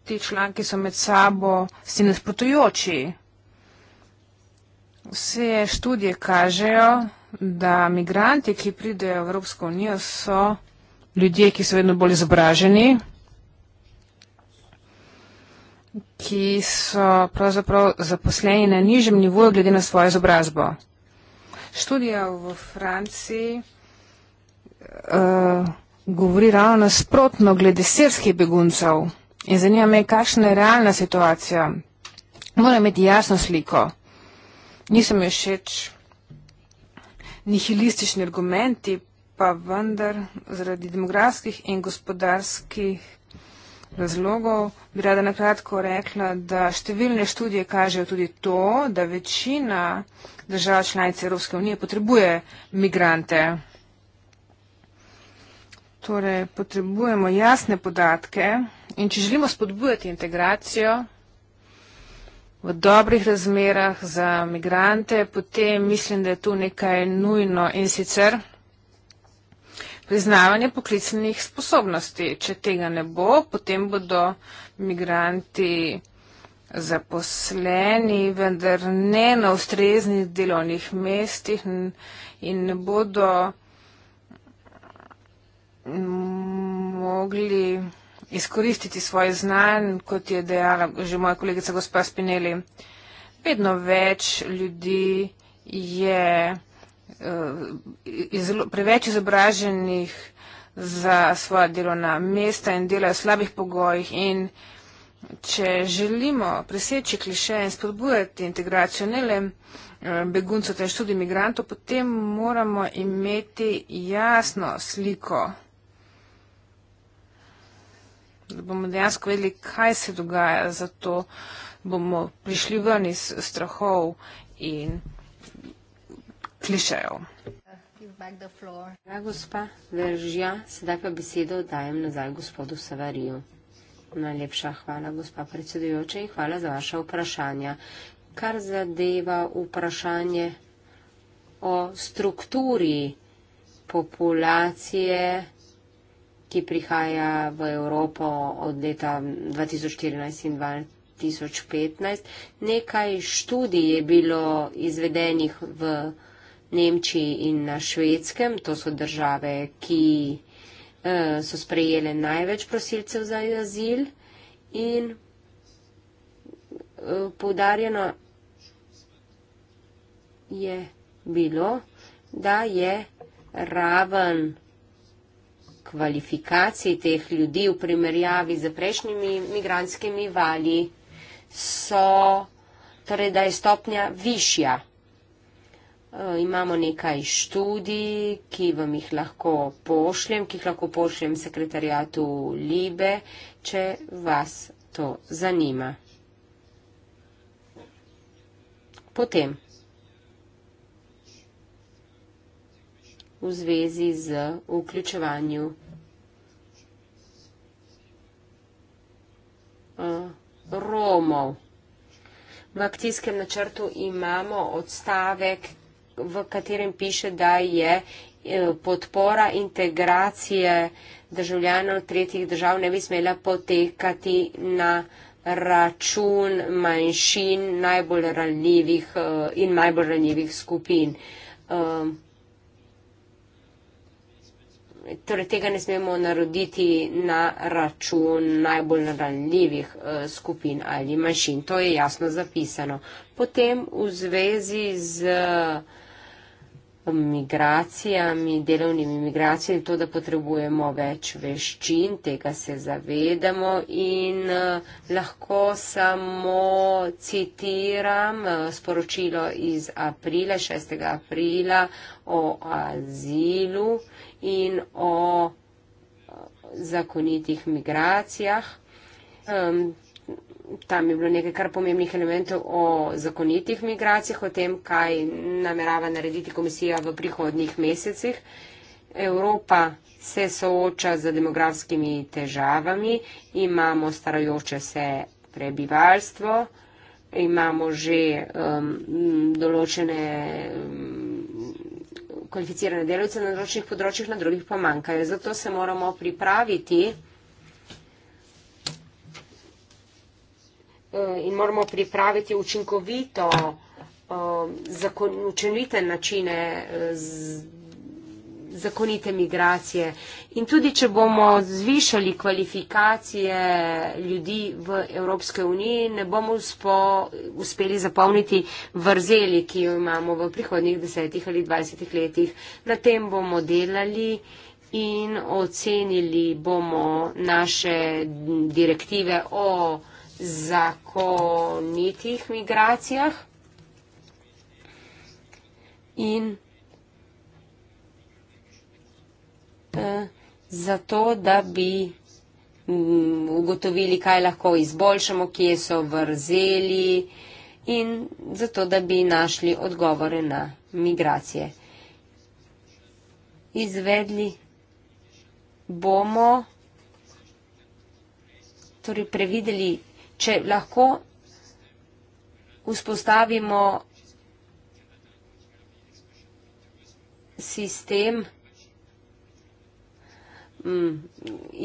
Speaker 2: ti članki so med sabo si nasprotujoči. Vse študije kažejo, da migranti, ki pridejo v Evropsko unijo, so ljudje, ki so vedno bolj izobraženi ki so pravzaprav zaposleni na nižjem nivoju glede na svojo izobrazbo. Študija v Franciji uh, govori ravno nasprotno glede srskih beguncev in zanima me, kakšna je realna situacija. Moram imeti jasno sliko. Nisem jo všeč nihilistični argumenti, pa vendar zaradi demografskih in gospodarskih razlogov. Bi rada nakratko rekla, da številne študije kažejo tudi to, da večina držav članice Evropske unije potrebuje migrante. Torej, potrebujemo jasne podatke in če želimo spodbujati integracijo v dobrih razmerah za migrante, potem mislim, da je tu nekaj nujno in sicer priznavanje poklicnih sposobnosti. Če tega ne bo, potem bodo migranti zaposleni, vendar ne na ustreznih delovnih mestih in ne bodo mogli izkoristiti svoje znanje, kot je dejala že moja kolegica gospa Spinelli. Vedno več ljudi je. Yeah. Eh, izlo, preveč izobraženih za svoja delovna mesta in delajo v slabih pogojih. In če želimo preseči kliše in spodbujati integracijo ne le eh, beguncev, temveč tudi imigrantov, potem moramo imeti jasno sliko, da bomo dejansko vedeli, kaj se dogaja, zato bomo prišli ven iz strahov in klišejev.
Speaker 1: Ja, gospa
Speaker 3: Veržja, sedaj pa besedo dajem nazaj gospodu Savariju. Najlepša hvala, gospa predsedujoča, in hvala za vaše vprašanja. Kar zadeva vprašanje o strukturi populacije, ki prihaja v Evropo od leta 2014 in 2015, nekaj študij je bilo izvedenih v Evropi. Nemčiji in na Švedskem. To so države, ki eh, so sprejele največ prosilcev za azil in eh, poudarjeno je bilo, da je raven kvalifikacij teh ljudi v primerjavi z prejšnjimi migranskimi valji so, torej da je stopnja višja. Eh, imamo nekaj študij, ki vam jih lahko pošljem, ki jih lahko pošljem sekretarjatu Libe, če vas to zanima. Potem. V zvezi z vključevanju. Eh, Romov. V akcijskem načrtu imamo odstavek, v katerem piše, da je e, podpora integracije državljanov tretjih držav ne bi smela potekati na račun manjšin najbolj ranljivih e, in najbolj ranljivih skupin. E, torej, tega ne smemo naroditi na račun najbolj ranljivih skupin ali manjšin. To je jasno zapisano. Potem v zvezi z migracijami, delovnimi migracijami, to, da potrebujemo več veščin, tega se zavedamo in eh, lahko samo citiram eh, sporočilo iz aprila, 6. aprila o azilu in o eh, zakonitih migracijah tam je bilo nekaj kar pomembnih elementov o zakonitih migracijah, o tem, kaj namerava narediti komisija v prihodnjih mesecih. Evropa se sooča z demografskimi težavami, imamo starajoče se prebivalstvo, imamo že um, določene um, kvalificirane delovce na določenih področjih, na drugih pa manjkajo. Zato se moramo pripraviti Eh, in moramo pripraviti učinkovito, eh, zakon, učinkovite načine, eh, zakonite migracije. In tudi, če bomo zvišali kvalifikacije ljudi v Evropske unije, ne bomo uspo, uspeli zapolniti vrzeli, ki jo imamo v prihodnih desetih ali dvajsetih letih. Na tem bomo delali. In ocenili bomo naše direktive o zakonitih migracijah in eh, zato, da bi mm, ugotovili, kaj lahko izboljšamo, kje so vrzeli in zato, da bi našli odgovore na migracije. Izvedli bomo, torej prevideli če lahko vzpostavimo sistem m, mm,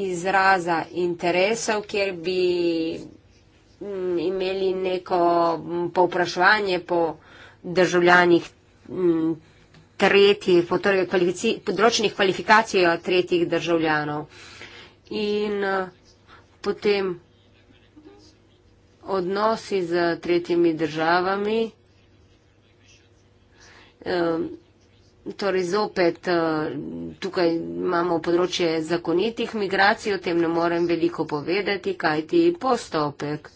Speaker 3: izraza interesov, kjer bi m, mm, imeli neko mm, povpraševanje po državljanih m, tretjih, po torej kvalifici, področnih kvalifikacij tretjih državljanov. In eh, potem odnosi z tretjimi državami, torej zopet eh, tukaj imamo področje zakonitih migracij, o tem ne morem veliko povedati, kaj ti postopek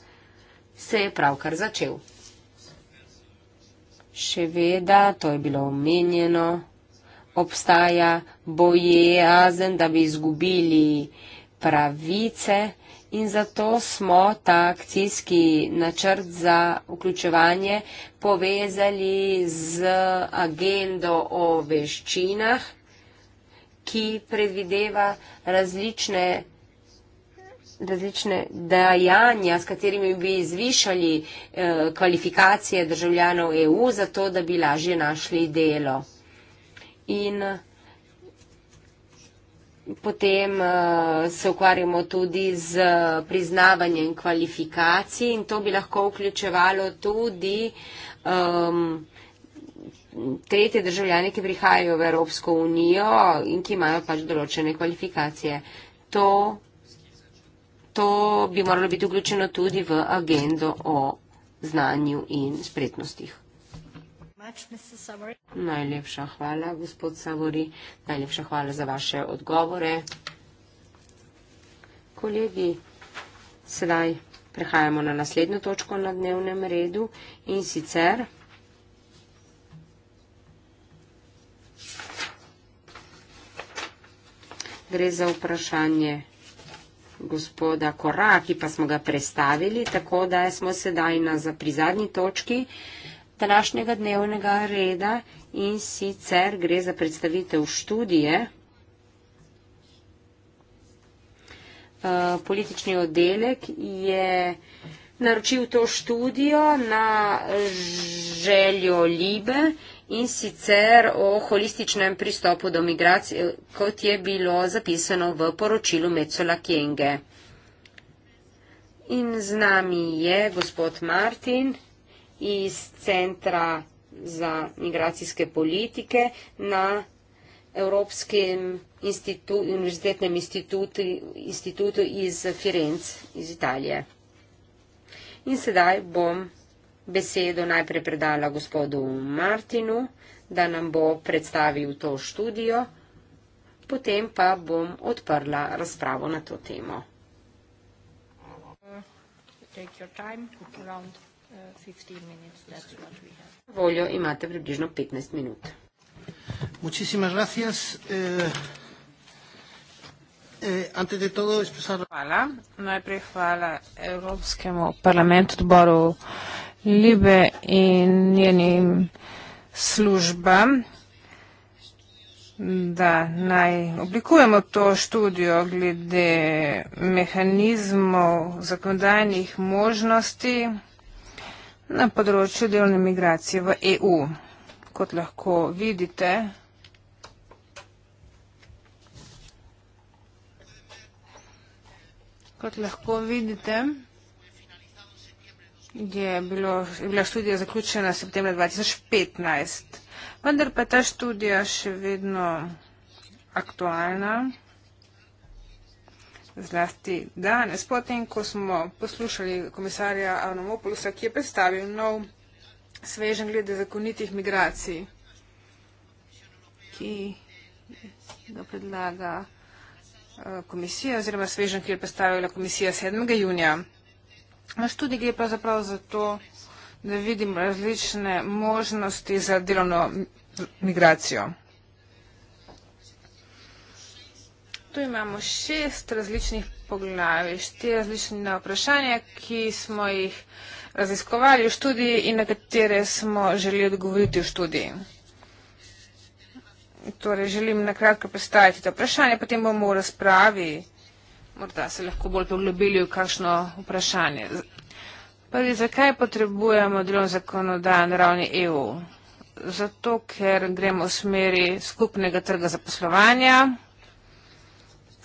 Speaker 3: se je pravkar začel. Še veda, to je bilo omenjeno, obstaja bojezen, da bi izgubili pravice, in zato smo ta akcijski načrt za vključevanje povezali z agendo o veščinah, ki predvideva različne, različne dejanja, s katerimi bi zvišali eh, kvalifikacije državljanov EU, zato da bi lažje našli delo. In, eh, Potem uh, se ukvarjamo tudi z eh, priznavanjem kvalifikacij in to bi lahko vključevalo tudi um, tretje državljane, ki prihajajo v Evropsko unijo in ki imajo pač določene kvalifikacije. To, to bi moralo biti vključeno tudi v agendo o znanju in spretnostih. Najlepša hvala, gospod Savori. Najlepša hvala za vaše odgovore. Kolegi, sedaj prehajamo na naslednjo točko na dnevnem redu in sicer. Gre za vprašanje gospoda Koraki, pa smo ga predstavili, tako da smo sedaj na zaprizadnji točki. Uh, današnjega dnevnega reda in sicer gre za predstavitev študije. Eh, politični oddelek je naročil to študijo na željo Libe in sicer o holističnem pristopu do migracije, kot je bilo zapisano v poročilu Mecola Kenge. In z nami je gospod Martin iz centra za migracijske politike na Evropskem institu, univerzitetnem institutu, institutu iz Firence iz Italije. In sedaj bom besedo najprej predala gospodu Martinu, da nam bo predstavil to študijo, potem pa bom odprla razpravo na to temo.
Speaker 2: Uh, Voljo
Speaker 3: imate približno 15 minut. Eh, eh, hvala. Najprej hvala
Speaker 2: Evropskemu parlamentu, odboru Libe in njenim službam, da naj oblikujemo to študijo glede mehanizmov zakonodajnih možnosti, na področju delovne migracije v EU. Kot lahko vidite, kot lahko vidite, je, bilo, je bila študija zaključena septembra 2015. Vendar pa je ta študija še vedno aktualna zlasti danes, potem, ko smo poslušali komisarja Avnomopolusa, ki je predstavil nov svežen glede zakonitih migracij, ki ga predlaga eh, komisija oziroma svežen, ki je predstavila komisija 7. junija. Naš tudi gre pravzaprav za to, da vidim različne možnosti za delovno migracijo. tu imamo šest različnih poglavij, štiri različne vprašanja, ki smo jih raziskovali v študiji in na katere smo želeli odgovoriti v študiji. Torej, želim nakratko predstaviti to vprašanje, potem bomo v razpravi morda se lahko bolj poglobili v kakšno vprašanje. Prvi, zakaj potrebujemo delovno zakonodajo na ravni EU? Zato, ker gremo v smeri skupnega trga zaposlovanja. poslovanja,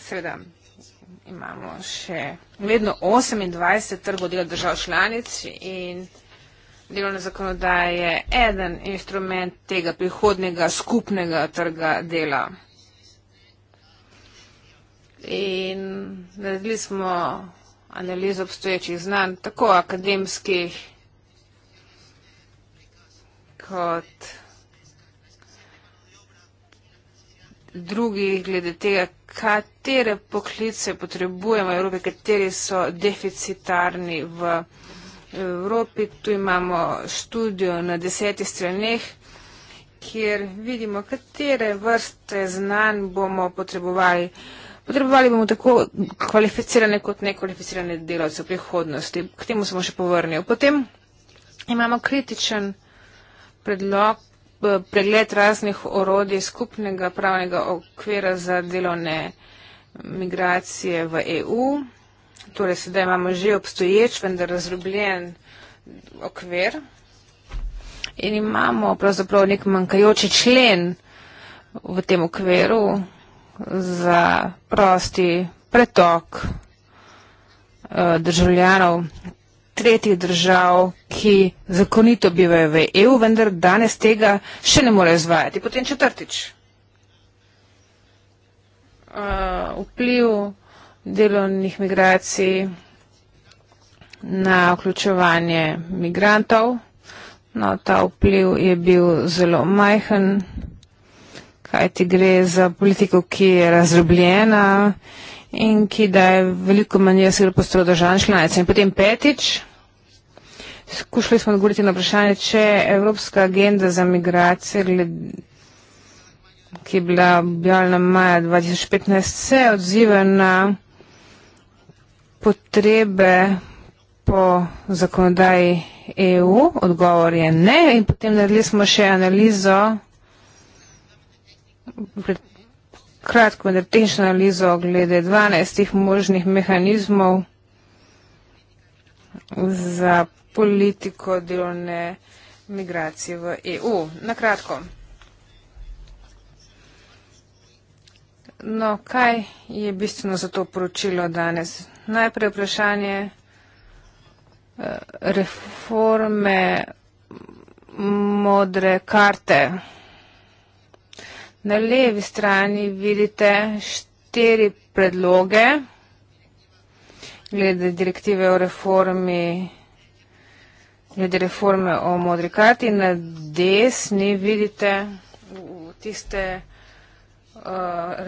Speaker 2: seveda imamo še vedno 28 trgov dela držav članic in delovna zakonodaja je eden instrument tega prihodnega skupnega trga dela. In naredili smo analizo obstoječih znanj, tako akademskih kot drugih glede tega, katere poklice potrebujemo v Evropi, kateri so deficitarni v Evropi. Tu imamo študijo na desetih straneh, kjer vidimo, katere vrste znanj bomo potrebovali. Potrebovali bomo tako kvalificirane kot nekvalificirane delavce v prihodnosti. K temu se bomo še povrnil. Potem imamo kritičen predlog pregled raznih orodij skupnega pravnega okvira za delovne migracije v EU. Torej, sedaj imamo že obstoječ, vendar razrubljen okvir in imamo pravzaprav nek manjkajoči člen v tem okviru za prosti pretok eh, državljanov, tretjih držav, ki zakonito bivajo v EU, vendar danes tega še ne morejo izvajati. Potem četrtič. Uh, vpliv delovnih migracij na vključevanje migrantov. No, ta vpliv je bil zelo majhen, kajti gre za politiko, ki je razrobljena in ki daje veliko manje sila postoro državam članicam. In potem petič, skušali smo odgovoriti na vprašanje, če Evropska agenda za migracije, ki je bila objavljena maja 2015, se odziva na potrebe po zakonodaji EU, odgovor je ne in potem naredili smo še analizo kratko in tehnično analizo glede 12 možnih mehanizmov za politiko delovne migracije v EU. Na kratko. No, kaj je bistveno za to poročilo danes? Najprej vprašanje eh, reforme modre karte. Na levi strani vidite štiri predloge glede direktive o reformi, glede reforme o modri karti. Na desni vidite tiste uh,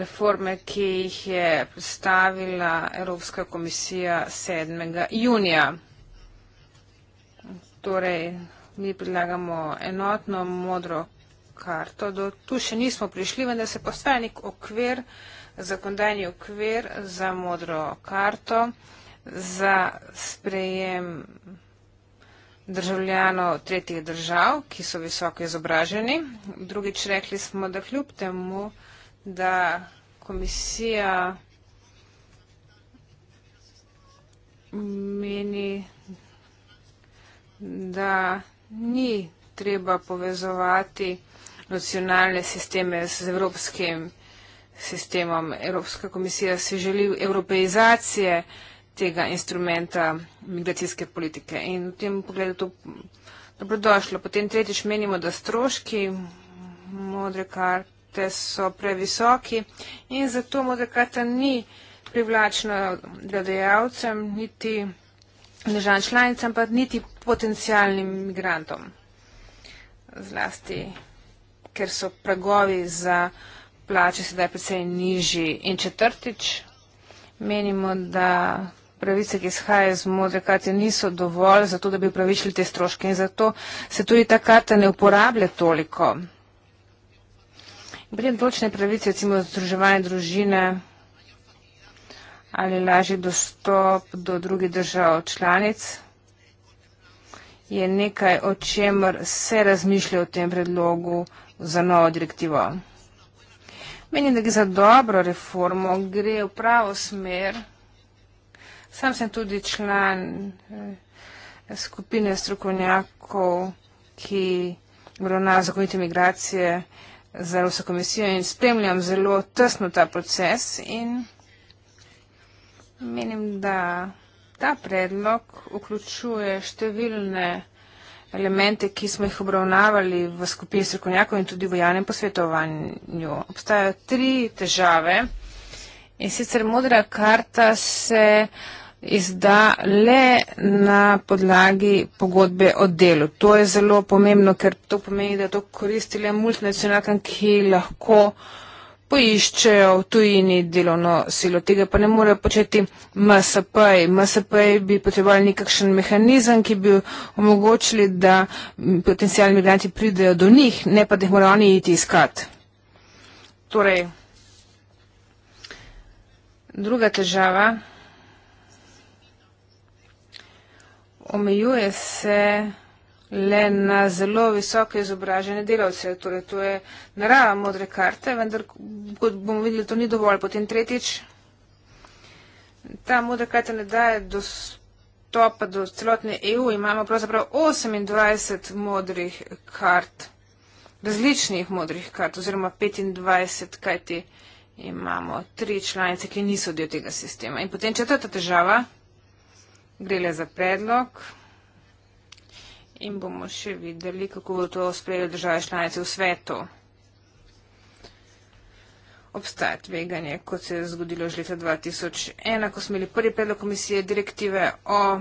Speaker 2: reforme, ki jih je predstavila Evropska komisija 7. junija. Torej, mi predlagamo enotno modro karto. Do, tu še nismo prišli, vendar se postavlja nek okvir, zakondajni okvir za modro karto, za sprejem državljanov tretjih držav, ki so visoko izobraženi. Drugič rekli smo, da kljub temu, da komisija meni, da ni treba povezovati nacionalne sisteme z evropskim sistemom. Evropska komisija si želi evropeizacije tega instrumenta migracijske politike in v tem pogledu to dobrodošlo. Potem tretjič menimo, da stroški modre karte so previsoki in zato modra karta ni privlačna delodajalcem, niti državam članicam, pa niti potencialnim migrantom. Zlasti ker so pragovi za plače sedaj predvsej nižji. In četrtič, menimo, da pravice, ki izhajajo iz modre karte, niso dovolj za to, da bi upravičili te stroške in zato se tudi ta karta ne uporablja toliko. Brijem določene pravice, recimo združevanje družine ali lažji dostop do drugih držav članic, je nekaj, o čemer se razmišlja v tem predlogu za novo direktivo. Menim, da gre za dobro reformo, gre v pravo smer. Sam sem tudi član eh, skupine strokovnjakov, ki obravna zakonite migracije za Evropsko komisijo in spremljam zelo tesno ta proces in menim, da ta predlog vključuje številne elemente, ki smo jih obravnavali v skupini strokovnjakov in tudi v javnem posvetovanju. Obstajajo tri težave in sicer modra karta se izda le na podlagi pogodbe o delu. To je zelo pomembno, ker to pomeni, da to koristi le multinacionalkam, ki lahko uh, poiščejo v tujini delovno silo. Tega pa ne morejo početi MSP. MSP bi potrebovali nekakšen mehanizem, ki bi omogočili, da potencijalni migranti pridejo do njih, ne pa da jih morajo oni iti iskati. Torej, druga težava. Omejuje se le na zelo visoke izobražene delavce. Torej, to je narava modre karte, vendar, kot bomo videli, to ni dovolj. Potem tretjič, ta modra karta ne daje dostopa do celotne EU. Imamo pravzaprav 28 modrih kart, različnih modrih kart, oziroma 25, kajti imamo tri članice, ki niso del tega sistema. In potem četrta težava, gre le za predlog in bomo še videli, kako bo to sprejelo države članice v svetu. Obstaja tveganje, kot se je zgodilo že leta 2001, ko smo imeli prvi predlog komisije direktive o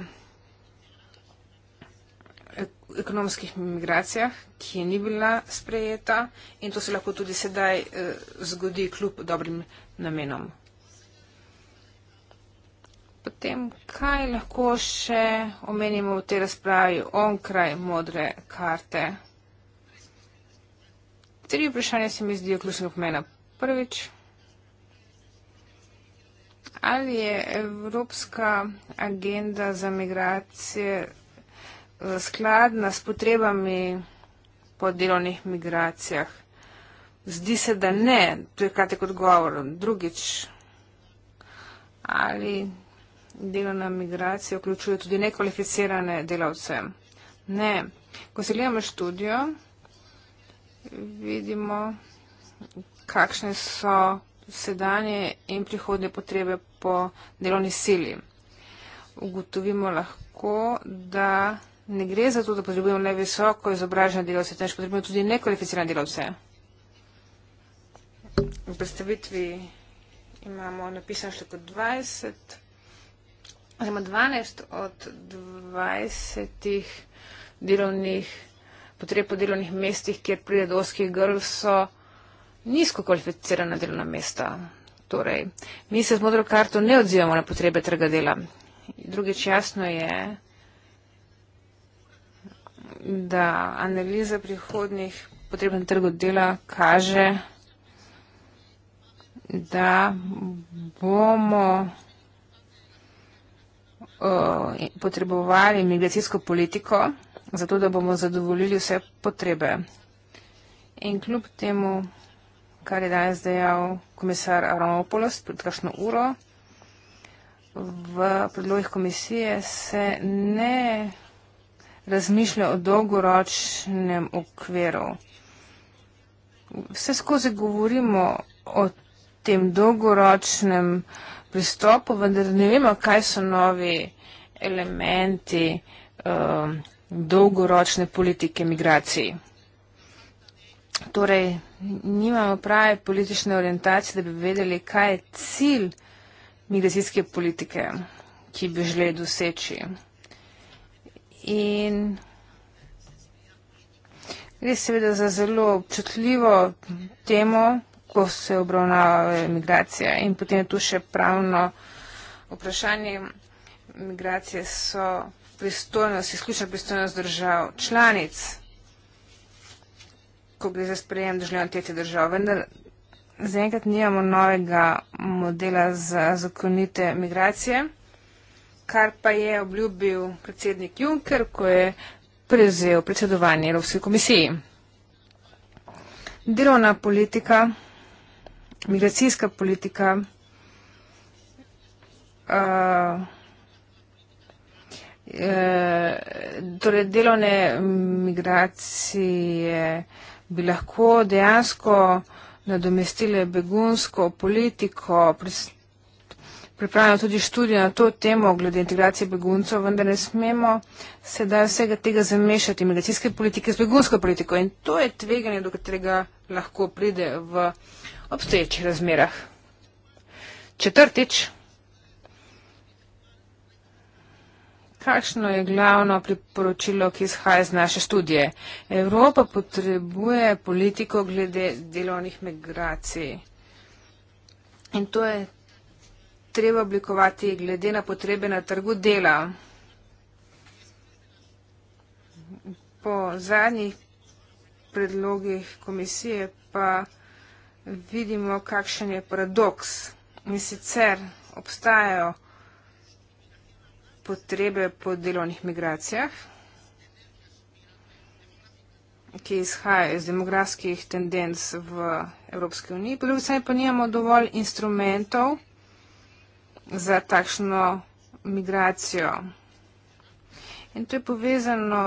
Speaker 2: ekonomskih migracijah, ki ni bila sprejeta in to se lahko tudi sedaj eh, zgodi kljub dobrim namenom potem kaj lahko še omenimo v tej razpravi onkraj modre karte? Tri vprašanja se mi zdijo ključnega pomena. Prvič, ali je Evropska agenda za migracije eh, skladna s potrebami po delovnih migracijah? Zdi se, da ne. To je kratek odgovor. Drugič, ali delovna migracija vključuje tudi nekvalificirane delavce. Ne. Ko se gledamo študijo, vidimo, kakšne so sedanje in prihodne potrebe po delovni sili. Ugotovimo lahko, da ne gre za to, da potrebujemo le visoko izobražene delavce, temveč potrebujemo tudi nekvalificirane delavce. V predstavitvi imamo napisano številko 20. Oziroma 12 od 20 delovnih potreb po delovnih mestih, kjer pride do oskih grl, so nizko kvalificirana delovna mesta. Torej, mi se z modro karto ne odzivamo na potrebe trga dela. Drugič jasno je, da analiza prihodnih potreb na trgu dela kaže, da bomo potrebovali imigracijsko politiko, zato da bomo zadovoljili vse potrebe. In kljub temu, kar je danes dejal komisar Aromopolos pred kakšno uro, v predlogih komisije se ne razmišlja o dolgoročnem okviru. Vse skozi govorimo o tem dolgoročnem okviru, pristopu, vendar ne vemo, kaj so novi elementi um, dolgoročne politike migracij. Torej, nimamo prave politične orientacije, da bi vedeli, kaj je cilj migracijske politike, ki bi želeli doseči. In gre seveda za zelo občutljivo temo ko se obravnava migracija. In potem je tu še pravno vprašanje. Migracije so pristojnost, izključna pristojnost držav članic, ko gre za sprejem državljanov tretje države. Vendar zaenkrat nimamo novega modela za zakonite migracije, kar pa je obljubil predsednik Juncker, ko je prevzel predsedovanje Evropske komisiji. Delovna politika migracijska politika uh, Torej, delovne migracije bi lahko dejansko nadomestile begunsko politiko, pripravljeno tudi študijo na to temo glede integracije beguncov, vendar ne smemo sedaj vsega tega zamešati migracijske politike z begunsko politiko in to je tveganje, do katerega lahko pride v obstoječih razmerah. Četrtič, kakšno je glavno priporočilo, ki izhaja iz naše študije? Evropa potrebuje politiko glede delovnih migracij. In to je treba oblikovati glede na potrebe na trgu dela. Po zadnjih predlogih komisije pa vidimo, kakšen je paradoks. In sicer obstajajo potrebe po delovnih migracijah, ki izhajajo iz demografskih tendenc v Evropski uniji, po drugi strani pa nimamo dovolj instrumentov za takšno migracijo. In to je povezano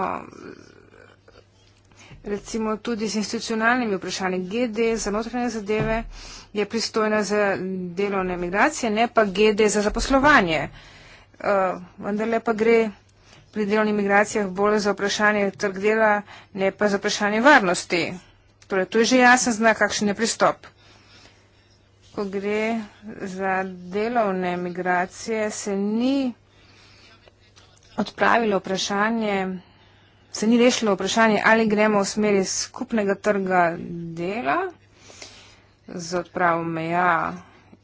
Speaker 2: recimo tudi z institucionalnimi vprašanji. GD za notranje zadeve je pristojna za delovne migracije, ne pa GD za zaposlovanje. Uh, vendarle pa gre pri delovnih migracijah bolj za vprašanje trg dela, ne pa za vprašanje varnosti. Torej, to je že jasen znak, kakšen je pristop. Ko gre za delovne migracije, se ni odpravilo vprašanje se ni rešilo vprašanje, ali gremo v smeri skupnega trga dela z odpravo meja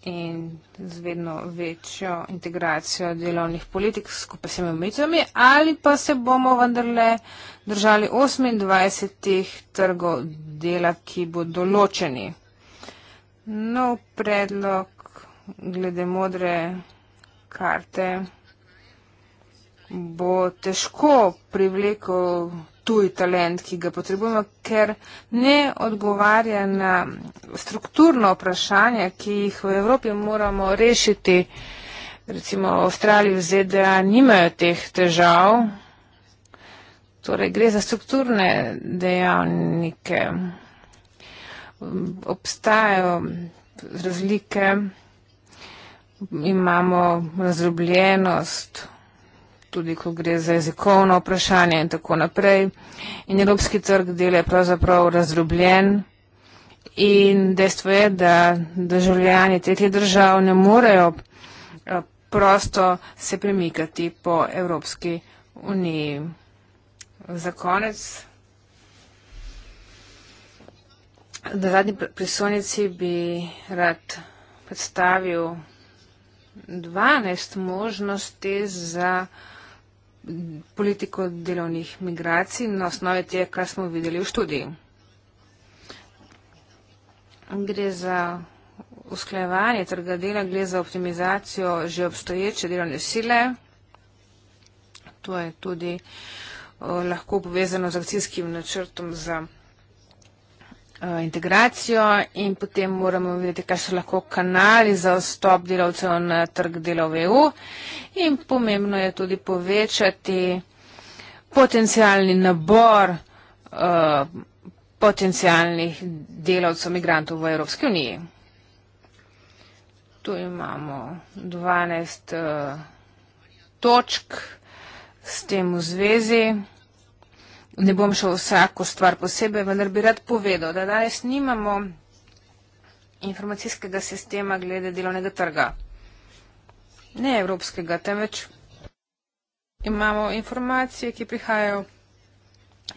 Speaker 2: in z vedno večjo integracijo delovnih politik skupaj s temi omejitvami, ali pa se bomo vendarle držali 28 trgov dela, ki bodo določeni. Nov predlog glede modre karte bo težko privlekel tuj talent, ki ga potrebujemo, ker ne odgovarja na strukturno vprašanje, ki jih v Evropi moramo rešiti. Recimo Avstraliji v ZDA nimajo teh težav. Torej, gre za strukturne dejavnike. Obstajajo razlike, imamo razrobljenost, tudi ko gre za jezikovno vprašanje in tako naprej. In evropski trg del je pravzaprav razdrobljen in dejstvo je, da državljani tretjih držav ne morejo eh, prosto se premikati po Evropski uniji. Za konec. Na zadnji prisonici bi rad predstavil 12 možnosti za politiko delovnih migracij na osnovi tega, kar smo videli v študiji. Gre za usklajevanje trga dela, gre za optimizacijo že obstoječe delovne sile. To je tudi uh, lahko povezano z akcijskim načrtom za. Eh, integracijo in potem moramo videti, kaj so lahko kanali za vstop delavcev na trg delov EU in pomembno je tudi povečati potencijalni nabor uh, eh, potencijalnih delavcev migrantov v Evropski uniji. Tu imamo 12 uh, eh, točk s tem v zvezi ne bom šel vsako stvar posebej, vendar bi rad povedal, da danes nimamo informacijskega sistema glede delovnega trga. Ne evropskega, temveč imamo informacije, ki prihajajo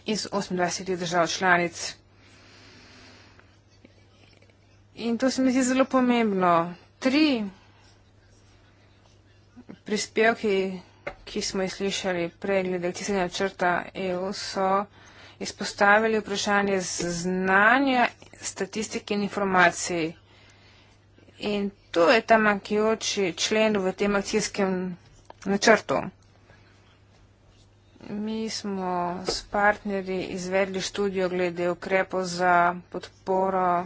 Speaker 2: iz 28 držav članic. In to se mi zdi zelo pomembno. Tri prispevki ki smo jih slišali prej glede cestnega črta EU, so izpostavili vprašanje znanja, statistike in informacij. In to je ta makijoči člen v tem akcijskem načrtu. Mi smo s partnerji izvedli študijo glede ukrepov za podporo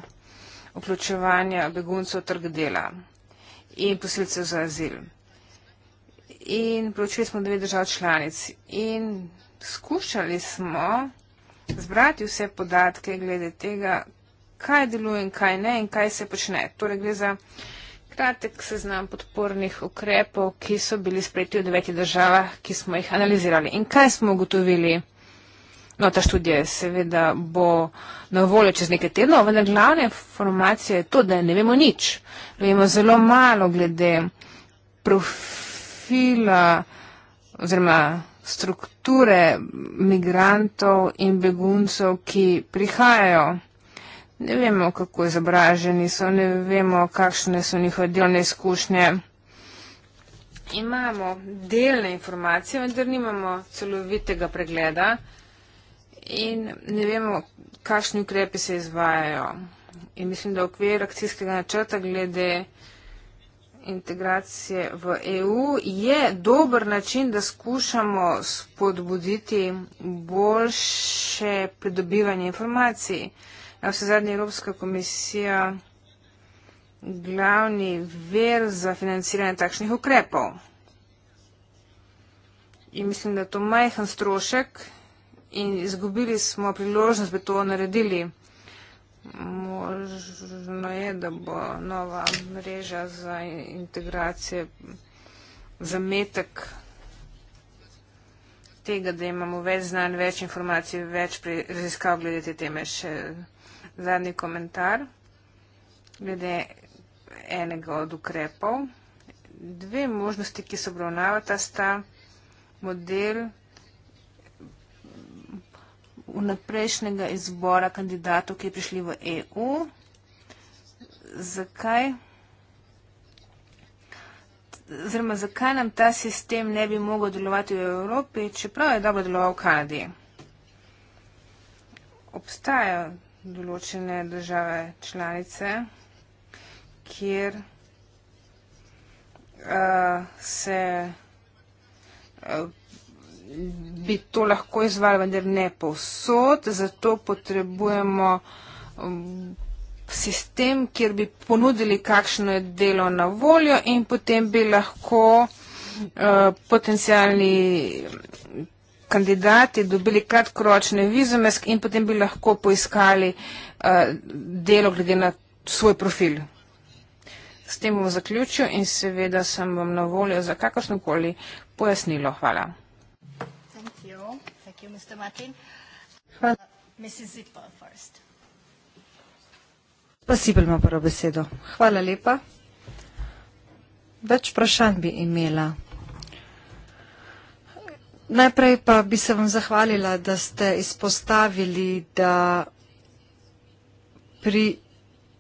Speaker 2: vključevanja beguncev trg dela in posilcev za azil in proučili smo dve držav članic. In skušali smo zbrati vse podatke glede tega, kaj deluje in kaj ne in kaj se počne. Torej gre za kratek seznam podpornih ukrepov, ki so bili sprejeti v devetih državah, ki smo jih analizirali. In kaj smo ugotovili? No, ta študija seveda bo na voljo čez nekaj tednov, vendar glavna informacija je to, da ne vemo nič. Vemo zelo malo glede profil profila oziroma strukture migrantov in beguncev, ki prihajajo. Ne vemo, kako izobraženi so, ne vemo, kakšne so njihove delne izkušnje. Imamo delne informacije, vendar nimamo celovitega pregleda in ne vemo, kakšni ukrepi se izvajajo. In mislim, da v okviru akcijskega načrta glede integracije v EU je dober način, da skušamo spodbuditi boljše pridobivanje informacij. Vse zadnje Evropska komisija glavni ver za financiranje takšnih ukrepov. In mislim, da je to majhen strošek in izgubili smo priložnost, da bi to naredili možno je, da bo nova mreža za integracije zametek tega, da imamo več znanj, več informacij, več raziskav glede te teme. Še zadnji komentar glede enega od ukrepov. Dve možnosti, ki se obravnavata, sta model vnaprejšnjega izbora kandidatov, ki je prišli v EU. Zakaj? Oziroma, zakaj nam ta sistem ne bi mogel delovati v Evropi, čeprav je dobro deloval v Kanadi? Obstajajo določene države članice, kjer uh, se uh, bi to lahko izvali, vendar ne povsod. Zato potrebujemo um, sistem, kjer bi ponudili, kakšno je delo na voljo in potem bi lahko uh, potencijalni kandidati dobili kratkoročne vizume in potem bi lahko poiskali uh, delo glede na svoj profil. S tem bom zaključil in seveda sem vam na voljo za kakršnokoli pojasnilo. Hvala.
Speaker 1: Thank you, Mr. Martin. Hvala. Mrs. Zippel first. Posibel ima prvo besedo. Hvala lepa. Več vprašanj bi imela. Najprej pa bi se vam zahvalila, da ste izpostavili, da pri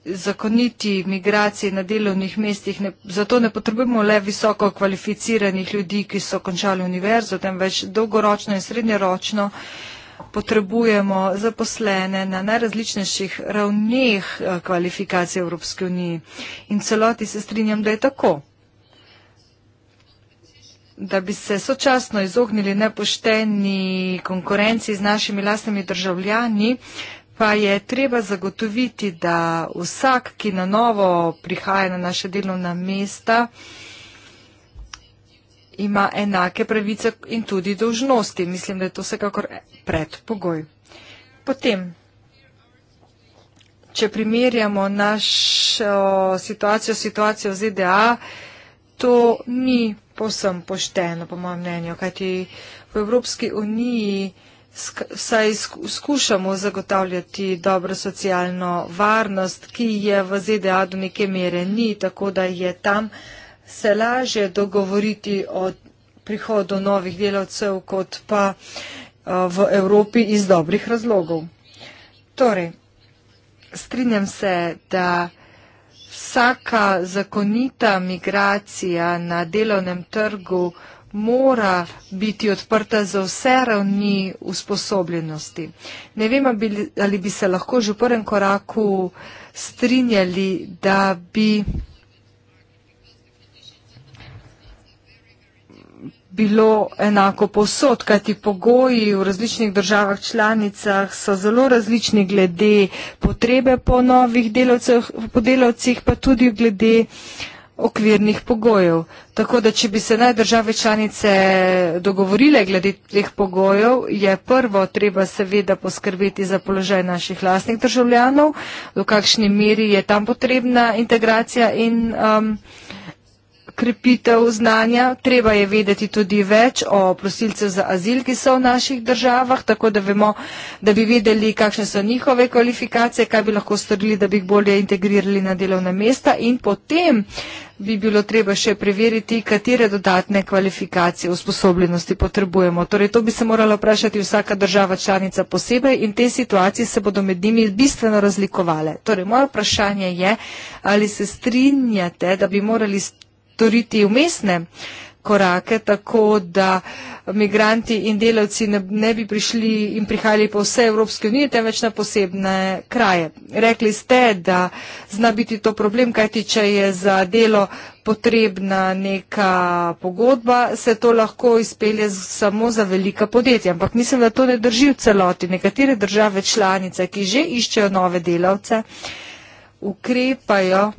Speaker 1: zakoniti migracije na delovnih mestih. Ne, zato ne potrebujemo le visoko kvalificiranih ljudi, ki so končali univerzo, temveč dolgoročno in srednjeročno potrebujemo zaposlene na najrazličnejših ravneh eh, kvalifikacije Evropske unije. In celoti se strinjam, da je tako. Da bi se sočasno izognili nepošteni konkurenci z našimi lastnimi državljani, Pa je treba zagotoviti, da vsak, ki na novo prihaja na naše delovna mesta, ima enake pravice in tudi dožnosti. Mislim, da je to vsekakor predpogoj. Potem, če primerjamo našo situacijo s situacijo v ZDA, to ni posem pošteno, po mojem mnenju, kajti v Evropski uniji vsaj skušamo zagotavljati dobro socialno varnost, ki je v ZDA do neke mere ni, tako da je tam se lažje dogovoriti o prihodu novih delavcev, kot pa eh, v Evropi iz dobrih razlogov. Torej, strinjam se, da vsaka zakonita migracija na delovnem trgu, mora biti odprta za vse ravni usposobljenosti. Ne vem, ali bi se lahko že v prvem koraku strinjali, da bi bilo enako posod, kajti pogoji v različnih državah članicah so zelo različni glede potrebe po novih delavcih, po delavcih pa tudi glede uh, okvirnih pogojev. Tako da, če bi se naj države članice dogovorile glede teh pogojev, je prvo treba seveda poskrbeti za položaj naših lastnih državljanov, v kakšni meri je tam potrebna integracija in. Um, krepitev znanja. Treba je vedeti tudi več o prosilcev za azil, ki so v naših državah, tako da, vemo, da bi vedeli, kakšne so njihove kvalifikacije, kaj bi lahko storili, da bi jih bolje integrirali na delovna mesta in potem bi bilo treba še preveriti, katere dodatne kvalifikacije, usposobljenosti potrebujemo. Torej, to bi se morala vprašati vsaka država članica posebej in te situacije se bodo med njimi bistveno razlikovale. Torej, moje vprašanje je, ali se strinjate, da bi morali storiti umestne korake, tako da migranti in delavci ne, ne bi prišli in prihajali po vse Evropske unije, temveč na posebne kraje. Rekli ste, da zna biti to problem, kajti če je za delo potrebna neka pogodba, se to lahko izpelje samo za velika podjetja. Ampak mislim, da to ne drži v celoti. Nekatere države članice, ki že iščejo nove delavce, ukrepajo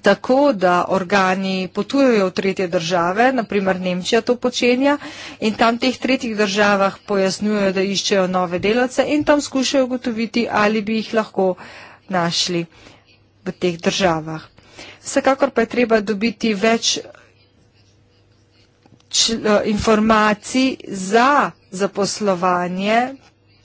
Speaker 1: tako, da organi potujejo v tretje države, naprimer Nemčija to počenja in tam teh tretjih državah pojasnjujejo, da iščejo nove delavce in tam skušajo ugotoviti, ali bi jih lahko našli v teh državah. Vsekakor pa je treba dobiti več eh, informacij za zaposlovanje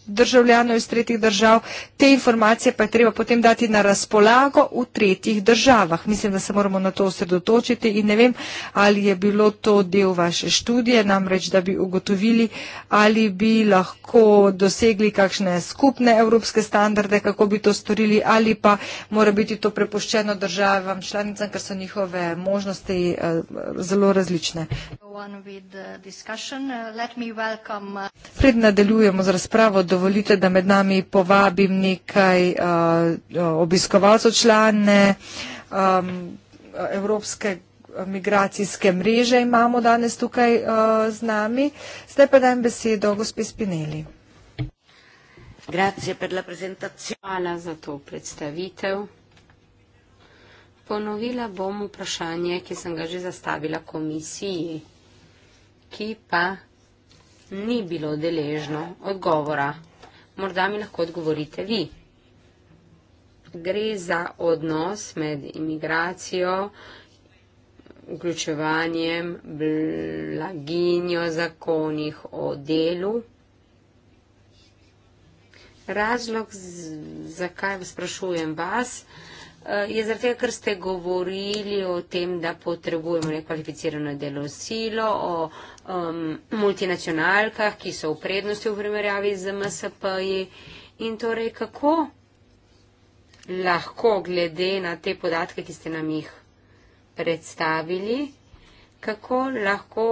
Speaker 1: državljanov iz tretjih držav, te informacije pa je treba potem dati na razpolago v tretjih državah. Mislim, da se moramo na to osredotočiti in ne vem, ali je bilo to del vaše študije, namreč, da bi ugotovili, ali bi lahko dosegli kakšne skupne evropske standarde, kako bi to storili, ali pa mora biti to prepuščeno državam članicam, ker so njihove možnosti eh, zelo različne. Eh, Pred nadaljujemo z razpravo, dovolite, da med nami povabim nekaj eh, obiskovalcev člane um, Evropske migracijske mreže imamo danes tukaj eh, z nami. Zdaj pa dajem besedo gospe Spinelli.
Speaker 3: Hvala za to predstavitev. Ponovila bom vprašanje, ki sem ga že zastavila komisiji, ki pa ni bilo deležno odgovora. Morda mi lahko odgovorite vi. Gre za odnos med imigracijo, vključevanjem, blaginjo zakonih o delu. Razlog, zakaj sprašujem vas, Eh, je zaradi tega, ker ste govorili o tem, da potrebujemo nekvalificirano delo silo, o um, multinacionalkah, ki so v prednosti v primerjavi z MSP-ji in torej kako lahko glede na te podatke, ki ste nam jih predstavili, kako lahko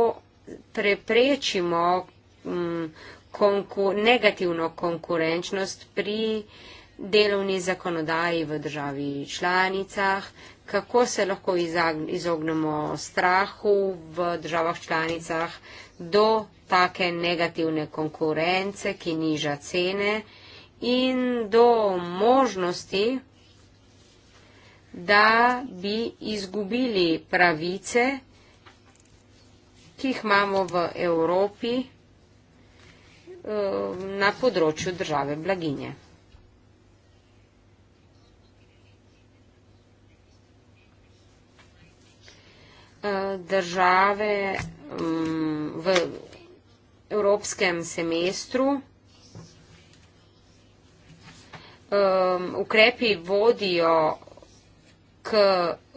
Speaker 3: preprečimo um, konku negativno konkurenčnost pri delovni zakonodaji v državi članicah, kako se lahko izognemo strahu v državah članicah do take negativne konkurence, ki niža cene in do možnosti, da bi izgubili pravice, ki jih imamo v Evropi eh, na področju države blaginje. Eh, države mm, v evropskem semestru. Um, ukrepi vodijo k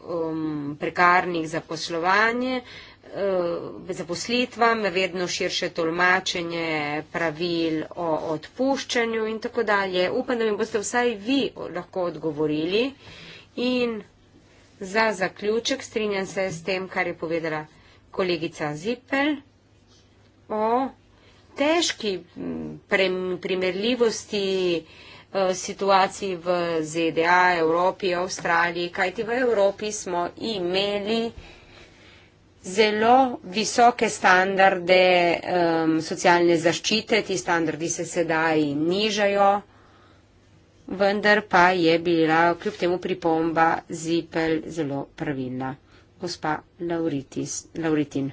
Speaker 3: um, prekarnih zaposlovanje, uh, eh, zaposlitvam, vedno širše tolmačenje pravil o odpuščanju in tako dalje. Upam, da mi boste vsaj vi lahko odgovorili in Za zaključek strinjam se s tem, kar je povedala kolegica Zipel o težki mm, primerljivosti e, situaciji v ZDA, Evropi, Avstraliji, kajti v Evropi smo imeli zelo visoke standarde um, socialne zaščite, ti standardi se sedaj nižajo vendar pa je bila kljub temu pripomba Zipel zelo pravilna. Gospa Lauritin.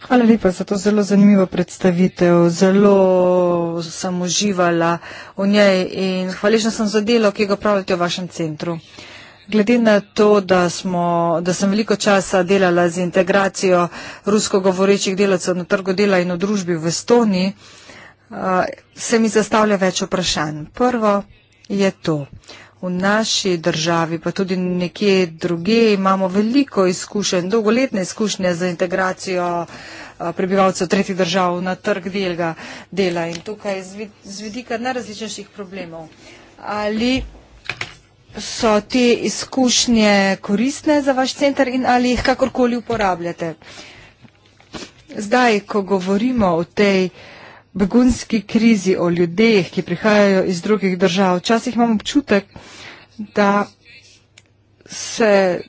Speaker 1: Hvala lepa za to zelo zanimivo predstavitev. Zelo sem uživala v njej in hvaležna sem za delo, ki ga pravite v vašem centru. Glede na to, da, smo, da sem veliko časa delala z integracijo rusko govorečih delavcev na trgu dela in v družbi v Estoniji, uh, se mi zastavlja več vprašanj. Prvo je to. V naši državi, pa tudi nekje druge, imamo veliko izkušenj, dolgoletne izkušnje za integracijo eh, prebivalcev tretjih držav na trg delga, dela in tukaj z vidika najrazličnejših problemov. Ali so te izkušnje koristne za vaš center in ali jih kakorkoli uporabljate? Zdaj, ko govorimo o tej uh, begunski krizi, o ljudeh, ki prihajajo iz drugih držav. Včasih imam občutek, da se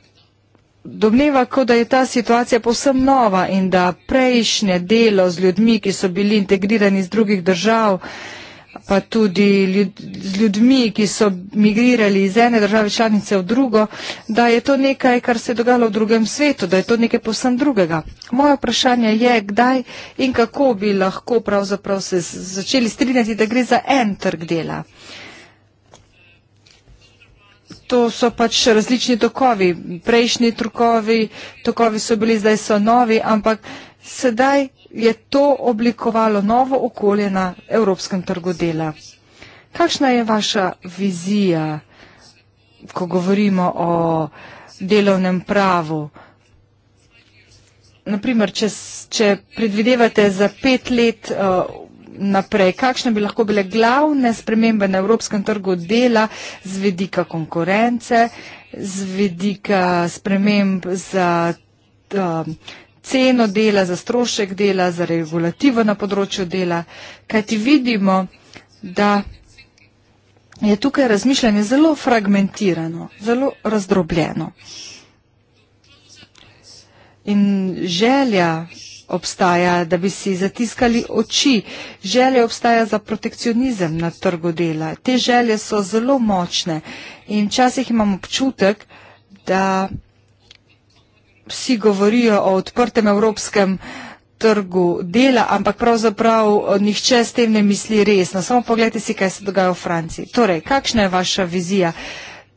Speaker 1: domneva, kot da je ta situacija povsem nova in da prejšnje delo z ljudmi, ki so bili integrirani iz drugih držav, pa tudi ljud, z ljudmi, ki so migrirali iz ene države članice v drugo, da je to nekaj, kar se je dogajalo v drugem svetu, da je to nekaj posem drugega. Moje vprašanje je, kdaj in kako bi lahko pravzaprav se začeli strinjati, da gre za en trg dela. To so pač različni tokovi. Prejšnji tokovi, tokovi so bili, zdaj so novi, ampak sedaj je to oblikovalo novo okolje na evropskem trgu dela. Kakšna je vaša vizija, ko govorimo o delovnem pravu? Naprimer, če, če predvidevate za pet let uh, naprej, kakšne bi lahko bile glavne spremembe na evropskem trgu dela z vedika konkurence, z vedika sprememb za. Uh, ceno dela, za strošek dela, za regulativo na področju dela, kajti vidimo, da je tukaj razmišljanje zelo fragmentirano, zelo razdrobljeno. In želja obstaja, da bi si zatiskali oči, želja obstaja za protekcionizem na trgu dela. Te želje so zelo močne in včasih imamo občutek, da vsi govorijo o odprtem evropskem trgu dela, ampak pravzaprav eh, nihče s tem ne misli resno. Samo pogledajte si, kaj se dogaja v Franciji. Torej, kakšna je vaša vizija?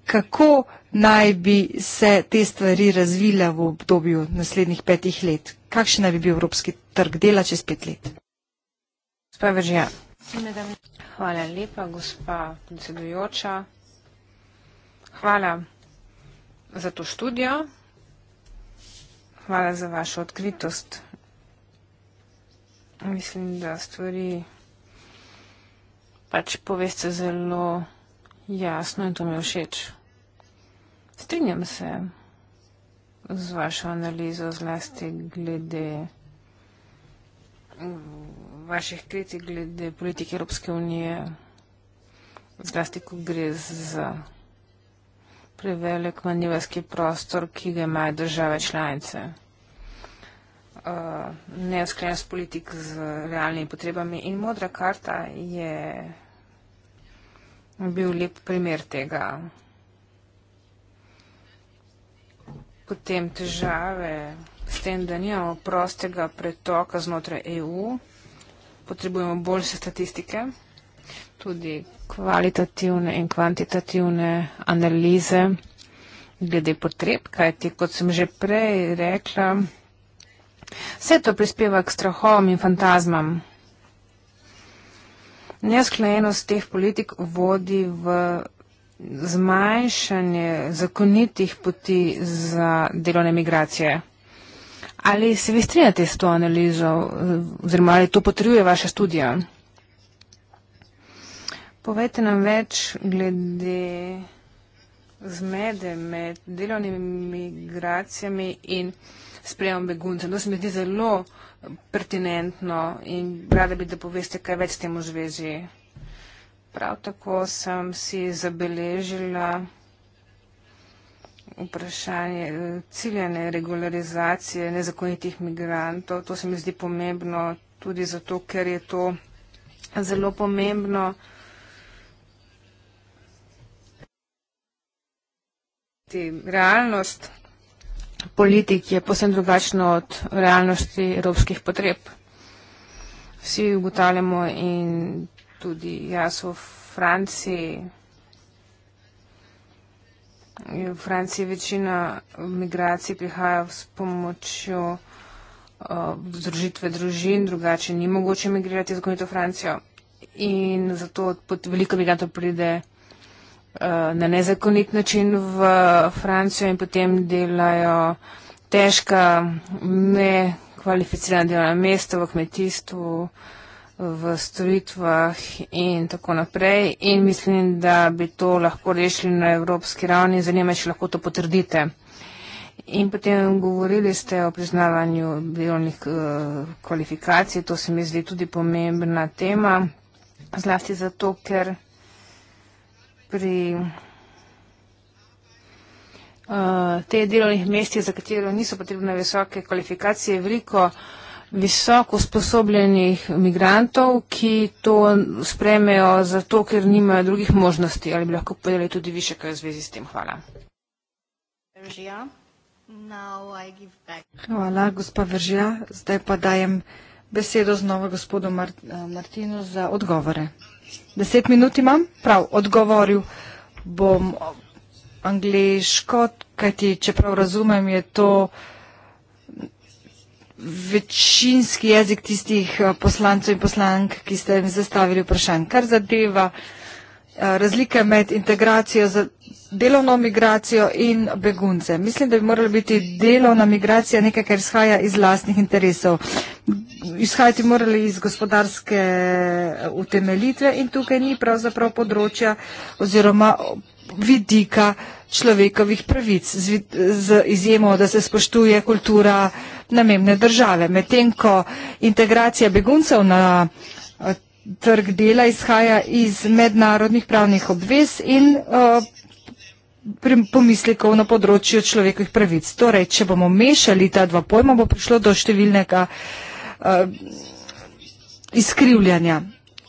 Speaker 1: Kako naj bi se te stvari razvile v obdobju naslednjih petih let? Kakšen naj bi bil evropski trg dela čez pet let?
Speaker 2: Spravežja. Hvala lepa, gospa predsedujoča. Hvala za to študijo, Hvala za vašo odkritost. Mislim, da stvari pač poveste zelo jasno in to mi je všeč. Strinjam se z vašo analizo, zlasti glede vaših kritik, glede politike Evropske unije, zlasti ko gre za prevelik manjivski prostor, ki ga imajo države članice. Uh, Neusklenjenost politik z realnimi potrebami in modra karta je bil lep primer tega. Potem težave s tem, da nimamo prostega pretoka znotraj EU, potrebujemo boljše statistike tudi kvalitativne in kvantitativne analize glede potreb, kajti kot sem že prej rekla, vse to prispeva k strahom in fantazmam. Nesklajenost teh politik vodi v zmanjšanje zakonitih poti za delovne migracije. Ali se vi strinjate s to analizo oziroma ali to potrjuje vaša študija? Povejte nam več glede zmede med delovnimi migracijami in sprejemom beguncev. To se mi zdi zelo pertinentno in rada bi, da poveste, kaj več s tem v zvezi. Prav tako sem si zabeležila vprašanje eh, ciljene regularizacije nezakonitih migrantov. To se mi zdi pomembno tudi zato, ker je to zelo pomembno. Te realnost politik je posebno drugačna od realnosti evropskih potreb. Vsi ugotavljamo in tudi jaz v Franciji. In v Franciji večina migracij prihaja s pomočjo uh, združitve družin, drugače ni mogoče migrirati zakonito Francijo. In zato pot, veliko migrantov pride. Eh, na nezakonit način v Francijo in potem delajo težka, nekvalificirana delovna mesta v kmetijstvu, v storitvah in tako naprej. In mislim, da bi to lahko rešili na evropski ravni. Zanima me, če lahko to potrdite. In potem govorili ste o priznavanju delovnih eh, kvalifikacij. To se mi zdi tudi pomembna tema. Zlasti zato, ker pri uh, teh delovnih mestih, za katero niso potrebne visoke kvalifikacije, veliko visoko usposobljenih migrantov, ki to spremejo zato, ker nimajo drugih možnosti. Ali bi lahko povedali tudi više, kaj je v zvezi s tem? Hvala.
Speaker 1: Hvala, gospa Veržija. Zdaj pa dajem besedo znova gospodu Mart eh, Martinu za odgovore deset minut imam, prav, odgovoril bom angliško, kajti, čeprav razumem, je to večinski jezik tistih eh, poslancev in poslank, ki ste mi zastavili vprašanje. Kar zadeva uh, Eh, razlike med integracijo za delovno migracijo in begunce. Mislim, da bi morala biti delovna migracija nekaj, kar izhaja iz lastnih interesov. Izhajati morali iz gospodarske eh, utemelitve in tukaj ni pravzaprav področja oziroma vidika človekovih pravic z izjemo, da se spoštuje kultura namemne države. Medtem ko integracija beguncev na eh, trg dela izhaja iz mednarodnih pravnih obvez in uh, pomislikov na področju človekovih pravic. Torej, če bomo mešali ta dva pojma, bo prišlo do številnega uh, izkrivljanja.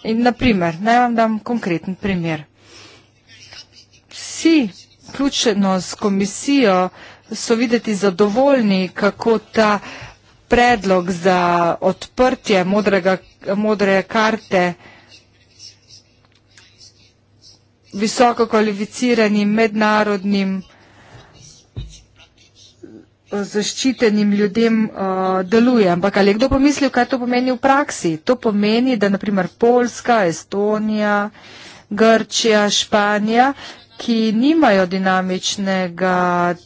Speaker 1: In naprimer, naj vam dam konkreten primer. Vsi, vključeno s komisijo, so videti zadovoljni, kako ta komisija predlog za odprtje modrega, modre karte visoko kvalificiranim mednarodnim eh, zaščitenim ljudem uh, deluje. Ampak ali je kdo pomislil, kaj to pomeni v praksi? To pomeni, da naprimer Poljska, Estonija, Grčija, Španija, ki nimajo dinamičnega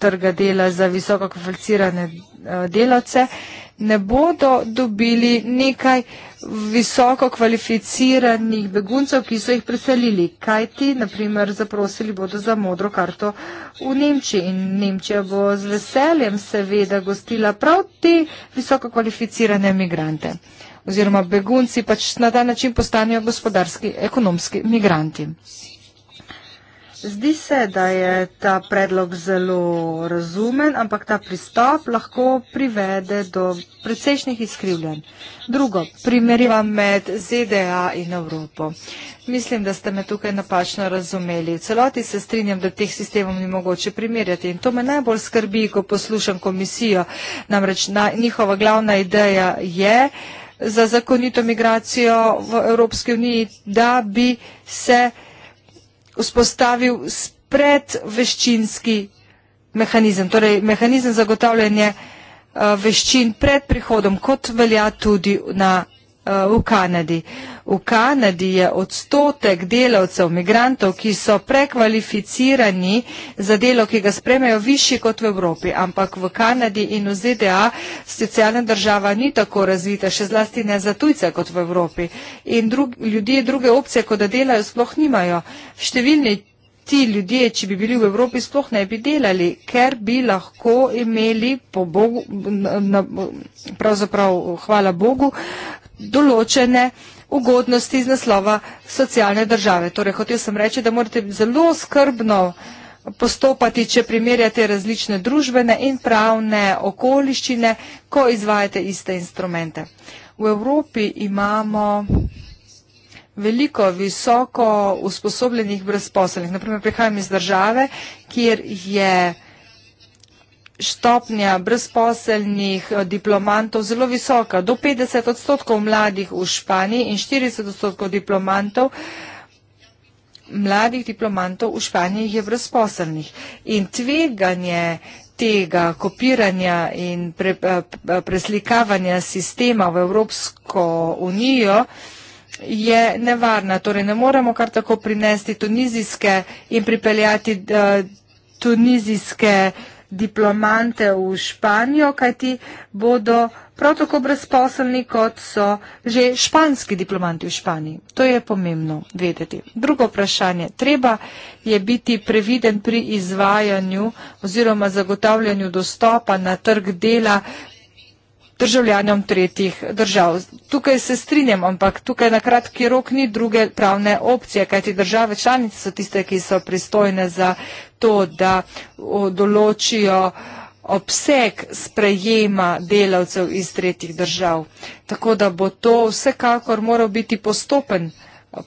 Speaker 1: trga dela za visoko kvalificirane uh, eh, delavce, uh, ne bodo dobili nekaj visoko kvalificiranih beguncev, ki so jih preselili. Kaj ti, naprimer, zaprosili bodo za modro karto v Nemčiji in Nemčija bo z veseljem seveda gostila prav te visoko kvalificirane migrante oziroma begunci pač na ta način postanejo gospodarski, ekonomski migranti. Zdi se, da je ta predlog zelo razumen, ampak ta pristop lahko privede do precejšnjih izkrivljanj. Drugo, primerjava med ZDA in Evropo. Mislim, da ste me tukaj napačno razumeli. Celoti se strinjam, da teh sistemov ni mogoče primerjati in to me najbolj skrbi, ko poslušam komisijo. Namreč na, njihova glavna ideja je za zakonito migracijo v Evropski uniji, da bi se vzpostavil predveščinski mehanizem, torej mehanizem zagotavljanja eh, veščin pred prihodom, kot velja tudi na Eh, v Kanadi. V Kanadi je odstotek delavcev, migrantov, ki so prekvalificirani za delo, ki ga spremejo, višji kot v Evropi, ampak v Kanadi in v ZDA socialna država ni tako razvita, še zlasti ne za tujce kot v Evropi. In drug, ljudje druge opcije, kot da delajo, sploh nimajo. Številni ti ljudje, če bi bili v Evropi, sploh ne bi delali, ker bi lahko imeli, po Bogu, na, na, pravzaprav hvala Bogu, uh, določene ugodnosti iz naslova socialne države. Torej, hotel sem reči, da morate zelo skrbno postopati, če primerjate različne družbene in pravne okoliščine, ko izvajate iste instrumente. V Evropi imamo veliko visoko usposobljenih brezposelnih. Naprimer, prihajam iz države, kjer je štopnja brezposelnih eh, diplomantov zelo visoka. Do 50 odstotkov mladih v Španiji in 40 odstotkov diplomantov mladih diplomantov v Španiji je brezposelnih. In tveganje tega kopiranja in pre, eh, eh, preslikavanja sistema v Evropsko unijo je nevarna. Torej ne moremo kar tako prinesti tunizijske in pripeljati uh, tunizijske uh, diplomante v Španijo, kajti bodo prav tako brezposelni, kot so že španski diplomanti v Španiji. To je pomembno vedeti. Drugo vprašanje. Treba je biti previden pri izvajanju oziroma zagotavljanju dostopa na trg dela državljanom tretjih držav. Tukaj se strinjam, ampak tukaj na kratki rok ni druge pravne opcije, kajti države članice so tiste, ki so pristojne za to, da določijo obseg sprejema delavcev iz tretjih držav. Tako da bo to vsekakor moral biti postopen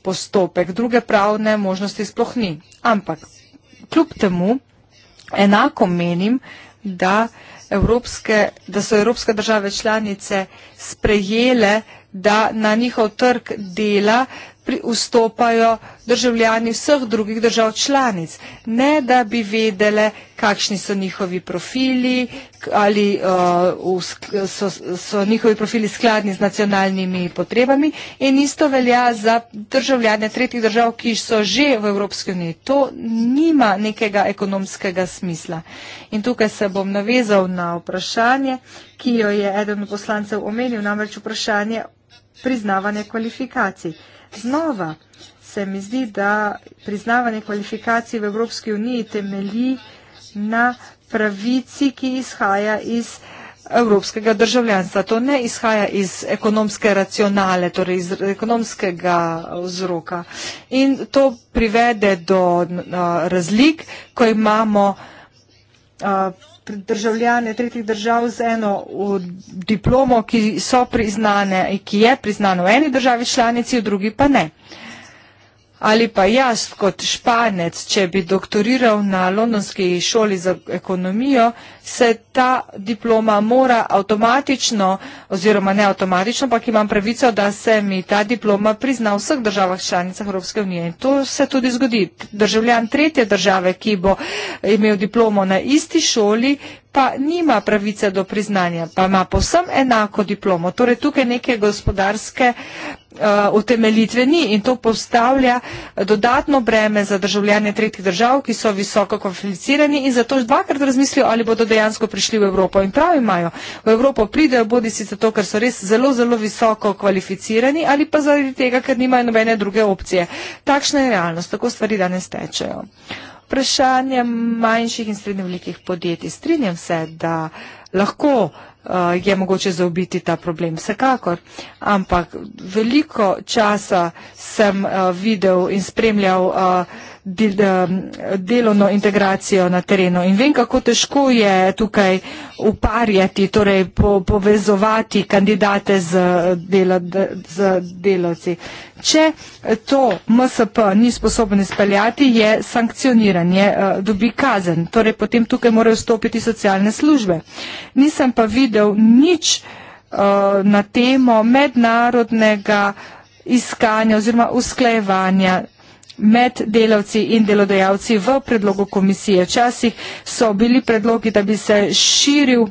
Speaker 1: postopek. Druge pravne možnosti sploh ni. Ampak kljub temu enako menim, da uh, evropske, da so evropske države članice sprejele, da na njihov trg dela pri, vstopajo državljani vseh drugih držav članic, ne da bi vedele, kakšni so njihovi profili ali uh, so, so njihovi profili skladni z nacionalnimi potrebami in isto velja za državljane tretjih držav, ki so že v Evropski uniji. To nima nekega ekonomskega smisla. In tukaj se bom navezal na vprašanje, ki jo je eden od poslancev omenil, namreč vprašanje priznavanje kvalifikacij. Znova se mi zdi, da priznavanje kvalifikacij v Evropski uniji temelji na pravici, ki izhaja iz evropskega državljanstva. To ne izhaja iz ekonomske racionale, torej iz ekonomskega vzroka. In to privede do no, razlik, ko imamo državljane tretjih držav z eno diplomo, ki, so priznane, ki je priznana v eni državi članici, v drugi pa ne ali pa jaz kot španec, če bi doktoriral na Londonski šoli za ekonomijo, se ta diploma mora avtomatično, oziroma ne avtomatično, ampak imam pravico, da se mi ta diploma prizna v vseh državah članicah Evropske unije. In to se tudi zgodi. Državljan tretje države, ki bo imel diplomo na isti šoli, pa nima pravice do priznanja, pa ima posem enako diplomo. Torej tukaj neke gospodarske uh, utemeljitve ni in to postavlja dodatno breme za državljanje tretjih držav, ki so visoko kvalificirani in zato dvakrat razmislijo, ali bodo dejansko prišli v Evropo. In prav imajo, v Evropo pridejo bodi si zato, ker so res zelo, zelo visoko kvalificirani ali pa zaradi tega, ker nimajo nobene druge opcije. Takšna je realnost, tako stvari danes tečejo. Vprašanje manjših in srednjevelikih podjetij. Strinjam se, da lahko uh, uh, je mogoče zaobiti ta problem. Vsekakor, ampak veliko časa sem uh, videl in spremljal uh, delovno integracijo na terenu. In vem, kako težko je tukaj uparjati, torej po, povezovati kandidate z, dela, z delavci. Če to MSP ni sposoben izpeljati, je sankcioniranje, eh, dobi kazen. Torej potem tukaj morajo stopiti socialne službe. Nisem pa videl nič eh, na temo mednarodnega iskanja oziroma usklejevanja med delavci in delodajalci v predlogu komisije. Včasih so bili predlogi, da bi se širil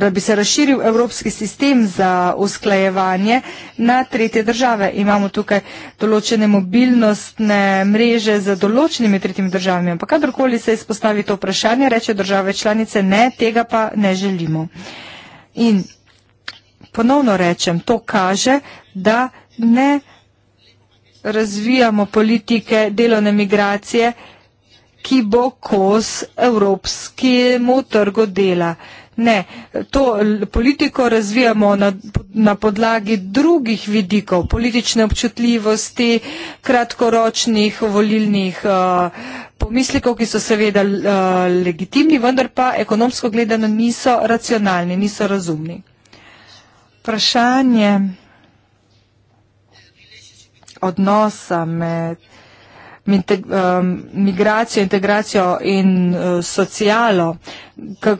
Speaker 1: da bi se razširil evropski sistem za usklajevanje na tretje države. Imamo tukaj določene mobilnostne mreže za določenimi tretjimi državami, ampak kadarkoli se izpostavi to vprašanje, reče države članice, ne, tega pa ne želimo. In ponovno rečem, to kaže, da ne razvijamo politike delovne migracije, ki bo kos evropskemu trgu dela. Ne, to politiko razvijamo na, na podlagi drugih vidikov, politične občutljivosti, kratkoročnih volilnih uh, eh, pomislikov, ki so seveda uh, legitimni, vendar pa ekonomsko gledano niso racionalni, niso razumni. Vprašanje odnosa med integ, um, migracijo, integracijo in uh, socialo. K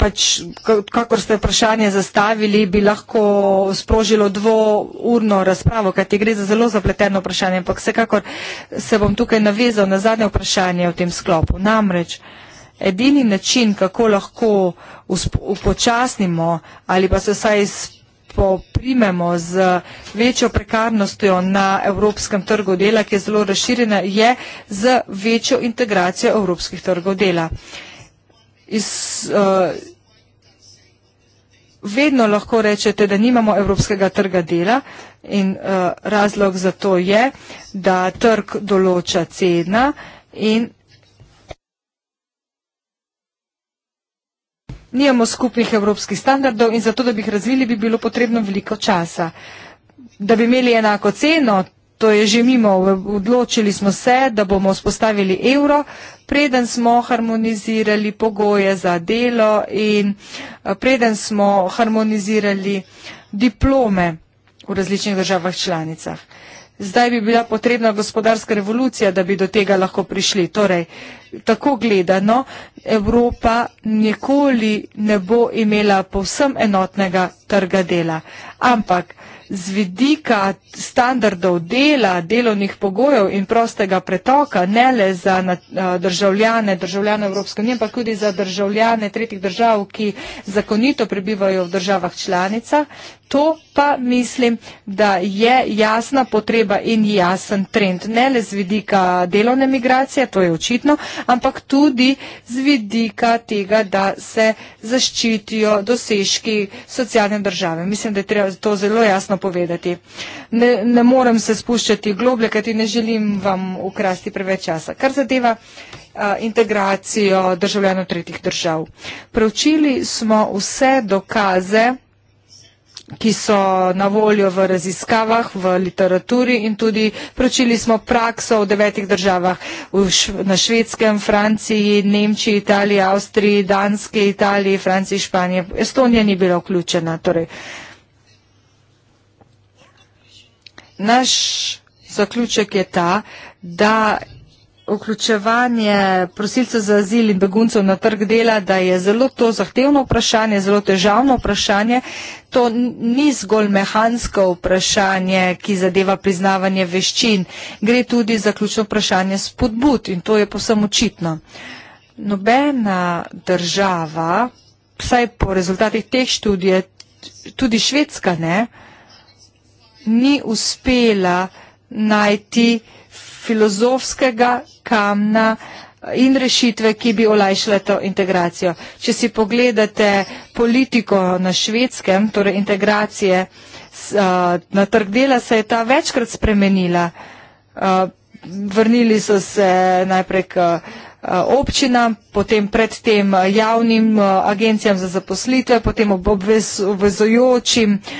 Speaker 1: pač, kakor ste vprašanje zastavili, bi lahko sprožilo dvourno razpravo, kajti gre za zelo zapleteno vprašanje, ampak vsekakor se bom tukaj navezal na zadnje vprašanje v tem sklopu. Namreč, edini način, kako lahko upočasnimo ali pa se vsaj spremenimo, poprimemo z večjo prekarnostjo na evropskem trgu dela, ki je zelo razširjena, je z večjo integracijo evropskih trgov dela. Iz, uh, vedno lahko rečete, da nimamo evropskega trga dela in uh, razlog za to je, da trg določa cena in Nijamo skupnih evropskih standardov in zato, da bi jih razvili, bi bilo potrebno veliko časa. Da bi imeli enako ceno, to je že mimo, odločili smo se, da bomo spostavili evro, preden smo harmonizirali pogoje za delo in eh, preden smo harmonizirali diplome v različnih državah članicah zdaj bi bila potrebna gospodarska revolucija, da bi do tega lahko prišli. Torej, tako gledano, Evropa nikoli ne bo imela povsem enotnega trga dela. Ampak z vidika standardov dela, delovnih pogojev in prostega pretoka, ne le za državljane, državljane Evropske unije, ampak tudi za državljane tretjih držav, ki zakonito prebivajo v državah članica, To pa mislim, da je jasna potreba in jasen trend, ne le z vidika delovne migracije, to je očitno, ampak tudi z vidika tega, da se zaščitijo dosežki socialne države. Mislim, da je treba to zelo jasno povedati. Ne, ne morem se spuščati globlje, kajti ne želim vam ukrasti preveč časa. Kar zadeva integracijo državljanov tretjih držav. Preučili smo vse dokaze, ki so na voljo v raziskavah, v literaturi in tudi pročili smo prakso v devetih državah. V šv na švedskem, Franciji, Nemčiji, Italiji, Avstriji, Danski, Italiji, Franciji, Španiji. Estonija ni bila vključena. Torej. Naš zaključek je ta, da vključevanje prosilcev za azil in beguncev na trg dela, da je zelo to zahtevno vprašanje, zelo težavno vprašanje. To ni zgolj mehansko vprašanje, ki zadeva priznavanje veščin. Gre tudi za ključno vprašanje spodbud in to je posebno očitno. Nobena država, vsaj po rezultatih teh študij, tudi švedska ne, ni uspela najti filozofskega kamna in rešitve, ki bi olajšale to integracijo. Če si pogledate politiko na švedskem, torej integracije na trg dela, se je ta večkrat spremenila. Vrnili so se najprej k občinam, potem predtem javnim agencijam za zaposlitve, potem obvezujočim obvez,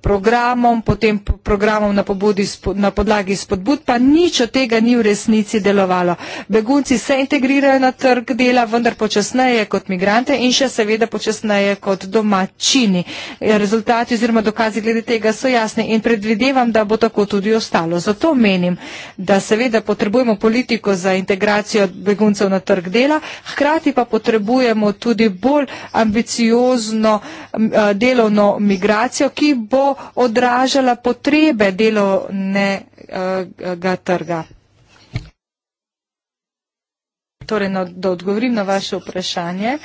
Speaker 1: programom, potem programom na, pobudi, na podlagi spodbud, pa nič od tega ni v resnici delovalo. Begunci se integrirajo na trg dela, vendar počasneje kot migrante in še seveda počasneje kot domačini. Ja, rezultati oziroma dokazi glede tega so jasni in predvidevam, da bo tako tudi ostalo. Zato menim, da seveda potrebujemo politiko za integracijo beguncev na trg dela, hkrati pa potrebujemo tudi bolj ambiciozno delovno migracijo, ki bo odražala potrebe delovnega eh, trga. Torej, no, da odgovorim na vaše vprašanje.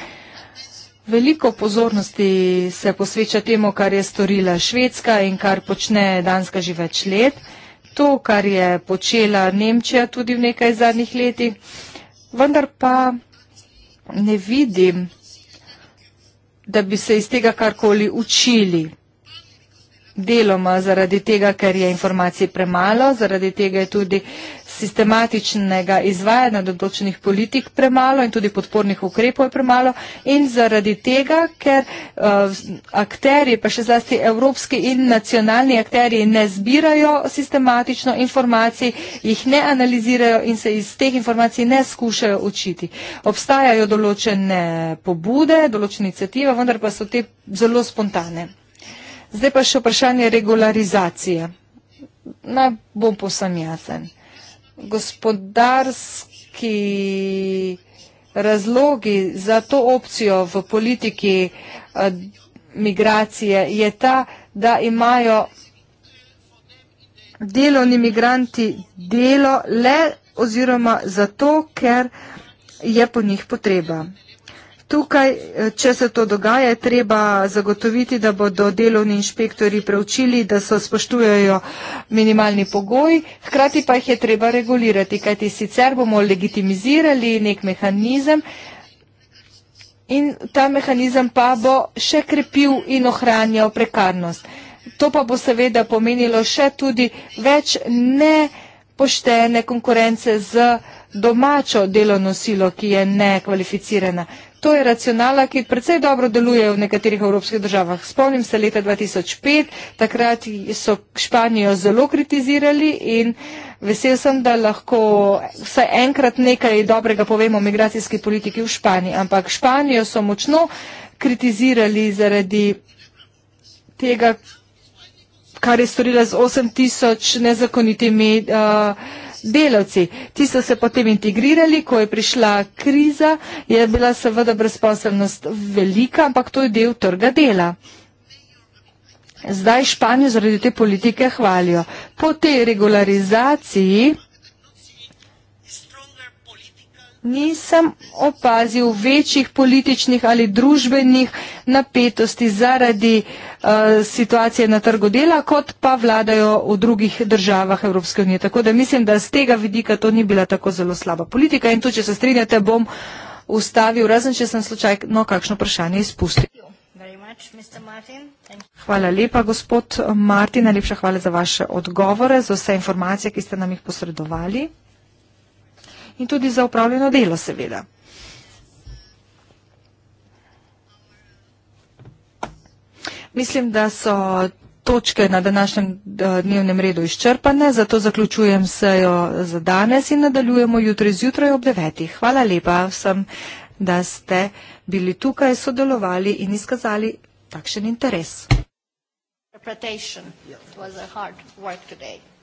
Speaker 1: Veliko pozornosti se posveča temu, kar je storila Švedska in kar počne Danska že več let. To, kar je počela Nemčija tudi v nekaj zadnjih letih. Vendar pa ne vidim, da bi se iz tega karkoli učili deloma zaradi tega, ker je informacij premalo, zaradi tega je tudi sistematičnega izvajanja določenih politik premalo in tudi podpornih ukrepov je premalo in zaradi tega, ker uh, akterji, pa še zlasti evropski in nacionalni akterji, ne zbirajo sistematično informacij, jih ne analizirajo in se iz teh informacij ne skušajo učiti. Obstajajo določene pobude, določene inicijative, vendar pa so te zelo spontane. Zdaj pa še vprašanje regularizacije. Naj bom posem jasen. Gospodarski razlogi za to opcijo v politiki migracije je ta, da imajo delovni migranti delo le oziroma zato, ker je po njih potreba. Tukaj, eh, če se to dogaja, je treba zagotoviti, da bodo delovni inšpektori preučili, da so spoštujejo minimalni pogoji, hkrati pa jih je treba regulirati, kajti sicer bomo legitimizirali nek mehanizem in ta mehanizem pa bo še krepil in ohranjal prekarnost. To pa bo seveda pomenilo še tudi več nepoštene konkurence z domačo delovno silo, ki je nekvalificirana to je racionala, ki predvsej dobro deluje v nekaterih evropskih državah. Spomnim se leta 2005, takrat so Španijo zelo kritizirali in vesel sem, da lahko vsaj enkrat nekaj dobrega povemo o migracijski politiki v Španiji, ampak Španijo so močno kritizirali zaradi tega, kar je storila z 8000 nezakonitimi. Uh, delavci. Ti so se potem integrirali, ko je prišla kriza, je bila seveda brezposobnost velika, ampak to je del trga dela. Zdaj Španijo zaradi te politike hvalijo. Po tej regularizaciji nisem opazil večjih političnih ali družbenih napetosti zaradi uh, situacije na trgu dela, kot pa vladajo v drugih državah Evropske unije. Tako da mislim, da z tega vidika to ni bila tako zelo slaba politika in tu, če se strinjate, bom ustavil, razen če sem slučajno kakšno vprašanje izpustil. Hvala lepa, gospod Martin, najlepša hvala za vaše odgovore, za vse informacije, ki ste nam jih posredovali in tudi za upravljeno delo seveda. Mislim, da so točke na današnjem eh, dnevnem redu izčrpane, zato zaključujem sejo za danes in nadaljujemo jutri zjutraj ob devetih. Hvala lepa vsem, da ste bili tukaj, sodelovali in izkazali takšen interes.
Speaker 3: Interpretation was a hard word today.